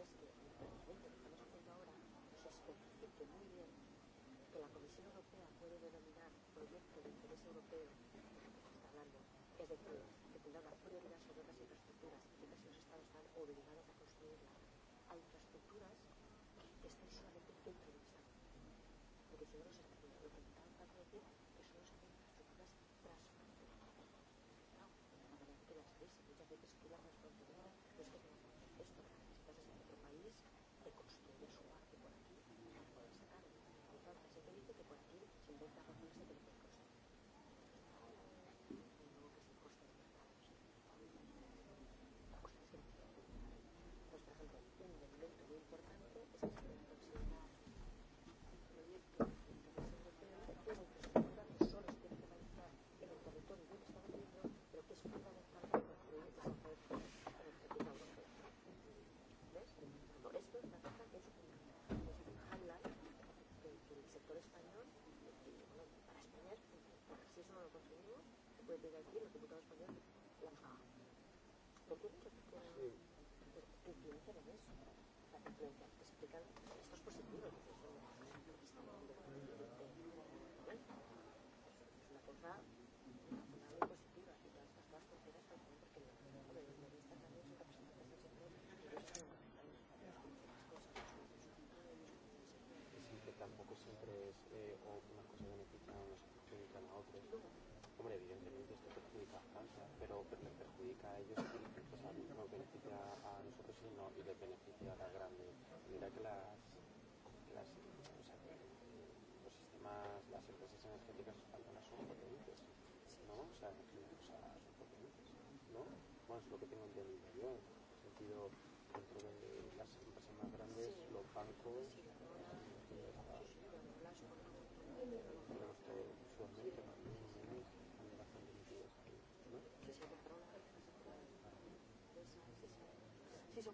medidas que evidentemente estamos haciendo ahora sospechar muy bien que la Comisión Europea puede denominar proyecto de interés europeo, está hablando, es decir, que tendrá una prioridad sobre otras infraestructuras y que los Estados están obligados a construirlas, a infraestructuras que extensivamente que interesan. Porque si no los Estados lo que estaba tratando de decir que solo se hacen infraestructuras transfronterizas. Claro, para que las veis, muchas veces tú la responsabilidad no es que te esto, necesitas esa es reconstruye su arte por aquí para poder sacar el entonces satélite que por aquí se intenta reunirse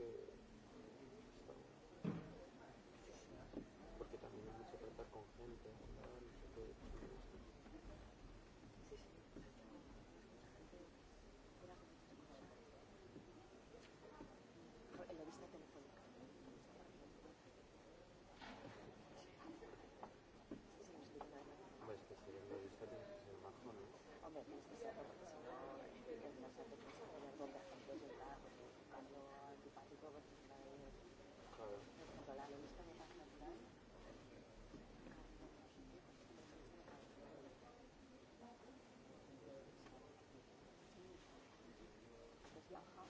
porque también hay mucho tratar con gente, Hombre, tienes que ser majo, ¿no? Hombre, tienes que ser porque si jatkaa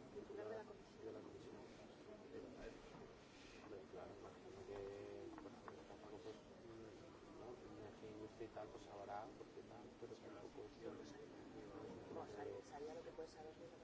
y tal, pues sabrá, porque tal, pero tampoco es... Bueno, sabía lo que puedes saber de ¿no?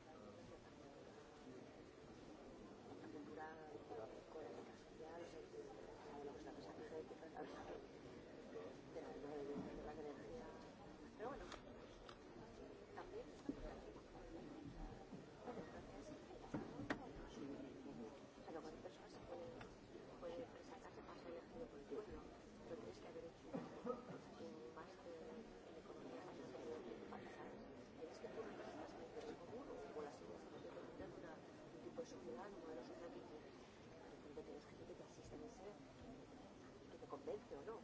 mencionó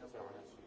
Thanks, Governor.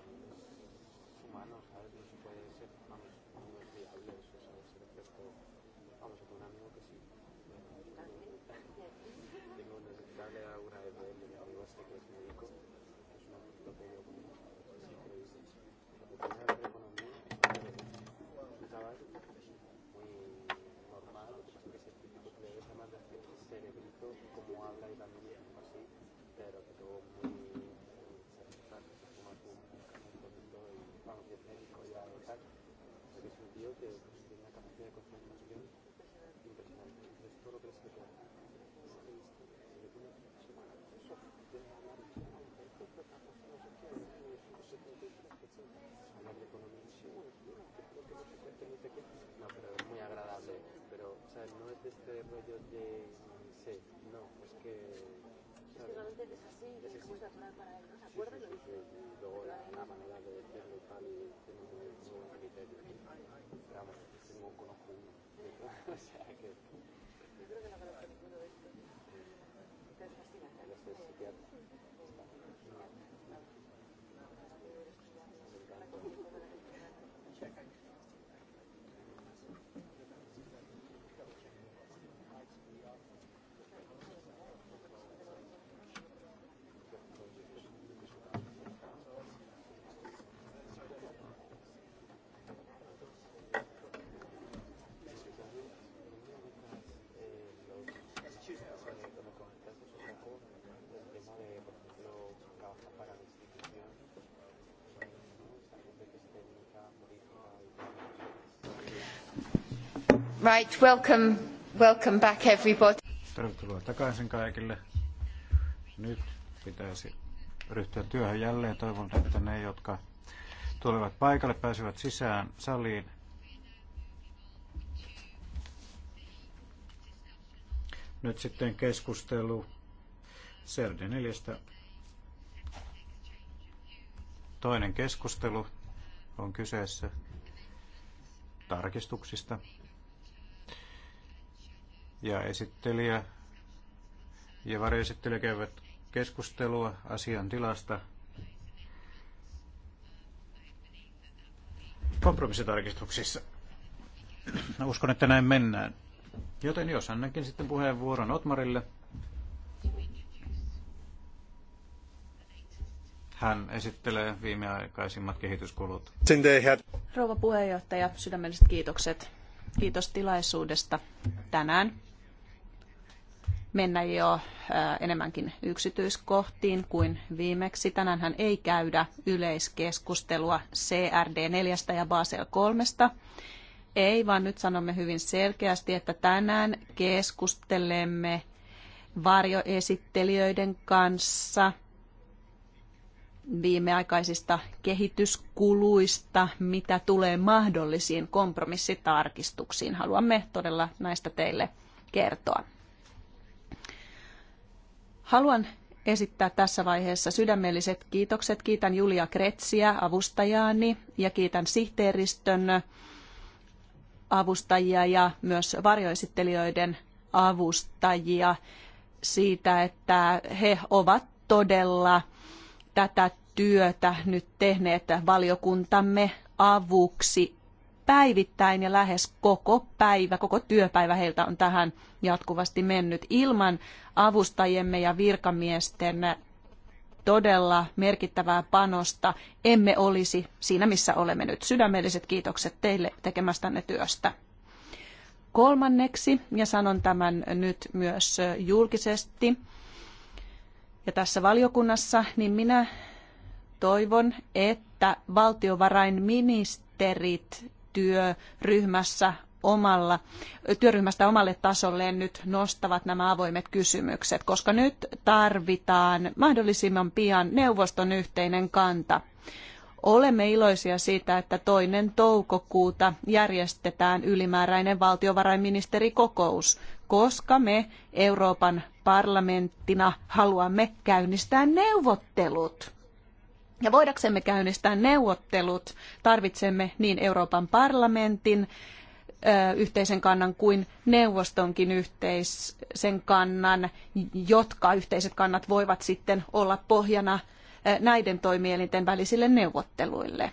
rollo de... No sí, no, es que... Es que realmente no es así, es, es muy natural para él, ¿no? ¿Se acuerda? Sí, sí, sí, sí. luego la, la manera de decirlo y tal, y tiene muy, muy buen criterio. ¿no? Pero vamos, tengo un conozco uno. o sea que... Right, welcome, welcome back everybody. Tervetuloa takaisin kaikille. Nyt pitäisi ryhtyä työhön jälleen. Toivon, että ne, jotka tulevat paikalle, pääsevät sisään saliin. Nyt sitten keskustelu Serde 4. Toinen keskustelu on kyseessä tarkistuksista ja esittelijä ja varjoesittelijä käyvät keskustelua asian tilasta. kompromissitarkistuksissa. Uskon, että näin mennään. Joten jos annankin sitten puheenvuoron Otmarille. Hän esittelee viimeaikaisimmat kehityskulut. Rouva puheenjohtaja, sydämelliset kiitokset. Kiitos tilaisuudesta tänään mennä jo enemmänkin yksityiskohtiin kuin viimeksi. Tänäänhän ei käydä yleiskeskustelua CRD 4 ja Basel 3. Ei, vaan nyt sanomme hyvin selkeästi, että tänään keskustelemme varjoesittelijöiden kanssa viimeaikaisista kehityskuluista, mitä tulee mahdollisiin kompromissitarkistuksiin. Haluamme todella näistä teille kertoa. Haluan esittää tässä vaiheessa sydämelliset kiitokset. Kiitän Julia Kretsiä, avustajaani, ja kiitän sihteeristön avustajia ja myös varjoesittelijöiden avustajia siitä, että he ovat todella tätä työtä nyt tehneet valiokuntamme avuksi päivittäin ja lähes koko päivä, koko työpäivä heiltä on tähän jatkuvasti mennyt ilman avustajiemme ja virkamiesten todella merkittävää panosta emme olisi siinä, missä olemme nyt. Sydämelliset kiitokset teille tekemästänne työstä. Kolmanneksi, ja sanon tämän nyt myös julkisesti, ja tässä valiokunnassa, niin minä toivon, että valtiovarainministerit työryhmässä omalla, työryhmästä omalle tasolleen nyt nostavat nämä avoimet kysymykset, koska nyt tarvitaan mahdollisimman pian neuvoston yhteinen kanta. Olemme iloisia siitä, että toinen toukokuuta järjestetään ylimääräinen valtiovarainministerikokous, koska me Euroopan parlamenttina haluamme käynnistää neuvottelut ja voidaksemme käynnistää neuvottelut, tarvitsemme niin Euroopan parlamentin yhteisen kannan kuin neuvostonkin yhteisen kannan, jotka yhteiset kannat voivat sitten olla pohjana näiden toimielinten välisille neuvotteluille.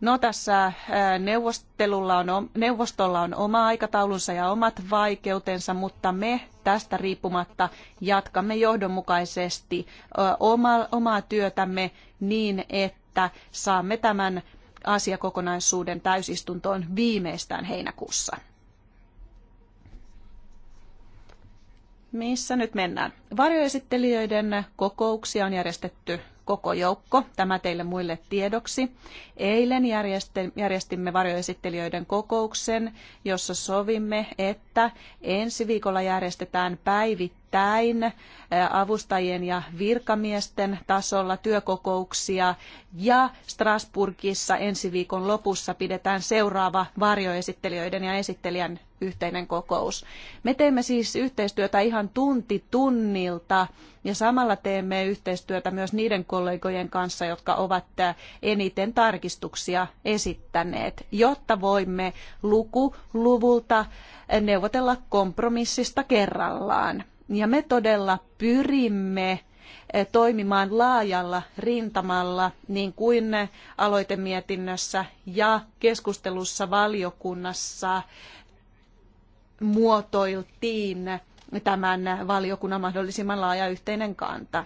No tässä neuvostelulla on, neuvostolla on oma aikataulunsa ja omat vaikeutensa, mutta me tästä riippumatta jatkamme johdonmukaisesti oma, omaa työtämme niin, että saamme tämän asiakokonaisuuden täysistuntoon viimeistään heinäkuussa. Missä nyt mennään? Varjoesittelijöiden kokouksia on järjestetty koko joukko, tämä teille muille tiedoksi. Eilen järjestimme varjoesittelijöiden kokouksen, jossa sovimme, että ensi viikolla järjestetään päivittäin avustajien ja virkamiesten tasolla työkokouksia ja Strasburgissa ensi viikon lopussa pidetään seuraava varjoesittelijöiden ja esittelijän yhteinen kokous. Me teemme siis yhteistyötä ihan tunti tunnilta ja samalla teemme yhteistyötä myös niiden kollegojen kanssa, jotka ovat eniten tarkistuksia esittäneet, jotta voimme luku luvulta neuvotella kompromissista kerrallaan. Ja me todella pyrimme eh, toimimaan laajalla rintamalla, niin kuin aloitemietinnössä ja keskustelussa valiokunnassa muotoiltiin tämän valiokunnan mahdollisimman laaja yhteinen kanta.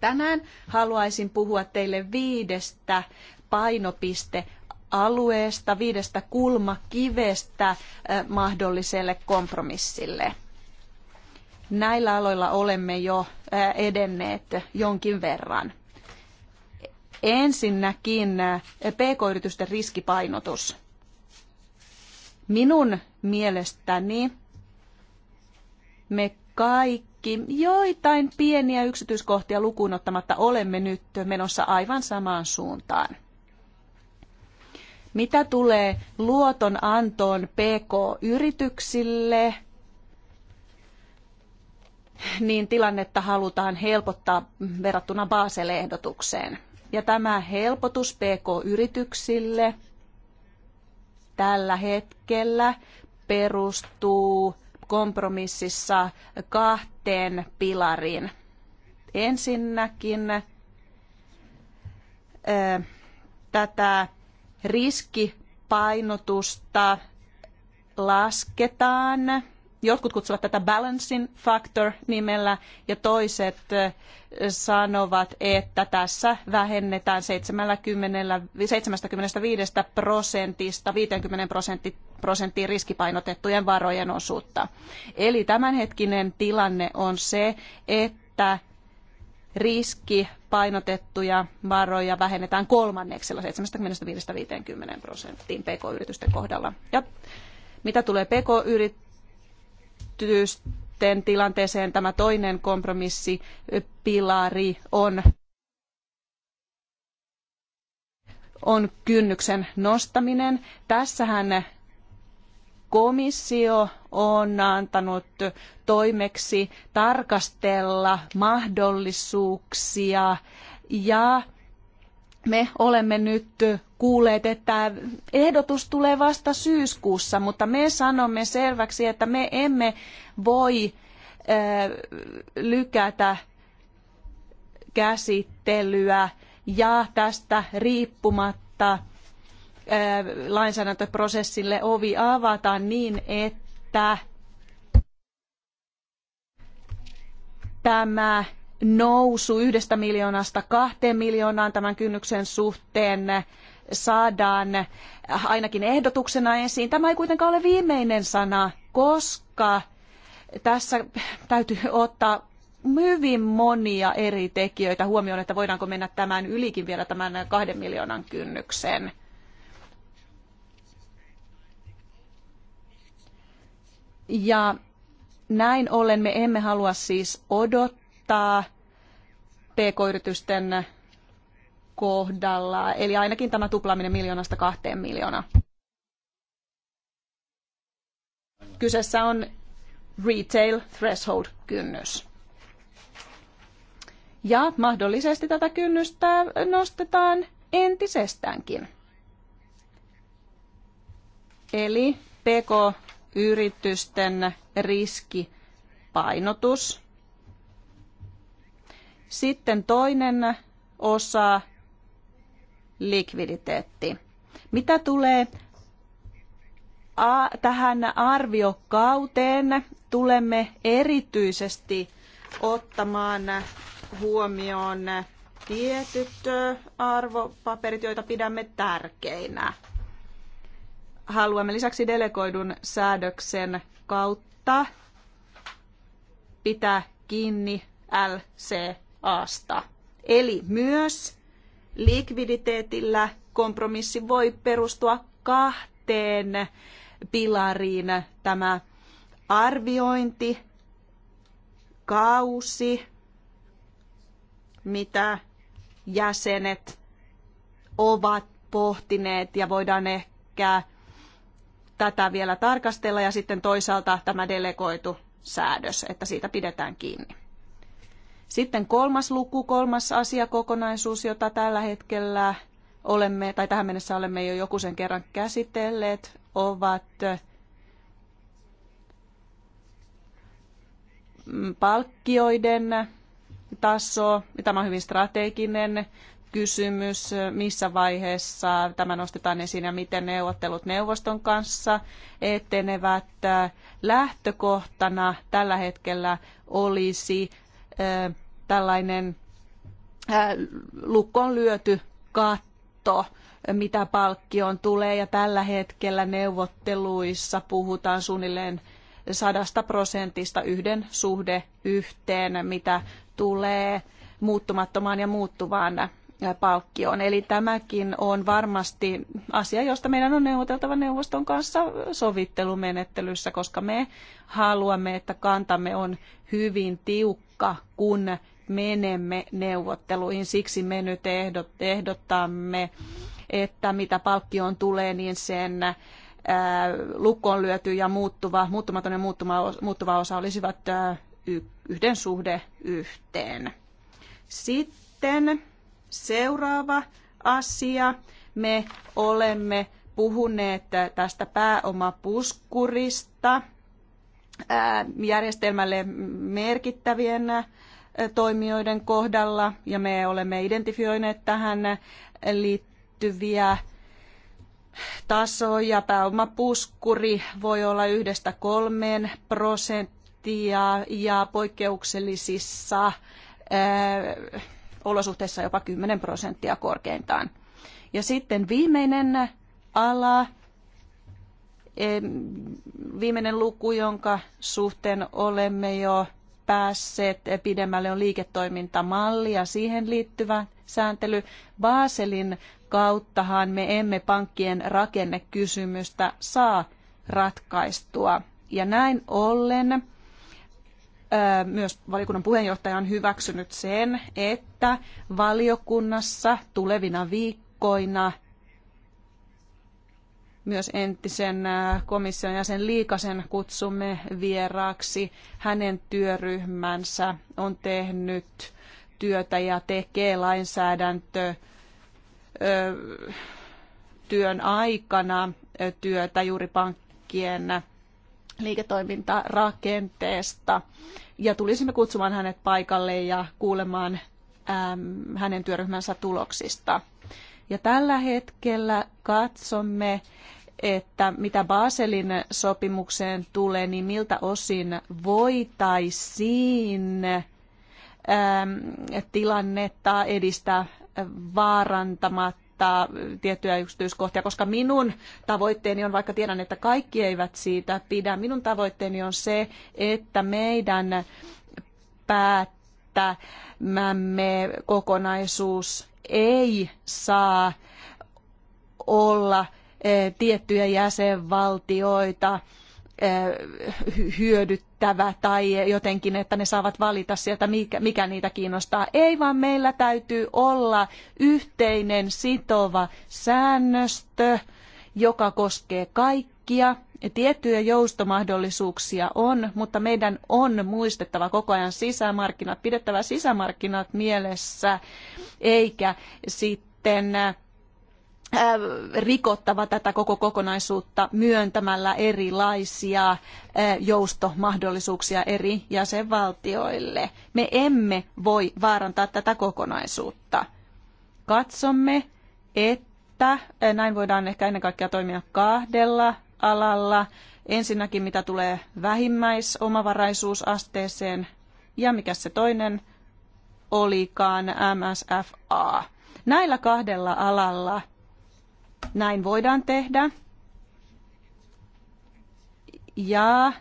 Tänään haluaisin puhua teille viidestä painopiste alueesta, viidestä kulmakivestä eh, mahdolliselle kompromissille. Näillä aloilla olemme jo eh, edenneet jonkin verran. Ensinnäkin eh, pk-yritysten riskipainotus. Minun mielestäni me kaikki joitain pieniä yksityiskohtia lukuun ottamatta olemme nyt menossa aivan samaan suuntaan. Mitä tulee luotonantoon PK-yrityksille, niin tilannetta halutaan helpottaa verrattuna Basel-ehdotukseen. Ja tämä helpotus PK-yrityksille – tällä hetkellä perustuu kompromississa kahteen pilariin. Ensinnäkin tätä riskipainotusta lasketaan Jotkut kutsuvat tätä balancing factor nimellä ja toiset sanovat, että tässä vähennetään 70, 75 prosentista 50 prosenttiin riskipainotettujen varojen osuutta. Eli tämänhetkinen tilanne on se, että riskipainotettuja varoja vähennetään kolmanneksella 75-50 prosenttiin pk-yritysten kohdalla. Ja mitä tulee pk-yritysten yritysten tilanteeseen tämä toinen kompromissipilari on on kynnyksen nostaminen. Tässähän komissio on antanut toimeksi tarkastella mahdollisuuksia ja me olemme nyt kuulleet, että ehdotus tulee vasta syyskuussa, mutta me sanomme selväksi, että me emme voi lykätä käsittelyä ja tästä riippumatta lainsäädäntöprosessille ovi avata niin, että tämä nousu yhdestä miljoonasta kahteen miljoonaan tämän kynnyksen suhteen saadaan ainakin ehdotuksena esiin. Tämä ei kuitenkaan ole viimeinen sana, koska tässä täytyy ottaa hyvin monia eri tekijöitä huomioon, että voidaanko mennä tämän ylikin vielä tämän kahden miljoonan kynnyksen. Ja näin ollen me emme halua siis odottaa asettaa pk-yritysten kohdalla, eli ainakin tämä tuplaaminen miljoonasta kahteen miljoonaa. Kyseessä on retail threshold-kynnys. Ja mahdollisesti tätä kynnystä nostetaan entisestäänkin. Eli PK-yritysten riskipainotus sitten toinen osa, likviditeetti. Mitä tulee tähän arviokauteen, tulemme erityisesti ottamaan huomioon tietyt arvopaperit, joita pidämme tärkeinä. Haluamme lisäksi delegoidun säädöksen kautta pitää kiinni LC Asta. Eli myös likviditeetillä kompromissi voi perustua kahteen pilariin. Tämä arviointi, kausi, mitä jäsenet ovat pohtineet ja voidaan ehkä tätä vielä tarkastella ja sitten toisaalta tämä delegoitu säädös, että siitä pidetään kiinni. Sitten kolmas luku, kolmas asiakokonaisuus, jota tällä hetkellä olemme, tai tähän mennessä olemme jo joku sen kerran käsitelleet, ovat mm, palkkioiden taso. Tämä on hyvin strateginen kysymys, missä vaiheessa tämä nostetaan esiin ja miten neuvottelut neuvoston kanssa etenevät. Lähtökohtana tällä hetkellä olisi tällainen lukkoon lyöty katto, mitä palkkioon tulee. Ja tällä hetkellä neuvotteluissa puhutaan suunnilleen sadasta prosentista yhden suhde yhteen, mitä tulee muuttumattomaan ja muuttuvaan palkkioon. Eli tämäkin on varmasti asia, josta meidän on neuvoteltava neuvoston kanssa sovittelumenettelyssä, koska me haluamme, että kantamme on hyvin tiukka saakka, kun menemme neuvotteluihin. Siksi me nyt ehdottamme, että mitä palkkioon tulee, niin sen lukkoon lyöty ja muuttuva, muuttumaton ja muuttuma, muuttuva osa olisivat yhden suhde yhteen. Sitten seuraava asia. Me olemme puhuneet tästä pääomapuskurista – järjestelmälle merkittävien toimijoiden kohdalla ja me olemme identifioineet tähän liittyviä tasoja. Pääomapuskuri voi olla yhdestä kolmeen prosenttia ja poikkeuksellisissa olosuhteissa jopa 10 prosenttia korkeintaan. Ja sitten viimeinen ala, Viimeinen luku, jonka suhteen olemme jo päässeet pidemmälle, on liiketoimintamalli ja siihen liittyvä sääntely. Baselin kauttahan me emme pankkien rakennekysymystä saa ratkaistua. Ja näin ollen myös valiokunnan puheenjohtaja on hyväksynyt sen, että valiokunnassa tulevina viikkoina myös entisen äh, komission jäsen Liikasen kutsumme vieraaksi. Hänen työryhmänsä on tehnyt työtä ja tekee lainsäädäntö äh, työn aikana äh, työtä juuri pankkien liiketoimintarakenteesta. Ja tulisimme kutsumaan hänet paikalle ja kuulemaan hänen työryhmänsä tuloksista. Ja tällä hetkellä katsomme että mitä Baselin sopimukseen tulee, niin miltä osin voitaisiin ähm, tilannetta edistää vaarantamatta tiettyjä yksityiskohtia, koska minun tavoitteeni on, vaikka tiedän, että kaikki eivät siitä pidä, minun tavoitteeni on se, että meidän päättämämme kokonaisuus ei saa olla Eh, tiettyjä jäsenvaltioita eh, hyödyttävä tai jotenkin, että ne saavat valita sieltä, mikä, mikä niitä kiinnostaa. Ei, vaan meillä täytyy olla yhteinen sitova säännöstö, joka koskee kaikkia. Tiettyjä joustomahdollisuuksia on, mutta meidän on muistettava koko ajan sisämarkkinat, pidettävä sisämarkkinat mielessä, eikä sitten Äh, rikottava tätä koko kokonaisuutta myöntämällä erilaisia äh, joustomahdollisuuksia eri jäsenvaltioille. Me emme voi vaarantaa tätä kokonaisuutta. Katsomme, että äh, näin voidaan ehkä ennen kaikkea toimia kahdella alalla. Ensinnäkin mitä tulee vähimmäisomavaraisuusasteeseen ja mikä se toinen olikaan MSFA. Näillä kahdella alalla näin voidaan tehdä. Ja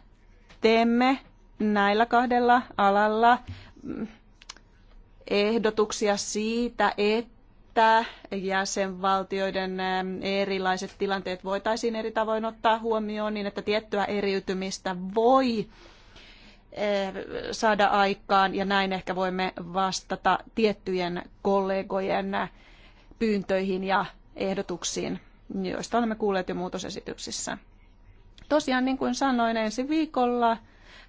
teemme näillä kahdella alalla ehdotuksia siitä, että jäsenvaltioiden erilaiset tilanteet voitaisiin eri tavoin ottaa huomioon niin, että tiettyä eriytymistä voi eh, saada aikaan ja näin ehkä voimme vastata tiettyjen kollegojen pyyntöihin ja ehdotuksiin, joista olemme kuulleet jo muutosesityksissä. Tosiaan, niin kuin sanoin, ensi viikolla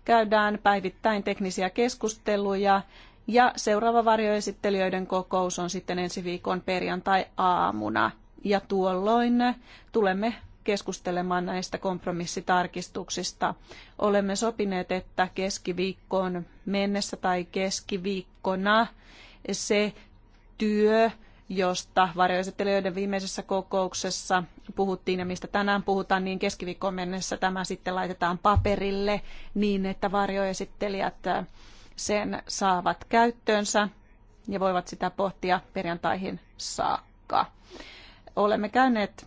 käydään päivittäin teknisiä keskusteluja ja seuraava varjoesittelijöiden kokous on sitten ensi viikon perjantai-aamuna. Ja tuolloin tulemme keskustelemaan näistä kompromissitarkistuksista. Olemme sopineet, että keskiviikkoon mennessä tai keskiviikkona se työ, josta varjoesittelijöiden viimeisessä kokouksessa puhuttiin ja mistä tänään puhutaan, niin keskiviikkoon mennessä tämä sitten laitetaan paperille niin, että varjoesittelijät äh, sen saavat käyttöönsä ja voivat sitä pohtia perjantaihin saakka. Olemme käyneet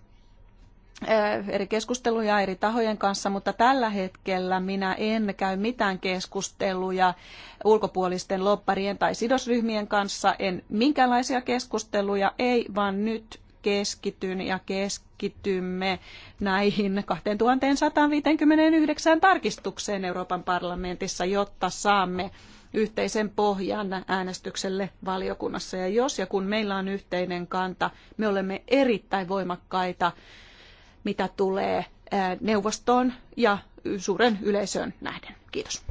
eri keskusteluja eri tahojen kanssa, mutta tällä hetkellä minä en käy mitään keskusteluja ulkopuolisten lopparien tai sidosryhmien kanssa. En minkäänlaisia keskusteluja, ei, vaan nyt keskityn ja keskitymme näihin 2159 tarkistukseen Euroopan parlamentissa, jotta saamme yhteisen pohjan äänestykselle valiokunnassa. Ja jos ja kun meillä on yhteinen kanta, me olemme erittäin voimakkaita mitä tulee neuvostoon ja suuren yleisön nähden. Kiitos.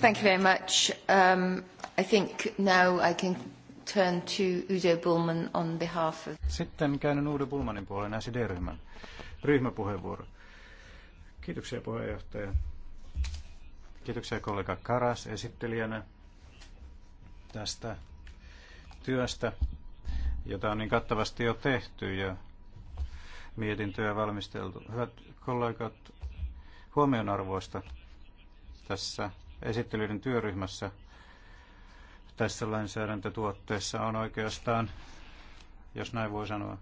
Thank you very much. Um, I think now I can turn to Udo Bullman on behalf of... Sitten käyn Udo Bullmanin puolen SID-ryhmän ryhmäpuheenvuoro. Kiitoksia puheenjohtaja. Kiitoksia kollega Karas esittelijänä tästä työstä, jota on niin kattavasti jo tehty ja mietintöä valmisteltu. Hyvät kollegat, huomionarvoista tässä esittelyiden työryhmässä tässä lainsäädäntötuotteessa on oikeastaan, jos näin voi sanoa,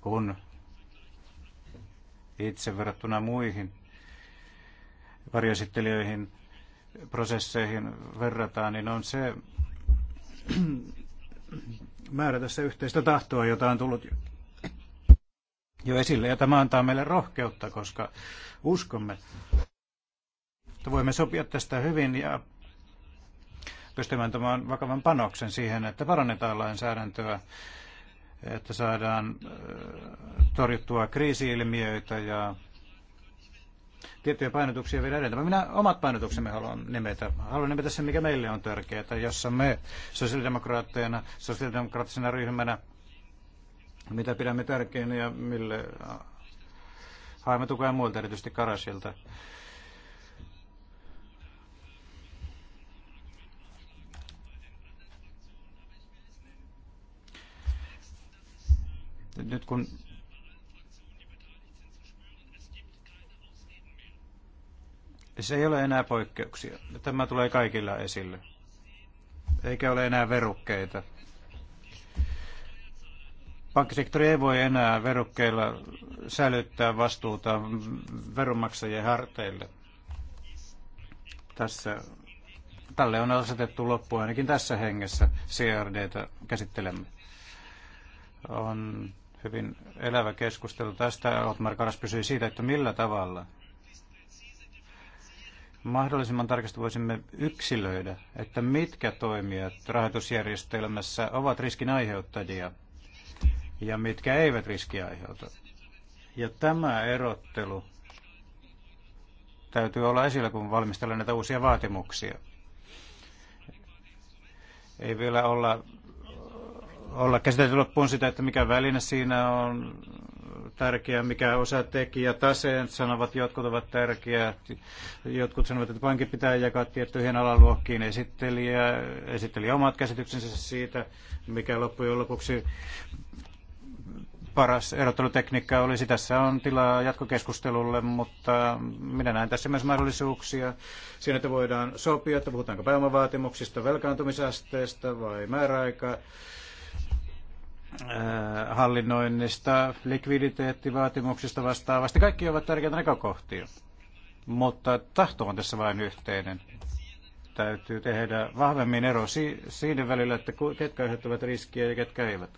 kun itse verrattuna muihin varjoesittelijöihin prosesseihin verrataan, niin on se määrä tässä yhteistä tahtoa, jota on tullut jo esille. Ja tämä antaa meille rohkeutta, koska uskomme, että voimme sopia tästä hyvin ja pystymme antamaan vakavan panoksen siihen, että parannetaan lainsäädäntöä, että saadaan torjuttua kriisiilmiöitä ja tiettyjä painotuksia vielä edeltämään. Minä omat painotuksemme haluan nimetä. Haluan nimetä sen, mikä meille on tärkeää, jossa me sosiaalidemokraatteina, sosiaalidemokraattisena ryhmänä mitä pidämme tärkeänä ja mille haemme tukea muilta, erityisesti Karasilta. Nyt kun se ei ole enää poikkeuksia. Tämä tulee kaikilla esille. Eikä ole enää verukkeita. Pankkisektori ei voi enää verukkeilla sälyttää vastuuta veronmaksajien harteille. Tässä, tälle on asetettu loppu ainakin tässä hengessä CRDtä käsittelemme. On hyvin elävä keskustelu tästä. Otmar Karas pysyi siitä, että millä tavalla mahdollisimman tarkasti voisimme yksilöidä, että mitkä toimijat rahoitusjärjestelmässä ovat riskin aiheuttajia – ja mitkä eivät riskiä aiheuta. Ja tämä erottelu täytyy olla esillä, kun valmistellaan näitä uusia vaatimuksia. Ei vielä olla, olla käsitelty loppuun sitä, että mikä väline siinä on tärkeä, mikä tekijä. taseen sanovat, jotkut ovat tärkeä, jotkut sanovat, että pankki pitää jakaa tiettyihin alaluokkiin, esittelijä, esitteli omat käsityksensä siitä, mikä loppujen lopuksi paras erottelutekniikka olisi. Tässä on tilaa jatkokeskustelulle, mutta minä näen tässä myös mahdollisuuksia siinä, että voidaan sopia, että puhutaanko pääomavaatimuksista, velkaantumisasteesta vai määräaika hallinnoinnista, likviditeettivaatimuksista vastaavasti. Kaikki ovat tärkeitä näkökohtia, mutta tahto on tässä vain yhteinen täytyy tehdä vahvemmin ero si- siinä välillä, että ketkä aiheuttavat riskiä ja ketkä eivät.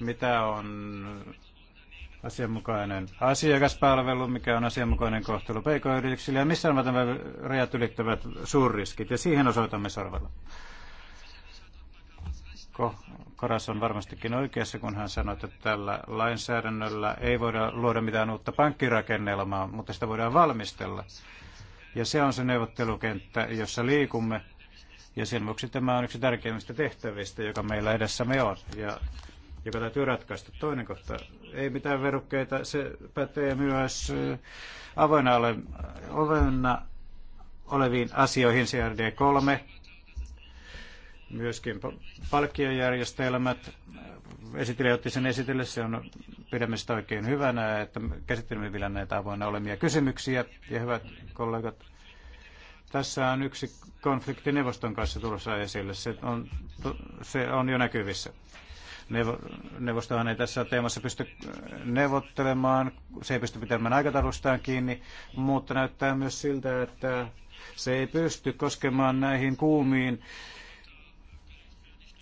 mitä on asianmukainen asiakaspalvelu, mikä on asianmukainen kohtelu pk ja missä ovat nämä rajat ylittävät suurriskit ja siihen osoitamme sorvella. Koras on varmastikin oikeassa, kun hän sanoi, että tällä lainsäädännöllä ei voida luoda mitään uutta pankkirakennelmaa, mutta sitä voidaan valmistella. Ja se on se neuvottelukenttä, jossa liikumme. Ja sen vuoksi tämä on yksi tärkeimmistä tehtävistä, joka meillä edessämme on. Ja joka täytyy ratkaista. Toinen kohta, ei mitään verukkeita, se pätee myös avoinna, ole, avoinna oleviin asioihin, CRD3, myöskin palkkiojärjestelmät. Esittelijä otti sen esitelle, se on pidämme sitä oikein hyvänä, että käsittelemme vielä näitä avoinna olemia kysymyksiä. Ja hyvät kollegat, tässä on yksi konflikti neuvoston kanssa tulossa esille. Se on, se on jo näkyvissä. Neuvostohan ei tässä teemassa pysty äh, neuvottelemaan, se ei pysty pitämään aikataulustaan kiinni, mutta näyttää myös siltä, että se ei pysty koskemaan näihin kuumiin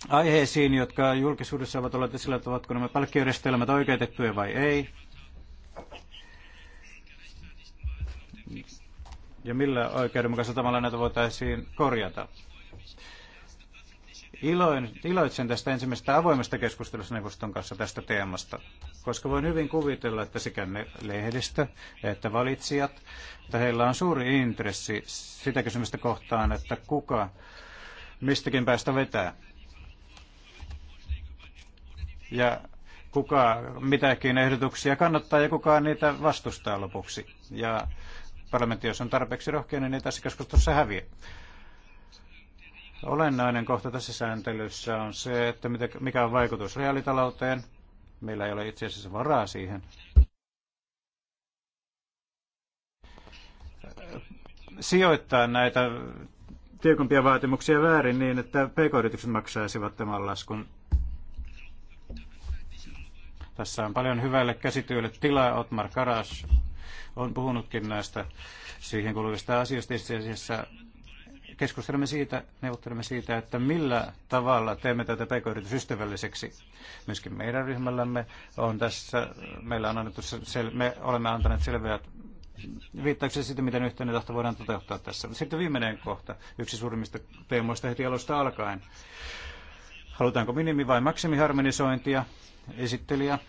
aiheisiin, jotka julkisuudessa ovat olleet esillä, että ovatko nämä palkkiojärjestelmät oikeutettuja vai ei. Ja millä oikeudenmukaisella tavalla näitä voitaisiin korjata. Iloin, iloitsen tästä ensimmäisestä avoimesta keskustelusta neuvoston kanssa tästä teemasta, koska voin hyvin kuvitella, että sekä ne lehdistö että valitsijat, että heillä on suuri intressi sitä kysymystä kohtaan, että kuka mistäkin päästä vetää. Ja kuka mitäkin ehdotuksia kannattaa ja kuka niitä vastustaa lopuksi. Ja parlamentti, jos on tarpeeksi rohkea, niin ei tässä keskustelussa häviä. Olennainen kohta tässä sääntelyssä on se, että mikä on vaikutus reaalitalouteen. Meillä ei ole itse asiassa varaa siihen. Sijoittaa näitä tiukempia vaatimuksia väärin niin, että pk-yritykset maksaisivat tämän laskun. Tässä on paljon hyvälle käsityölle tilaa. Otmar Karas on puhunutkin näistä siihen kuuluvista asioista. Itse asiassa keskustelemme siitä, neuvottelemme siitä, että millä tavalla teemme tätä pk ystävälliseksi. Myöskin meidän ryhmällämme on tässä, meillä on annettu, sel, me olemme antaneet selveät viittauksia siitä, miten yhteinen tahto voidaan toteuttaa tässä. Sitten viimeinen kohta, yksi suurimmista teemoista heti alusta alkaen. Halutaanko minimi- vai maksimiharmonisointia? Esittelijä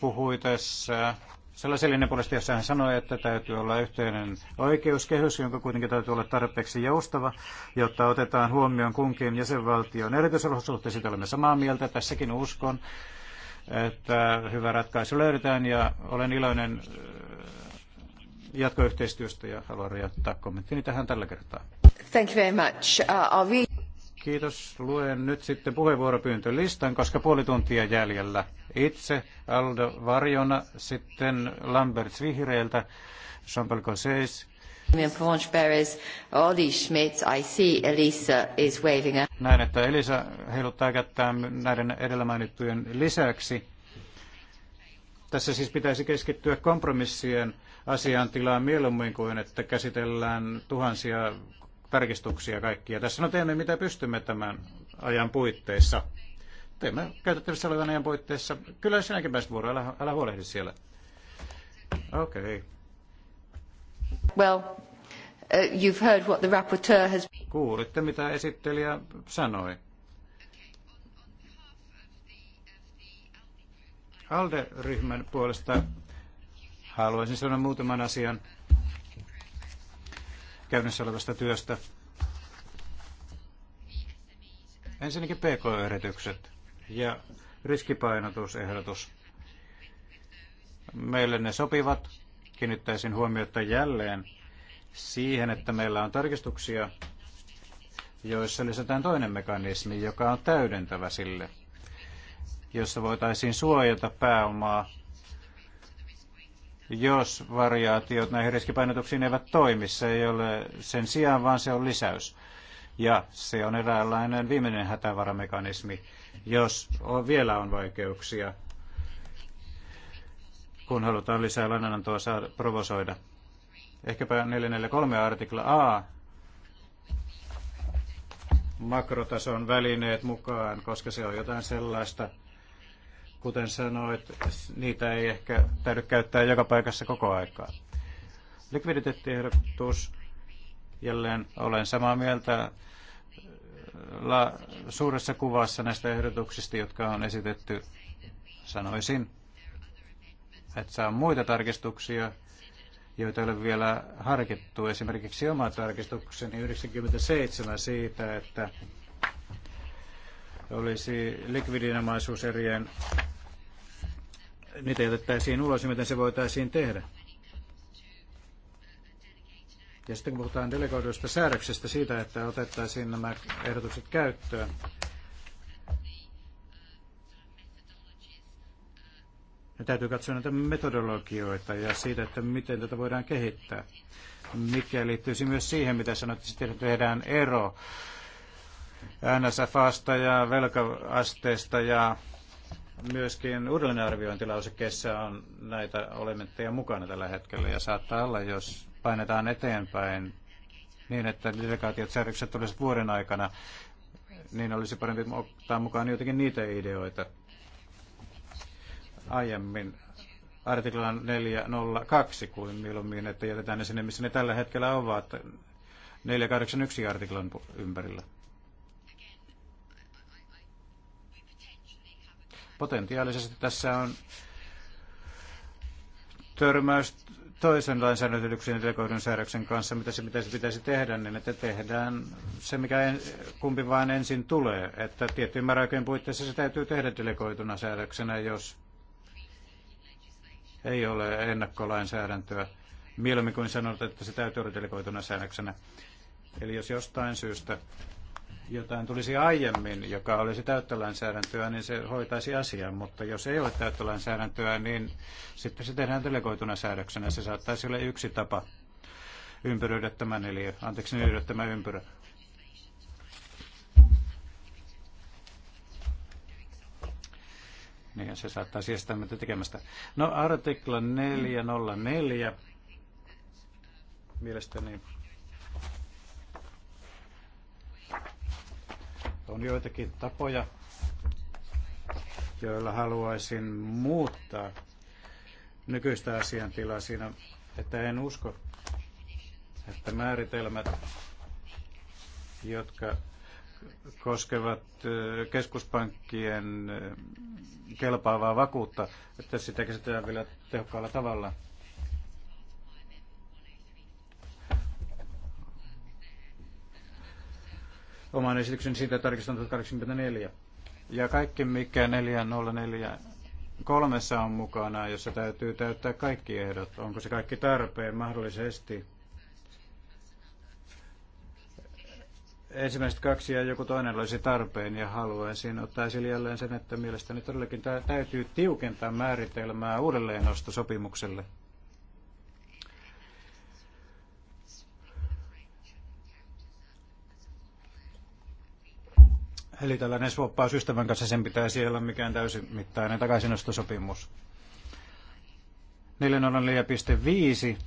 puhui tässä sellaiselle linjan puolesta, jossa hän sanoi, että täytyy olla yhteinen oikeuskehys, jonka kuitenkin täytyy olla tarpeeksi joustava, jotta otetaan huomioon kunkin jäsenvaltion erityisolosuhteet. Siitä olemme samaa mieltä. Tässäkin uskon, että hyvä ratkaisu löydetään ja olen iloinen äh, jatkoyhteistyöstä ja haluan jättää kommenttini tähän tällä kertaa. Thank you very much. Uh, Kiitos. Luen nyt sitten puheenvuoropyyntölistan, koska puoli tuntia jäljellä. Itse Aldo Varjona, sitten Lamberts Vihreiltä, Jean-Paul Gosseis. Provence Schmidt, I see Elisa is waving Näin, että Elisa heiluttaa kättään näiden edellä mainittujen lisäksi. Tässä siis pitäisi keskittyä kompromissien asiantilaan mieluummin kuin, että käsitellään tuhansia tarkistuksia kaikkia. Tässä on teemme mitä pystymme tämän ajan puitteissa. Teemme käytettävissä olevan ajan puitteissa. Kyllä sinäkin pääset vuoroon, älä, älä huolehdi siellä. Okei. Okay. Well, uh, you've heard what the rapporteur has... Kuulitte, mitä esittelijä sanoi. ALDE-ryhmän puolesta haluaisin sanoa muutaman asian käynnissä olevasta työstä. Ensinnäkin PK-yritykset ja riskipainotusehdotus. Meille ne sopivat. Kiinnittäisin huomiota jälleen siihen, että meillä on tarkistuksia, joissa lisätään toinen mekanismi, joka on täydentävä sille, jossa voitaisiin suojata pääomaa jos variaatiot näihin riskipainotuksiin eivät toimi. Se ei ole sen sijaan, vaan se on lisäys. Ja se on eräänlainen viimeinen hätävaramekanismi, jos on, vielä on vaikeuksia, kun halutaan lisää lainanantoa saada, provosoida. Ehkäpä 443 artikla A makrotason välineet mukaan, koska se on jotain sellaista, kuten sanoit, niitä ei ehkä täydy käyttää joka paikassa koko aikaa. Likviditeettiehdotus, jälleen olen samaa mieltä äh, la, suuressa kuvassa näistä ehdotuksista, jotka on esitetty, sanoisin, että saa muita tarkistuksia, joita ei ole vielä harkittu. Esimerkiksi oma tarkistukseni 97 siitä, että olisi likvidinomaisuuserien niitä jätettäisiin ulos ja miten se voitaisiin tehdä. Ja sitten kun puhutaan delegoiduista säädöksistä siitä, että otettaisiin nämä ehdotukset käyttöön, Me niin täytyy katsoa näitä metodologioita ja siitä, että miten tätä voidaan kehittää. Mikä liittyisi myös siihen, mitä sanoit, että tehdään ero NSFAsta ja velkaasteesta ja myöskin uudelleenarviointilausekkeessa on näitä elementtejä mukana tällä hetkellä ja saattaa olla, jos painetaan eteenpäin niin, että delegaatiot säädökset tulisivat vuoden aikana, niin olisi parempi ottaa mukaan jotenkin niitä ideoita aiemmin artiklan 402 kuin mieluummin, että jätetään ne sinne, missä ne tällä hetkellä ovat 481 artiklan ympärillä. Potentiaalisesti tässä on törmäys toisen lainsäädäntöyksen delegoidun säädöksen kanssa, mitä se pitäisi, pitäisi tehdä, niin että tehdään se, mikä en, kumpi vain ensin tulee. Että tiettyjen määräaikojen puitteissa se täytyy tehdä delegoituna säädöksenä, jos ei ole ennakkolainsäädäntöä. Mieluummin kuin sanot, että se täytyy olla delegoituna säädöksenä. Eli jos jostain syystä jotain tulisi aiemmin, joka olisi täyttä lainsäädäntöä, niin se hoitaisi asiaa, mutta jos ei ole täyttä lainsäädäntöä, niin sitten se tehdään delegoituna säädöksenä. Se saattaisi olla yksi tapa ympyröidä tämän, eli anteeksi, nöyrä tämä ympyrä. Niin se saattaisi estää meitä tekemästä. No artikla 404 mielestäni On joitakin tapoja, joilla haluaisin muuttaa nykyistä asiantilaa siinä, että en usko, että määritelmät, jotka koskevat keskuspankkien kelpaavaa vakuutta, että sitä käsitellään vielä tehokkaalla tavalla. oman esityksen siitä tarkistan 84. Tuota ja kaikki, mikä 404 kolmessa on mukana, jossa täytyy täyttää kaikki ehdot. Onko se kaikki tarpeen mahdollisesti? Ensimmäiset kaksi ja joku toinen olisi tarpeen ja haluaisin ottaa esille jälleen sen, että mielestäni todellakin täytyy tiukentaa määritelmää uudelleenostosopimukselle. sopimukselle Eli tällainen suoppaus ystävän kanssa sen pitäisi olla mikään täysimittainen takaisinostosopimus. 404.5.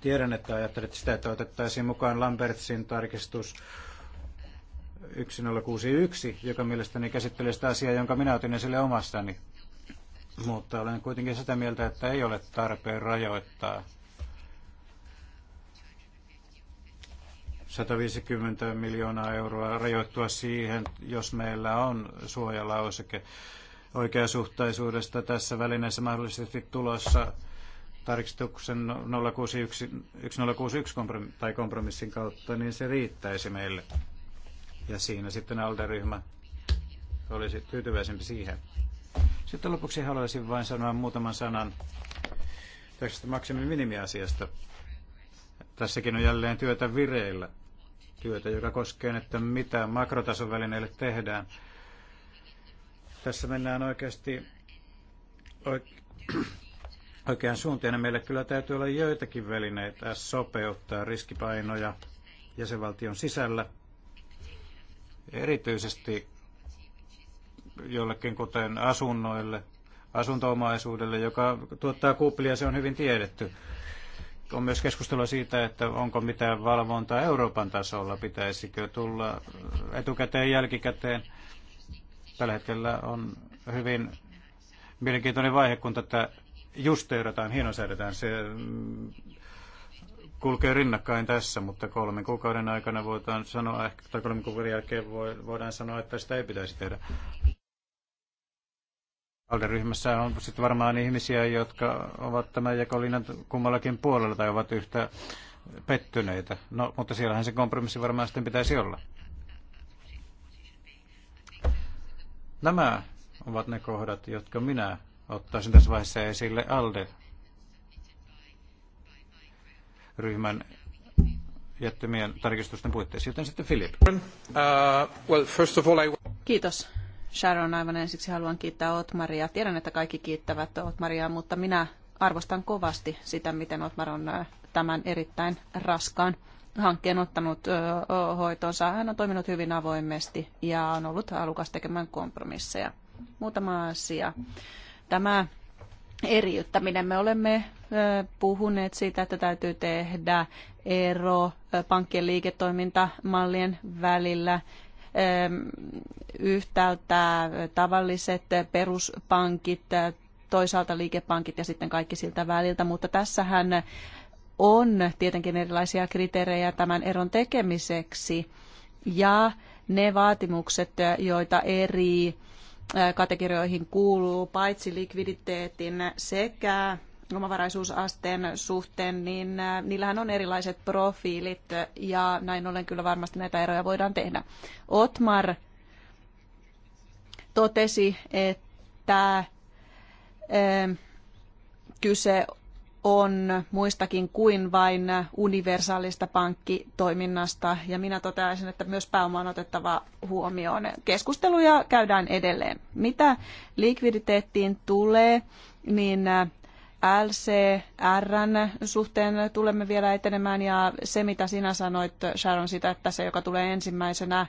Tiedän, että ajattelet sitä, että otettaisiin mukaan Lambertsin tarkistus 1061, joka mielestäni käsittelee sitä asiaa, jonka minä otin esille omastani. Mutta olen kuitenkin sitä mieltä, että ei ole tarpeen rajoittaa 150 miljoonaa euroa rajoittua siihen, jos meillä on suojalauseke oikeasuhtaisuudesta tässä välineessä mahdollisesti tulossa tarkistuksen 061, 1061 tai kompromissin kautta, niin se riittäisi meille. Ja siinä sitten alde olisi tyytyväisempi siihen. Sitten lopuksi haluaisin vain sanoa muutaman sanan tästä maksimi minimiasiasta. Tässäkin on jälleen työtä vireillä työtä, joka koskee, että mitä välineille tehdään. Tässä mennään oikeasti oikeaan suuntaan, ja meillä kyllä täytyy olla joitakin välineitä sopeuttaa riskipainoja jäsenvaltion sisällä, erityisesti jollekin kuten asunnoille, asuntoomaisuudelle, joka tuottaa kuplia, se on hyvin tiedetty on myös keskustelua siitä, että onko mitään valvontaa Euroopan tasolla, pitäisikö tulla etukäteen, jälkikäteen. Tällä hetkellä on hyvin mielenkiintoinen vaihe, kun tätä justeerataan, hienosäädetään. Se mm, kulkee rinnakkain tässä, mutta kolmen kuukauden aikana voidaan sanoa, ehkä, tai kolmen kuukauden jälkeen voidaan sanoa, että sitä ei pitäisi tehdä. Alderyhmässä on sitten varmaan ihmisiä, jotka ovat tämän jakolinnan kummallakin puolella tai ovat yhtä pettyneitä. No, mutta siellähän se kompromissi varmaan sitten pitäisi olla. Nämä ovat ne kohdat, jotka minä ottaisin tässä vaiheessa esille ALDE-ryhmän jättymien tarkistusten puitteissa. Joten sitten Filip. Uh, Kiitos. Sharon, aivan ensiksi haluan kiittää Otmaria. Tiedän, että kaikki kiittävät Otmaria, mutta minä arvostan kovasti sitä, miten Otmar on tämän erittäin raskaan hankkeen ottanut hoitonsa. Hän on toiminut hyvin avoimesti ja on ollut halukas tekemään kompromisseja. Muutama asia. Tämä eriyttäminen. Me olemme puhuneet siitä, että täytyy tehdä ero pankkien liiketoimintamallien välillä yhtäältä tavalliset peruspankit, eh, toisaalta liikepankit ja sitten kaikki siltä väliltä, mutta tässähän on tietenkin erilaisia kriteerejä tämän eron tekemiseksi ja ne vaatimukset, eh, joita eri eh, kategorioihin kuuluu paitsi likviditeetin sekä omavaraisuusasteen suhteen, niin äh, niillähän on erilaiset profiilit ja näin ollen kyllä varmasti näitä eroja voidaan tehdä. Otmar totesi, että ähm, kyse on muistakin kuin vain universaalista pankkitoiminnasta. Ja minä toteaisin, että myös pääoma on otettava huomioon. Keskusteluja käydään edelleen. Mitä likviditeettiin tulee, niin äh, LCRn suhteen tulemme vielä etenemään ja se mitä sinä sanoit Sharon sitä, että se joka tulee ensimmäisenä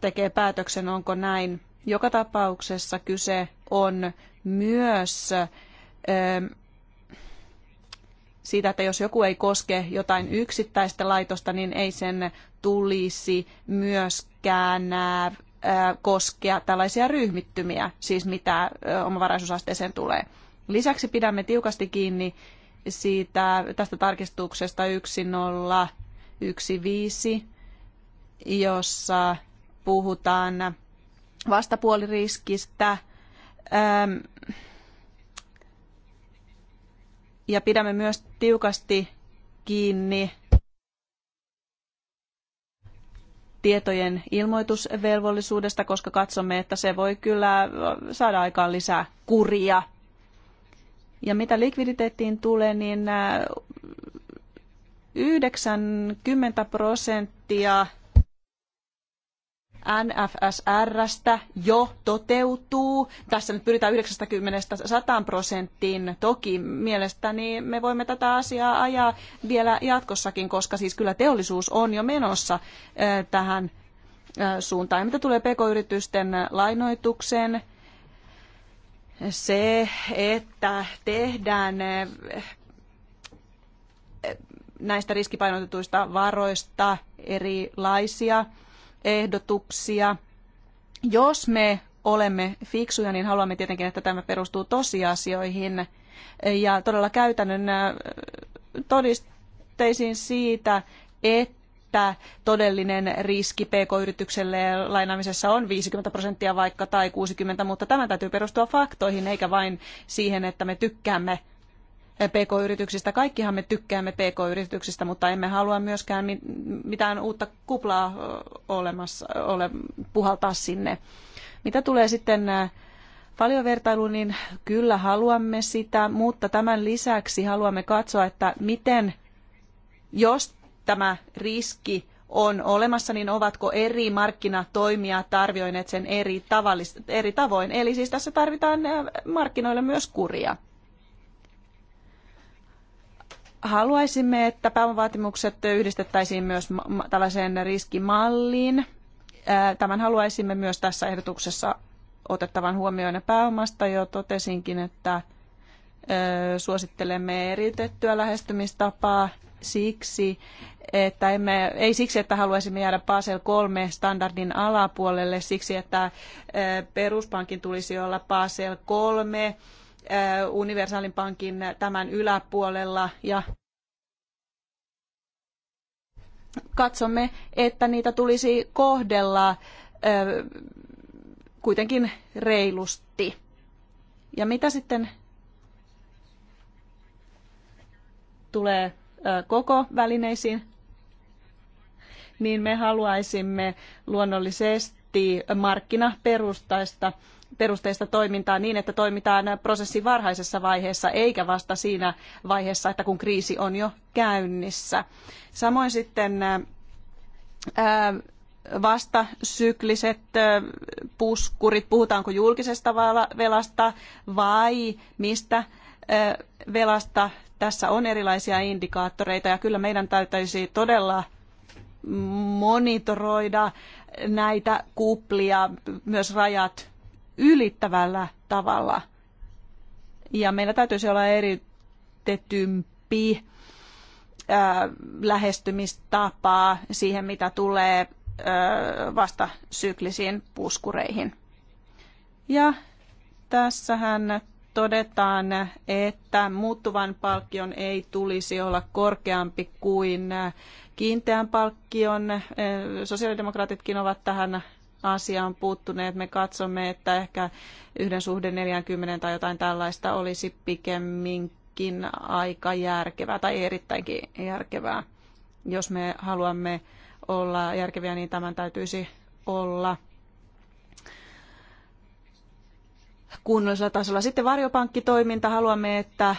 tekee päätöksen, onko näin. Joka tapauksessa kyse on myös siitä, että jos joku ei koske jotain yksittäistä laitosta, niin ei sen tulisi myöskään koskea tällaisia ryhmittymiä, siis mitä omavaraisuusasteeseen tulee. Lisäksi pidämme tiukasti kiinni siitä, tästä tarkistuksesta 1015, jossa puhutaan vastapuoliriskistä. Ja pidämme myös tiukasti kiinni tietojen ilmoitusvelvollisuudesta, koska katsomme, että se voi kyllä saada aikaan lisää kuria ja mitä likviditeettiin tulee, niin 90 äh, prosenttia NFSRstä jo toteutuu. Tässä nyt pyritään 90-100 prosenttiin. Toki mielestäni me voimme tätä asiaa ajaa vielä jatkossakin, koska siis kyllä teollisuus on jo menossa äh, tähän äh, suuntaan. Mitä tulee pk-yritysten lainoitukseen, se, että tehdään eh, näistä riskipainotetuista varoista erilaisia ehdotuksia. Jos me olemme fiksuja, niin haluamme tietenkin, että tämä perustuu tosiasioihin ja todella käytännön eh, todisteisiin siitä, että että todellinen riski PK-yritykselle lainaamisessa on 50 prosenttia vaikka tai 60, mutta tämä täytyy perustua faktoihin eikä vain siihen, että me tykkäämme PK-yrityksistä. Kaikkihan me tykkäämme PK-yrityksistä, mutta emme halua myöskään mitään uutta kuplaa olemassa, ole, puhaltaa sinne. Mitä tulee sitten paljon niin kyllä haluamme sitä, mutta tämän lisäksi haluamme katsoa, että miten jos tämä riski on olemassa, niin ovatko eri markkinatoimijat arvioineet sen eri, tavallis, eri tavoin. Eli siis tässä tarvitaan äh, markkinoille myös kuria. Haluaisimme, että pääomavaatimukset yhdistettäisiin myös tällaiseen riskimalliin. Äh, tämän haluaisimme myös tässä ehdotuksessa otettavan huomioon pääomasta. Jo totesinkin, että äh, suosittelemme eriytettyä lähestymistapaa siksi, että emme, ei siksi, että haluaisimme jäädä Basel 3 standardin alapuolelle, siksi, että eh, peruspankin tulisi olla Basel 3, eh, universaalin pankin tämän yläpuolella ja katsomme, että niitä tulisi kohdella eh, kuitenkin reilusti. Ja mitä sitten tulee koko välineisiin, niin me haluaisimme luonnollisesti markkinaperustaista perusteista toimintaa niin, että toimitaan prosessin varhaisessa vaiheessa eikä vasta siinä vaiheessa, että kun kriisi on jo käynnissä. Samoin sitten ää, vastasykliset puskurit, puhutaanko julkisesta velasta vai mistä velasta. Tässä on erilaisia indikaattoreita ja kyllä meidän täytyisi todella monitoroida näitä kuplia myös rajat ylittävällä tavalla. Ja meillä täytyisi olla eritetympi lähestymistapaa siihen, mitä tulee vasta syklisiin puskureihin. Ja tässähän todetaan, että muuttuvan palkkion ei tulisi olla korkeampi kuin kiinteän palkkion. Eh, sosiaalidemokraatitkin ovat tähän asiaan puuttuneet. Me katsomme, että ehkä yhden suhde 40 tai jotain tällaista olisi pikemminkin aika järkevää tai erittäinkin järkevää. Jos me haluamme olla järkeviä, niin tämän täytyisi olla kunnollisella tasolla. Sitten varjopankkitoiminta. Haluamme, että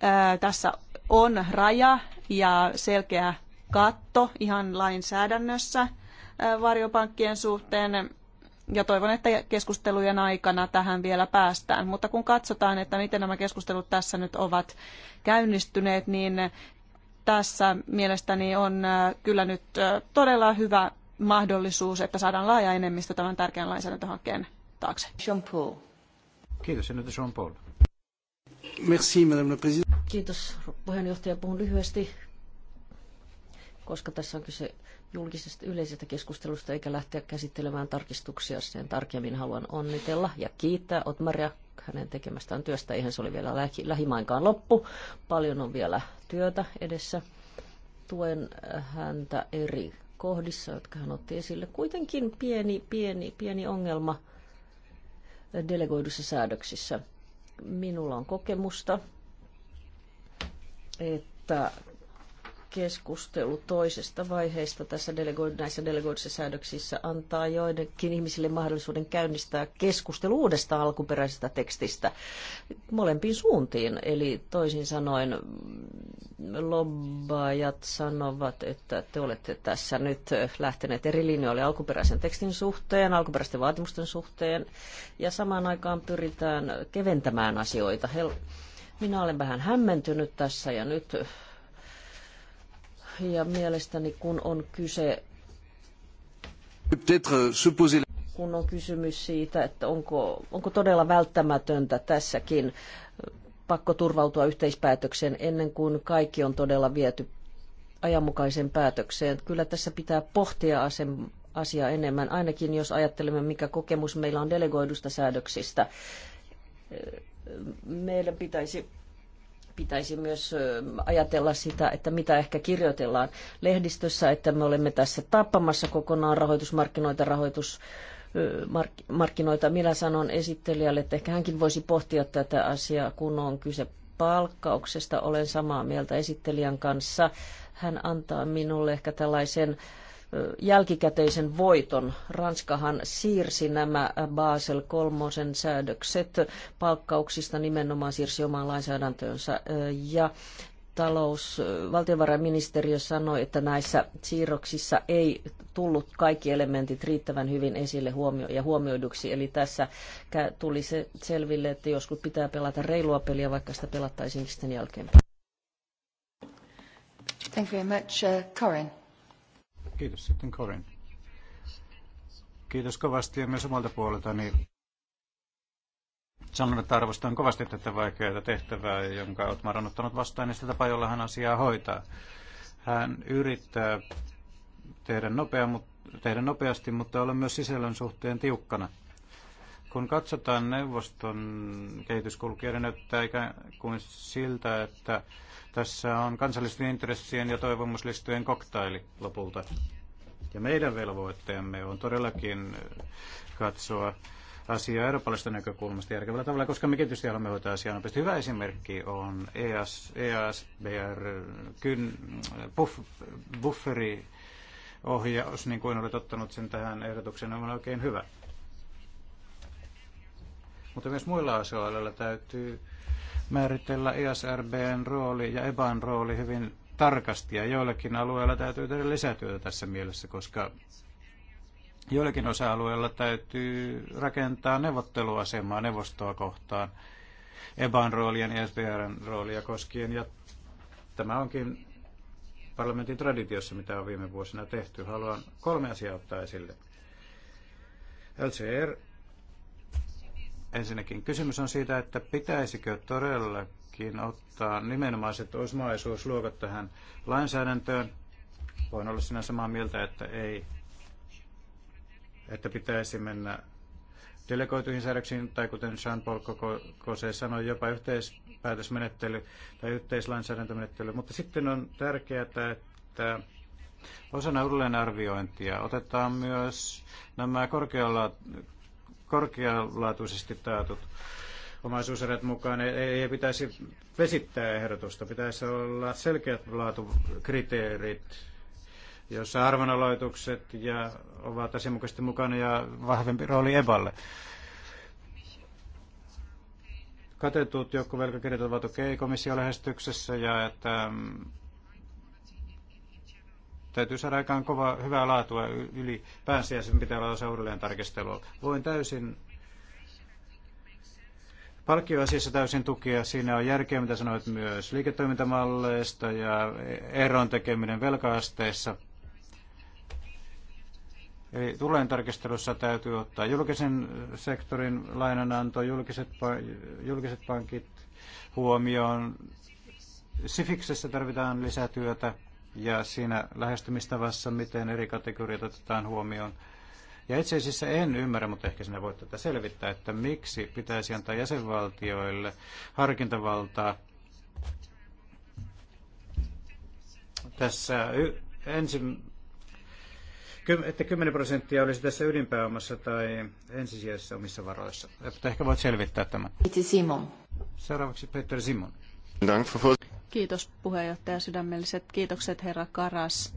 ää, tässä on raja ja selkeä katto ihan lainsäädännössä äh, varjopankkien suhteen ja toivon, että keskustelujen aikana tähän vielä päästään. Mutta kun katsotaan, että miten nämä keskustelut tässä nyt ovat käynnistyneet, niin tässä mielestäni on äh, kyllä nyt äh, todella hyvä mahdollisuus, että saadaan laaja enemmistö tämän tärkeän lainsäädäntöhankkeen taakse. Jean Paul. Kiitos, nyt Jean Paul. Merci, Madame la Kiitos puheenjohtaja. Puhun lyhyesti koska tässä on kyse julkisesta yleisestä keskustelusta eikä lähteä käsittelemään tarkistuksia. Sen tarkemmin haluan onnitella ja kiittää Otmaria hänen tekemästään työstä. Eihän se oli vielä lähi, lähimainkaan loppu. Paljon on vielä työtä edessä. Tuen äh, häntä eri kohdissa, jotka hän otti esille. Kuitenkin pieni, pieni, pieni ongelma äh, delegoidussa säädöksissä. Minulla on kokemusta, että keskustelu toisesta vaiheesta tässä delegoid, näissä delegoidissa säädöksissä antaa joidenkin ihmisille mahdollisuuden käynnistää keskustelu uudesta alkuperäisestä tekstistä molempiin suuntiin. Eli toisin sanoen lobbaajat sanovat, että te olette tässä nyt lähteneet eri linjoille alkuperäisen tekstin suhteen, alkuperäisten vaatimusten suhteen ja samaan aikaan pyritään keventämään asioita. Hel- minä olen vähän hämmentynyt tässä ja nyt ja mielestäni kun on kyse euh, kun on kysymys siitä, että onko, onko todella välttämätöntä tässäkin äh, pakko turvautua yhteispäätökseen ennen kuin kaikki on todella viety ajanmukaiseen päätökseen. Kyllä tässä pitää pohtia asiaa enemmän, ainakin jos ajattelemme, mikä kokemus meillä on delegoidusta säädöksistä. Äh, meidän pitäisi pitäisi myös ajatella sitä, että mitä ehkä kirjoitellaan lehdistössä, että me olemme tässä tappamassa kokonaan rahoitusmarkkinoita, rahoitus markkinoita. Minä sanon esittelijälle, että ehkä hänkin voisi pohtia tätä asiaa, kun on kyse palkkauksesta. Olen samaa mieltä esittelijän kanssa. Hän antaa minulle ehkä tällaisen äh, jälkikäteisen voiton. Ranskahan siirsi nämä Basel kolmosen säädökset palkkauksista nimenomaan siirsi omaan lainsäädäntöönsä ja talous, valtiovarainministeriö sanoi, että näissä siirroksissa ei tullut kaikki elementit riittävän hyvin esille huomio- ja huomioiduksi. Eli tässä tuli se selville, että joskus pitää pelata reilua peliä, vaikka sitä pelattaisiinkin sitten jälkeenpäin. Thank you very much, uh, Kiitos sitten Corin. Kiitos kovasti ja myös omalta Niin Sanon, että arvostan kovasti tätä vaikeaa tehtävää, jonka olet on ottanut vastaan ja niin sitä tapaa, jolla hän asiaa hoitaa. Hän yrittää tehdä, nopea, tehdä nopeasti, mutta olla myös sisällön suhteen tiukkana. Kun katsotaan neuvoston kehityskulkuja, niin näyttää ikään kuin siltä, että tässä on kansallisten intressien ja toivomuslistojen koktaili lopulta. Ja meidän velvoitteemme on todellakin katsoa asiaa eurooppalaisesta näkökulmasta järkevällä tavalla, koska me tietysti haluamme hoitaa asiaa nopeasti. Hyvä esimerkki on EAS, EASBR, kyn, buff, bufferi ohjaus, niin kuin olet ottanut sen tähän ehdotukseen, on oikein hyvä. Mutta myös muilla asioilla täytyy määritellä ISRBn rooli ja EBAn rooli hyvin tarkasti ja joillakin alueilla täytyy tehdä lisätyötä tässä mielessä, koska joillakin osa-alueilla täytyy rakentaa neuvotteluasemaa neuvostoa kohtaan EBAn roolien ja ISBRn roolia koskien ja tämä onkin parlamentin traditiossa, mitä on viime vuosina tehty. Haluan kolme asiaa ottaa esille. LCR Ensinnäkin kysymys on siitä, että pitäisikö todellakin ottaa nimenomaiset osmaisuusluokat tähän lainsäädäntöön. Voin olla sinä samaa mieltä, että ei, että pitäisi mennä delegoituihin säädöksiin, tai kuten Jean-Paul Kose sanoi, jopa yhteispäätösmenettely tai yhteislainsäädäntömenettely. Mutta sitten on tärkeää, että osana uudelleenarviointia otetaan myös nämä korkealla korkealaatuisesti taatut omaisuuserät mukaan ei, ei pitäisi vesittää ehdotusta. Pitäisi olla selkeät laatukriteerit, jossa arvonaloitukset ja ovat asianmukaisesti mukana ja vahvempi rooli EBAlle. Katetut joukkovelkakirjat ovat okei okay komissiolähestyksessä ja että mm, Täytyy saada aikaan kova, hyvää laatua ylipäänsä ja sen pitää olla osa uudelleen tarkistelua. Voin täysin palkkioasiassa täysin tukea. Siinä on järkeä, mitä sanoit myös liiketoimintamalleista ja eron tekeminen velkaasteissa. Eli tulojen tarkistelussa täytyy ottaa julkisen sektorin lainananto, julkiset, julkiset pankit huomioon. Sifiksessä tarvitaan lisätyötä ja siinä lähestymistavassa, miten eri kategoriat otetaan huomioon. Ja itse asiassa en ymmärrä, mutta ehkä sinä voit tätä selvittää, että miksi pitäisi antaa jäsenvaltioille harkintavaltaa tässä y- ensin, että 10 prosenttia olisi tässä ydinpääomassa tai ensisijaisissa omissa varoissa. Että ehkä voit selvittää tämän. Simon. Seuraavaksi Peter Simon. Kiitos puheenjohtaja, sydämelliset kiitokset herra Karas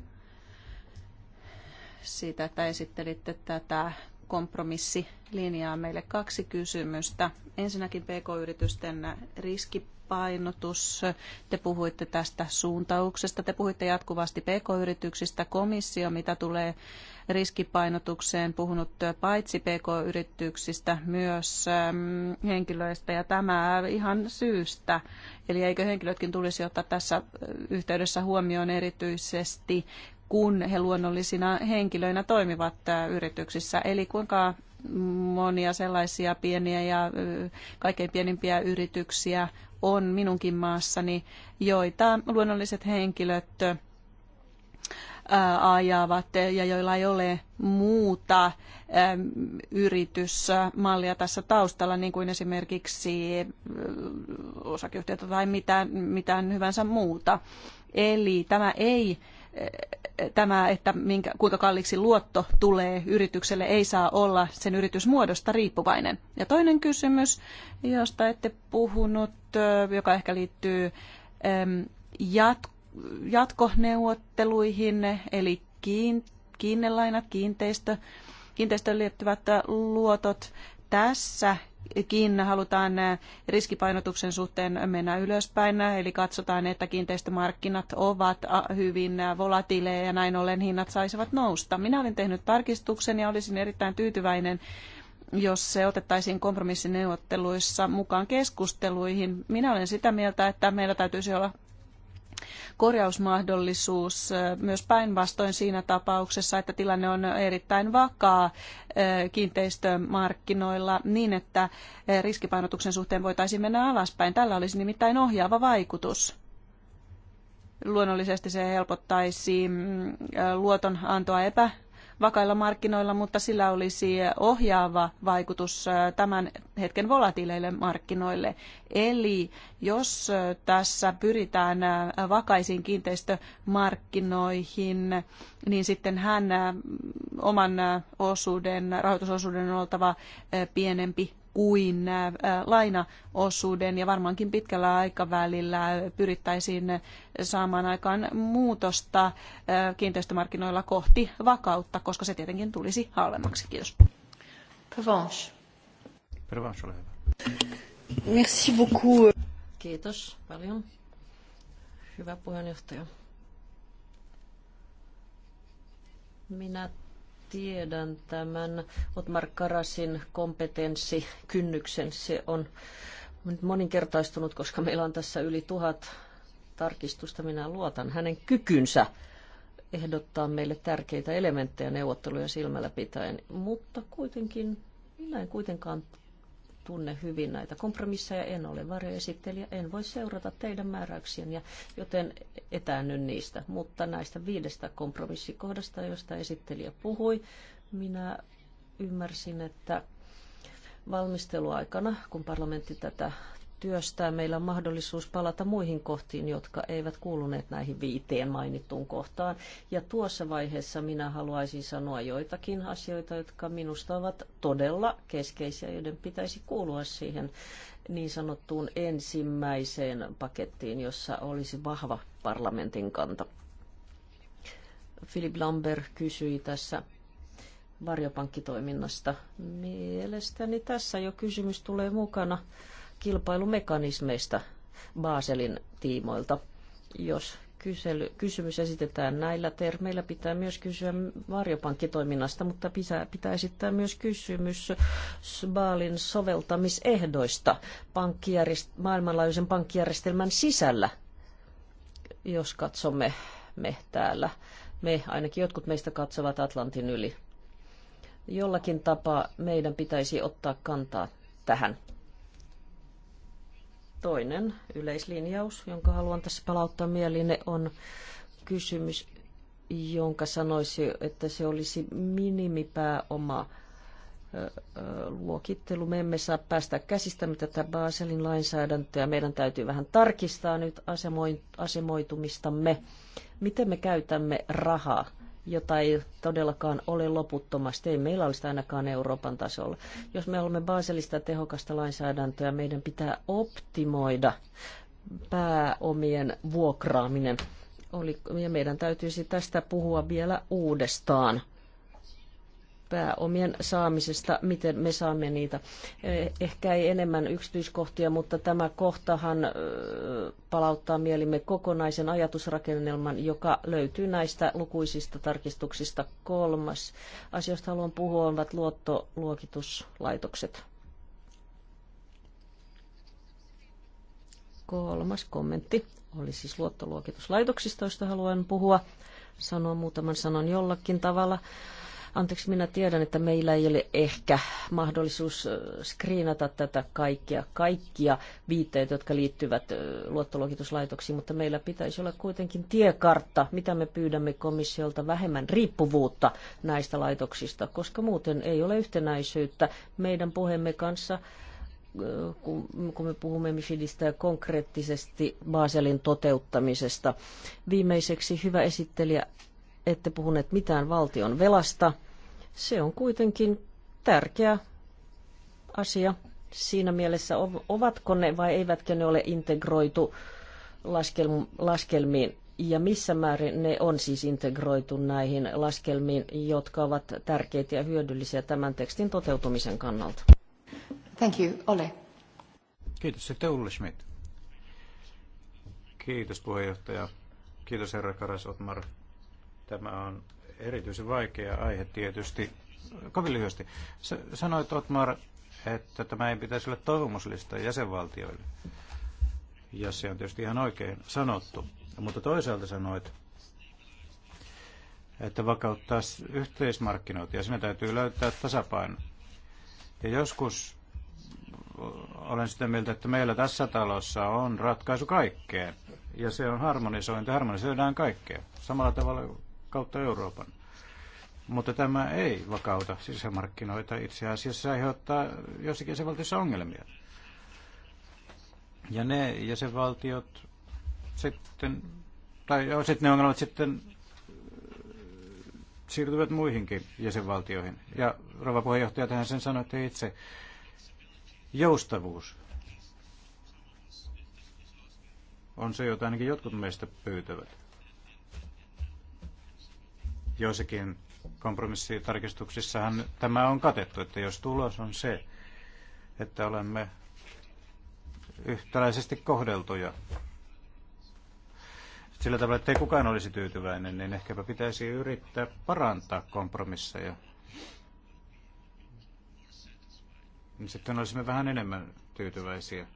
siitä, että esittelitte tätä kompromissilinjaa meille kaksi kysymystä. Ensinnäkin PK-yritysten riskipainotus. Te puhuitte tästä suuntauksesta. Te puhuitte jatkuvasti PK-yrityksistä. Komissio, mitä tulee riskipainotukseen puhunut paitsi PK-yrityksistä myös ähm, henkilöistä ja tämä ihan syystä. Eli eikö henkilötkin tulisi ottaa tässä äh, yhteydessä huomioon erityisesti, kun he luonnollisina henkilöinä toimivat äh, yrityksissä. Eli kuinka monia sellaisia pieniä ja äh, kaikkein pienimpiä yrityksiä on minunkin maassani, joita luonnolliset henkilöt ajavat ja joilla ei ole muuta yritysmallia tässä taustalla, niin kuin esimerkiksi osakeyhtiötä tai mitään, mitään hyvänsä muuta. Eli tämä ei tämä, että minkä, kuinka kalliiksi luotto tulee yritykselle, ei saa olla sen yritysmuodosta riippuvainen. Ja toinen kysymys, josta ette puhunut, joka ehkä liittyy jatkoon jatkoneuvotteluihin, eli kiin, kiinnelainat, kiinteistö, kiinteistöön liittyvät luotot. Tässä kiinni halutaan riskipainotuksen suhteen mennä ylöspäin, eli katsotaan, että kiinteistömarkkinat ovat hyvin volatiileja ja näin ollen hinnat saisivat nousta. Minä olen tehnyt tarkistuksen ja olisin erittäin tyytyväinen, jos se otettaisiin kompromissineuvotteluissa mukaan keskusteluihin. Minä olen sitä mieltä, että meillä täytyisi olla korjausmahdollisuus myös päinvastoin siinä tapauksessa, että tilanne on erittäin vakaa kiinteistömarkkinoilla niin, että riskipainotuksen suhteen voitaisiin mennä alaspäin. Tällä olisi nimittäin ohjaava vaikutus luonnollisesti se helpottaisi mm, luotonantoa epä vakailla markkinoilla, mutta sillä olisi ohjaava vaikutus tämän hetken volatiileille markkinoille. Eli jos tässä pyritään vakaisiin kiinteistömarkkinoihin, niin sitten hän oman osuuden, rahoitusosuuden on oltava pienempi kuin äh, äh, lainaosuuden ja varmaankin pitkällä aikavälillä pyrittäisiin saamaan aikaan muutosta äh, kiinteistömarkkinoilla kohti vakautta, koska se tietenkin tulisi halvemmaksi. Kiitos. Pervanche. Pervanche, ole hyvä. Merci beaucoup. Kiitos paljon. Hyvä puheenjohtaja. Minä tiedän tämän Otmar Karasin kompetenssikynnyksen. Se on nyt moninkertaistunut, koska meillä on tässä yli tuhat tarkistusta. Minä luotan hänen kykynsä ehdottaa meille tärkeitä elementtejä neuvotteluja silmällä pitäen, mutta kuitenkin minä en kuitenkaan tunne hyvin näitä kompromisseja, en ole varjoesittelijä, en voi seurata teidän määräyksiäni, ja joten etäännyn niistä. Mutta näistä viidestä kompromissikohdasta, joista esittelijä puhui, minä ymmärsin, että valmisteluaikana, kun parlamentti tätä työstää. Meillä on mahdollisuus palata muihin kohtiin, jotka eivät kuuluneet näihin viiteen mainittuun kohtaan. Ja tuossa vaiheessa minä haluaisin sanoa joitakin asioita, jotka minusta ovat todella keskeisiä, joiden pitäisi kuulua siihen niin sanottuun ensimmäiseen pakettiin, jossa olisi vahva parlamentin kanta. Philip Lambert kysyi tässä varjopankkitoiminnasta. Mielestäni tässä jo kysymys tulee mukana kilpailumekanismeista Baselin tiimoilta. Jos kysely, kysymys esitetään näillä termeillä, pitää myös kysyä varjopankkitoiminnasta, mutta pitää, pitää esittää myös kysymys Baalin soveltamisehdoista pankkijärjest, maailmanlaajuisen pankkijärjestelmän sisällä, jos katsomme me täällä. Me, ainakin jotkut meistä katsovat Atlantin yli. Jollakin tapaa meidän pitäisi ottaa kantaa tähän. Toinen yleislinjaus, jonka haluan tässä palauttaa mieline, on kysymys, jonka sanoisi, että se olisi minimipääoma luokittelu. Me emme saa päästä käsistämme tätä Baselin lainsäädäntöä. Meidän täytyy vähän tarkistaa nyt asemoitumistamme. Miten me käytämme rahaa? jota ei todellakaan ole loputtomasti. Ei meillä olisi ainakaan Euroopan tasolla. Jos me olemme Baselista tehokasta lainsäädäntöä, meidän pitää optimoida pääomien vuokraaminen. Oli, ja meidän täytyisi tästä puhua vielä uudestaan pääomien saamisesta, miten me saamme niitä. Eh, ehkä ei enemmän yksityiskohtia, mutta tämä kohtahan palauttaa mielimme kokonaisen ajatusrakennelman, joka löytyy näistä lukuisista tarkistuksista. Kolmas asia, haluan puhua, ovat luottoluokituslaitokset. Kolmas kommentti oli siis luottoluokituslaitoksista, joista haluan puhua, sanoa muutaman sanon jollakin tavalla. Anteeksi, minä tiedän, että meillä ei ole ehkä mahdollisuus skriinata tätä kaikkia, kaikkia viitteitä, jotka liittyvät luottoluokituslaitoksiin, mutta meillä pitäisi olla kuitenkin tiekartta, mitä me pyydämme komissiolta vähemmän riippuvuutta näistä laitoksista, koska muuten ei ole yhtenäisyyttä meidän puheemme kanssa kun, kun me puhumme Mifidistä ja konkreettisesti Baselin toteuttamisesta. Viimeiseksi hyvä esittelijä ette puhuneet mitään valtion velasta. Se on kuitenkin tärkeä asia siinä mielessä, ovatko ne vai eivätkö ne ole integroitu laskelmiin ja missä määrin ne on siis integroitu näihin laskelmiin, jotka ovat tärkeitä ja hyödyllisiä tämän tekstin toteutumisen kannalta. Thank you. Ole. Kiitos. Sitten Ulle Schmidt. Kiitos puheenjohtaja. Kiitos herra Karas Otmar Tämä on erityisen vaikea aihe tietysti. Kovin lyhyesti. Sanoit Otmar, että tämä ei pitäisi olla toivomuslista jäsenvaltioille. Ja se on tietysti ihan oikein sanottu. Mutta toisaalta sanoit, että vakauttaa yhteismarkkinoita ja siinä täytyy löytää tasapaino. Ja joskus olen sitä mieltä, että meillä tässä talossa on ratkaisu kaikkeen. Ja se on harmonisointi. Harmonisoidaan kaikkea. Samalla tavalla kautta Euroopan. Mutta tämä ei vakauta sisämarkkinoita. Itse asiassa se aiheuttaa jossakin jäsenvaltiossa ongelmia. Ja ne jäsenvaltiot sitten, tai sitten ne ongelmat sitten äh, siirtyvät muihinkin jäsenvaltioihin. Ja rouva puheenjohtaja tähän sen sanoi, että itse joustavuus on se, jota ainakin jotkut meistä pyytävät. Joissakin kompromissitarkistuksissahan tämä on katettu, että jos tulos on se, että olemme yhtäläisesti kohdeltuja sillä tavalla, ei kukaan olisi tyytyväinen, niin ehkäpä pitäisi yrittää parantaa kompromisseja. Niin sitten olisimme vähän enemmän tyytyväisiä.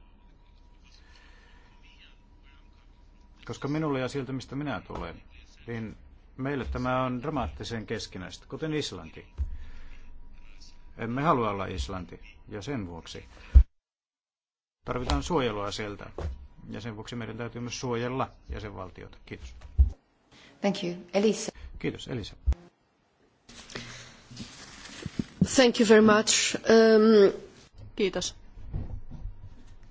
Koska minulle ja siltä, mistä minä tulen, niin Meille tämä on dramaattisen keskinäistä, kuten Islanti. Emme halua olla Islanti, ja sen vuoksi tarvitaan suojelua sieltä. Ja sen vuoksi meidän täytyy myös suojella jäsenvaltiota. Kiitos. Thank you. Elisa. Kiitos, Elisa. Thank you very much. Um... Kiitos.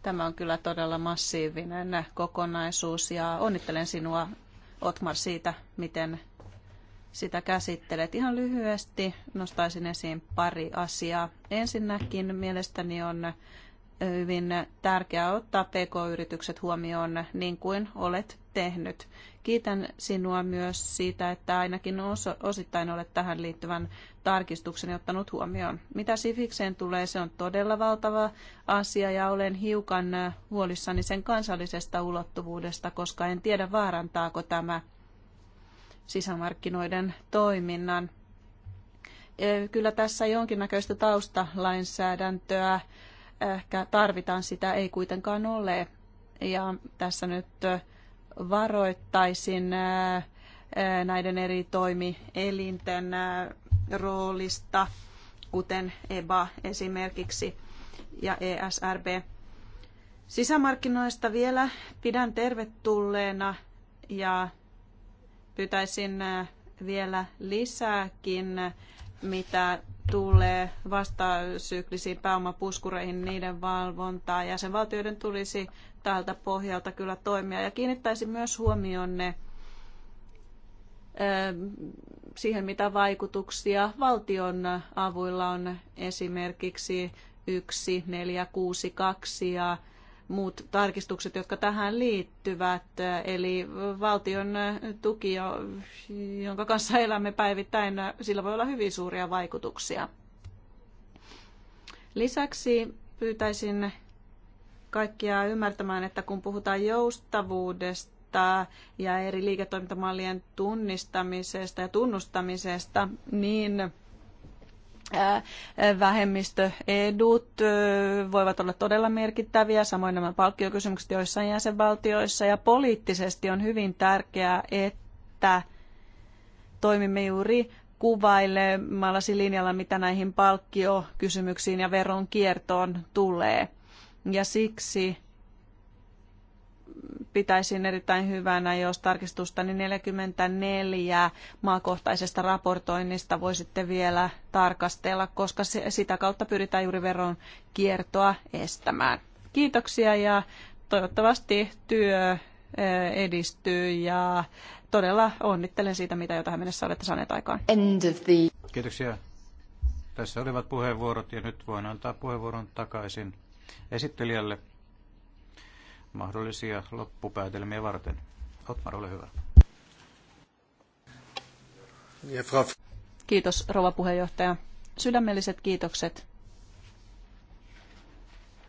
Tämä on kyllä todella massiivinen kokonaisuus ja onnittelen sinua Otmar siitä, miten sitä käsittelet. Ihan lyhyesti nostaisin esiin pari asiaa. Ensinnäkin mielestäni on hyvin tärkeää ottaa PK-yritykset huomioon niin kuin olet tehnyt. Kiitän sinua myös siitä, että ainakin osittain olet tähän liittyvän tarkistuksen ottanut huomioon. Mitä Sifikseen tulee, se on todella valtava asia ja olen hiukan huolissani sen kansallisesta ulottuvuudesta, koska en tiedä vaarantaako tämä – sisämarkkinoiden toiminnan. E, kyllä tässä jonkinnäköistä taustalainsäädäntöä ehkä tarvitaan, sitä ei kuitenkaan ole. Ja tässä nyt varoittaisin e, e, näiden eri toimielinten roolista, kuten EBA esimerkiksi ja ESRB. Sisämarkkinoista vielä pidän tervetulleena ja pyytäisin vielä lisääkin, mitä tulee vastasyklisiin pääomapuskureihin, niiden valvontaa. Jäsenvaltioiden tulisi tältä pohjalta kyllä toimia. Ja kiinnittäisin myös huomionne siihen, mitä vaikutuksia valtion avuilla on esimerkiksi 1, 4, 6, 2 ja muut tarkistukset, jotka tähän liittyvät, eli valtion tuki, jonka kanssa elämme päivittäin, sillä voi olla hyvin suuria vaikutuksia. Lisäksi pyytäisin kaikkia ymmärtämään, että kun puhutaan joustavuudesta ja eri liiketoimintamallien tunnistamisesta ja tunnustamisesta, niin vähemmistöedut voivat olla todella merkittäviä, samoin nämä palkkiokysymykset joissain jäsenvaltioissa. Ja poliittisesti on hyvin tärkeää, että toimimme juuri kuvailemallasi linjalla, mitä näihin palkkiokysymyksiin ja veronkiertoon tulee. Ja siksi pitäisin erittäin hyvänä, jos tarkistusta, niin 44 maakohtaisesta raportoinnista voisitte vielä tarkastella, koska se, sitä kautta pyritään juuri veron kiertoa estämään. Kiitoksia ja toivottavasti työ eh, edistyy ja todella onnittelen siitä, mitä jo tähän mennessä olette saaneet aikaan. End of the... Kiitoksia. Tässä olivat puheenvuorot ja nyt voin antaa puheenvuoron takaisin esittelijälle mahdollisia loppupäätelmiä varten. Otmar, ole hyvä. Kiitos, rouva puheenjohtaja. Sydämelliset kiitokset.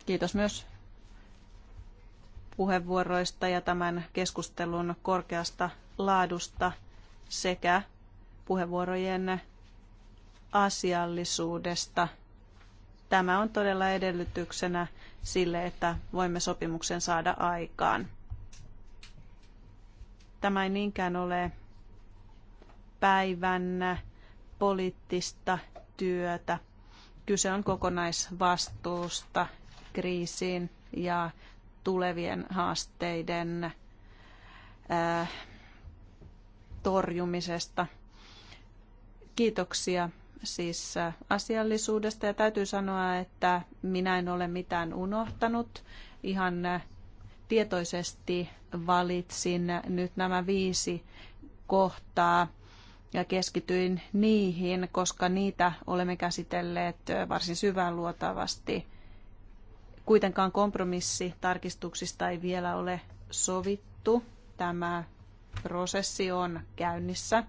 Kiitos myös puheenvuoroista ja tämän keskustelun korkeasta laadusta sekä puheenvuorojen asiallisuudesta. Tämä on todella edellytyksenä sille, että voimme sopimuksen saada aikaan. Tämä ei niinkään ole päivän poliittista työtä. Kyse on kokonaisvastuusta kriisiin ja tulevien haasteiden äh, torjumisesta. Kiitoksia siis asiallisuudesta ja täytyy sanoa, että minä en ole mitään unohtanut. Ihan tietoisesti valitsin nyt nämä viisi kohtaa ja keskityin niihin, koska niitä olemme käsitelleet varsin syvään luotavasti. Kuitenkaan kompromissitarkistuksista ei vielä ole sovittu. Tämä prosessi on käynnissä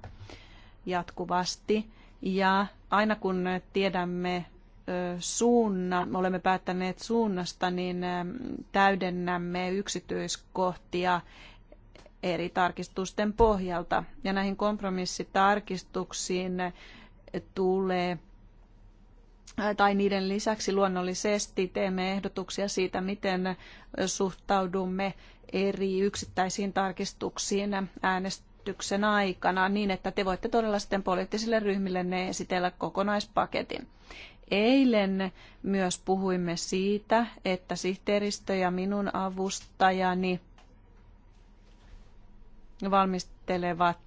jatkuvasti ja aina kun tiedämme suunnan, me olemme päättäneet suunnasta, niin täydennämme yksityiskohtia eri tarkistusten pohjalta. Ja näihin kompromissitarkistuksiin tulee tai niiden lisäksi luonnollisesti teemme ehdotuksia siitä, miten suhtaudumme eri yksittäisiin tarkistuksiin äänest- äänestyksen aikana niin, että te voitte todella sitten poliittisille ryhmille ne esitellä kokonaispaketin. Eilen myös puhuimme siitä, että sihteeristö ja minun avustajani valmistelevat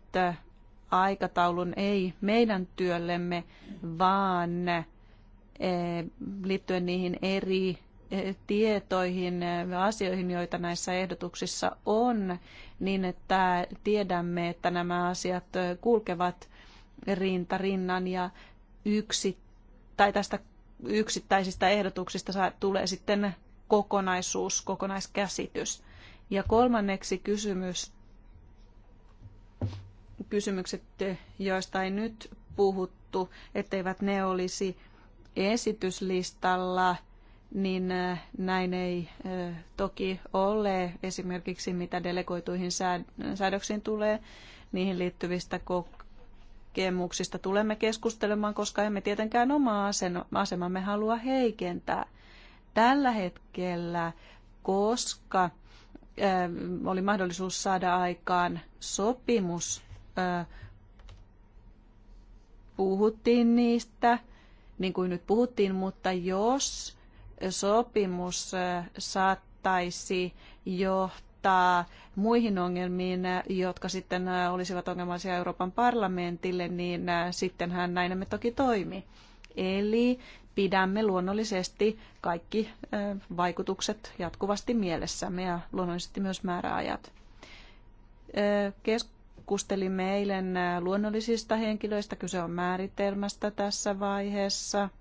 aikataulun ei meidän työllemme, vaan eh, liittyen niihin eri tietoihin ja asioihin, joita näissä ehdotuksissa on, niin että tiedämme, että nämä asiat kulkevat rinta rinnan ja yksi, tai tästä yksittäisistä ehdotuksista tulee sitten kokonaisuus, kokonaiskäsitys. Ja kolmanneksi kysymys, kysymykset, joista ei nyt puhuttu, etteivät ne olisi esityslistalla – niin äh, näin ei äh, toki ole. Esimerkiksi mitä delegoituihin säädöksiin tulee, niihin liittyvistä kokemuksista tulemme keskustelemaan, koska emme tietenkään omaa asemamme halua heikentää. Tällä hetkellä, koska äh, oli mahdollisuus saada aikaan sopimus, puhuttiin niistä, niin kuin nyt puhuttiin, mutta jos sopimus eh, saattaisi johtaa muihin ongelmiin, eh, jotka sitten eh, olisivat ongelmallisia Euroopan parlamentille, niin sittenhän näin me toki toimi. Eli pidämme luonnollisesti kaikki vaikutukset jatkuvasti mielessämme ja luonnollisesti myös määräajat. Keskustelimme eilen luonnollisista henkilöistä, kyse on määritelmästä tässä vaiheessa –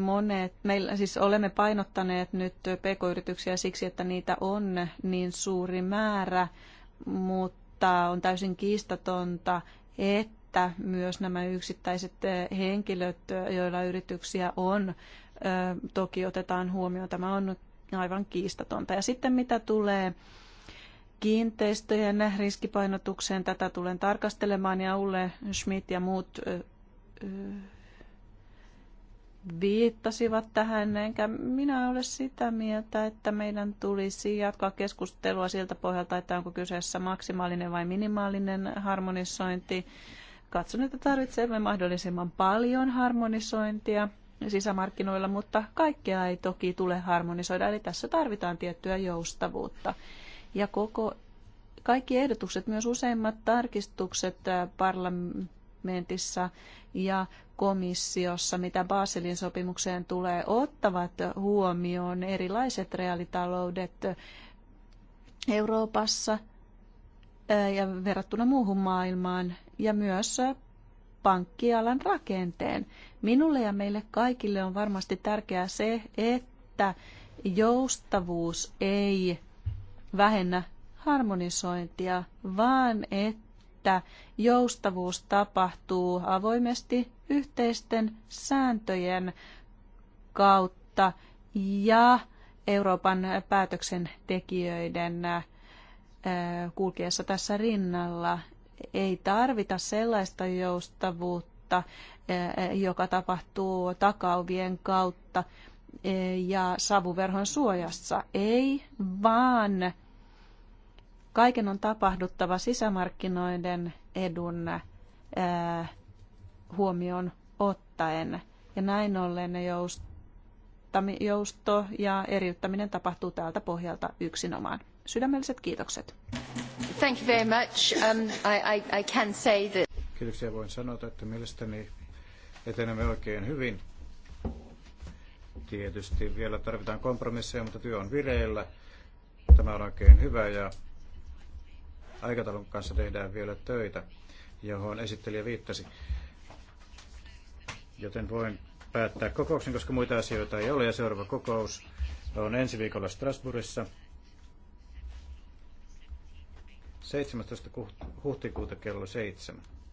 monet, meillä siis olemme painottaneet nyt pk-yrityksiä siksi, että niitä on niin suuri määrä, mutta on täysin kiistatonta, että myös nämä yksittäiset henkilöt, joilla yrityksiä on, toki otetaan huomioon. Tämä on aivan kiistatonta. Ja sitten mitä tulee kiinteistöjen riskipainotukseen, tätä tulen tarkastelemaan ja Ulle Schmidt ja muut viittasivat tähän, enkä minä ole sitä mieltä, että meidän tulisi jatkaa keskustelua siltä pohjalta, että onko kyseessä maksimaalinen vai minimaalinen harmonisointi. Katson, että tarvitsemme mahdollisimman paljon harmonisointia sisämarkkinoilla, mutta kaikkea ei toki tule harmonisoida, eli tässä tarvitaan tiettyä joustavuutta. Ja koko, kaikki ehdotukset, myös useimmat tarkistukset äh, parlamentin parlamentissa ja komissiossa, mitä Baselin sopimukseen tulee, ottavat huomioon erilaiset reaalitaloudet Euroopassa ja verrattuna muuhun maailmaan ja myös pankkialan rakenteen. Minulle ja meille kaikille on varmasti tärkeää se, että joustavuus ei vähennä harmonisointia, vaan että että joustavuus tapahtuu avoimesti yhteisten sääntöjen kautta ja Euroopan päätöksentekijöiden äh, kulkiessa tässä rinnalla. Ei tarvita sellaista joustavuutta, äh, joka tapahtuu takauvien kautta äh, ja savuverhon suojassa. Ei, vaan Kaiken on tapahduttava sisämarkkinoiden edun ää, huomioon ottaen. Ja näin ollen ne jousto ja eriyttäminen tapahtuu tältä pohjalta yksinomaan. Sydämelliset kiitokset. Thank you very much. Um, I, I, I can say that... Kiitoksia. Voin sanoa, että mielestäni etenemme oikein hyvin. Tietysti vielä tarvitaan kompromisseja, mutta työ on vireillä. Tämä on oikein hyvä ja aikataulun kanssa tehdään vielä töitä, johon esittelijä viittasi. Joten voin päättää kokouksen, koska muita asioita ei ole. Ja seuraava kokous on ensi viikolla Strasbourgissa 17. huhtikuuta kello 7.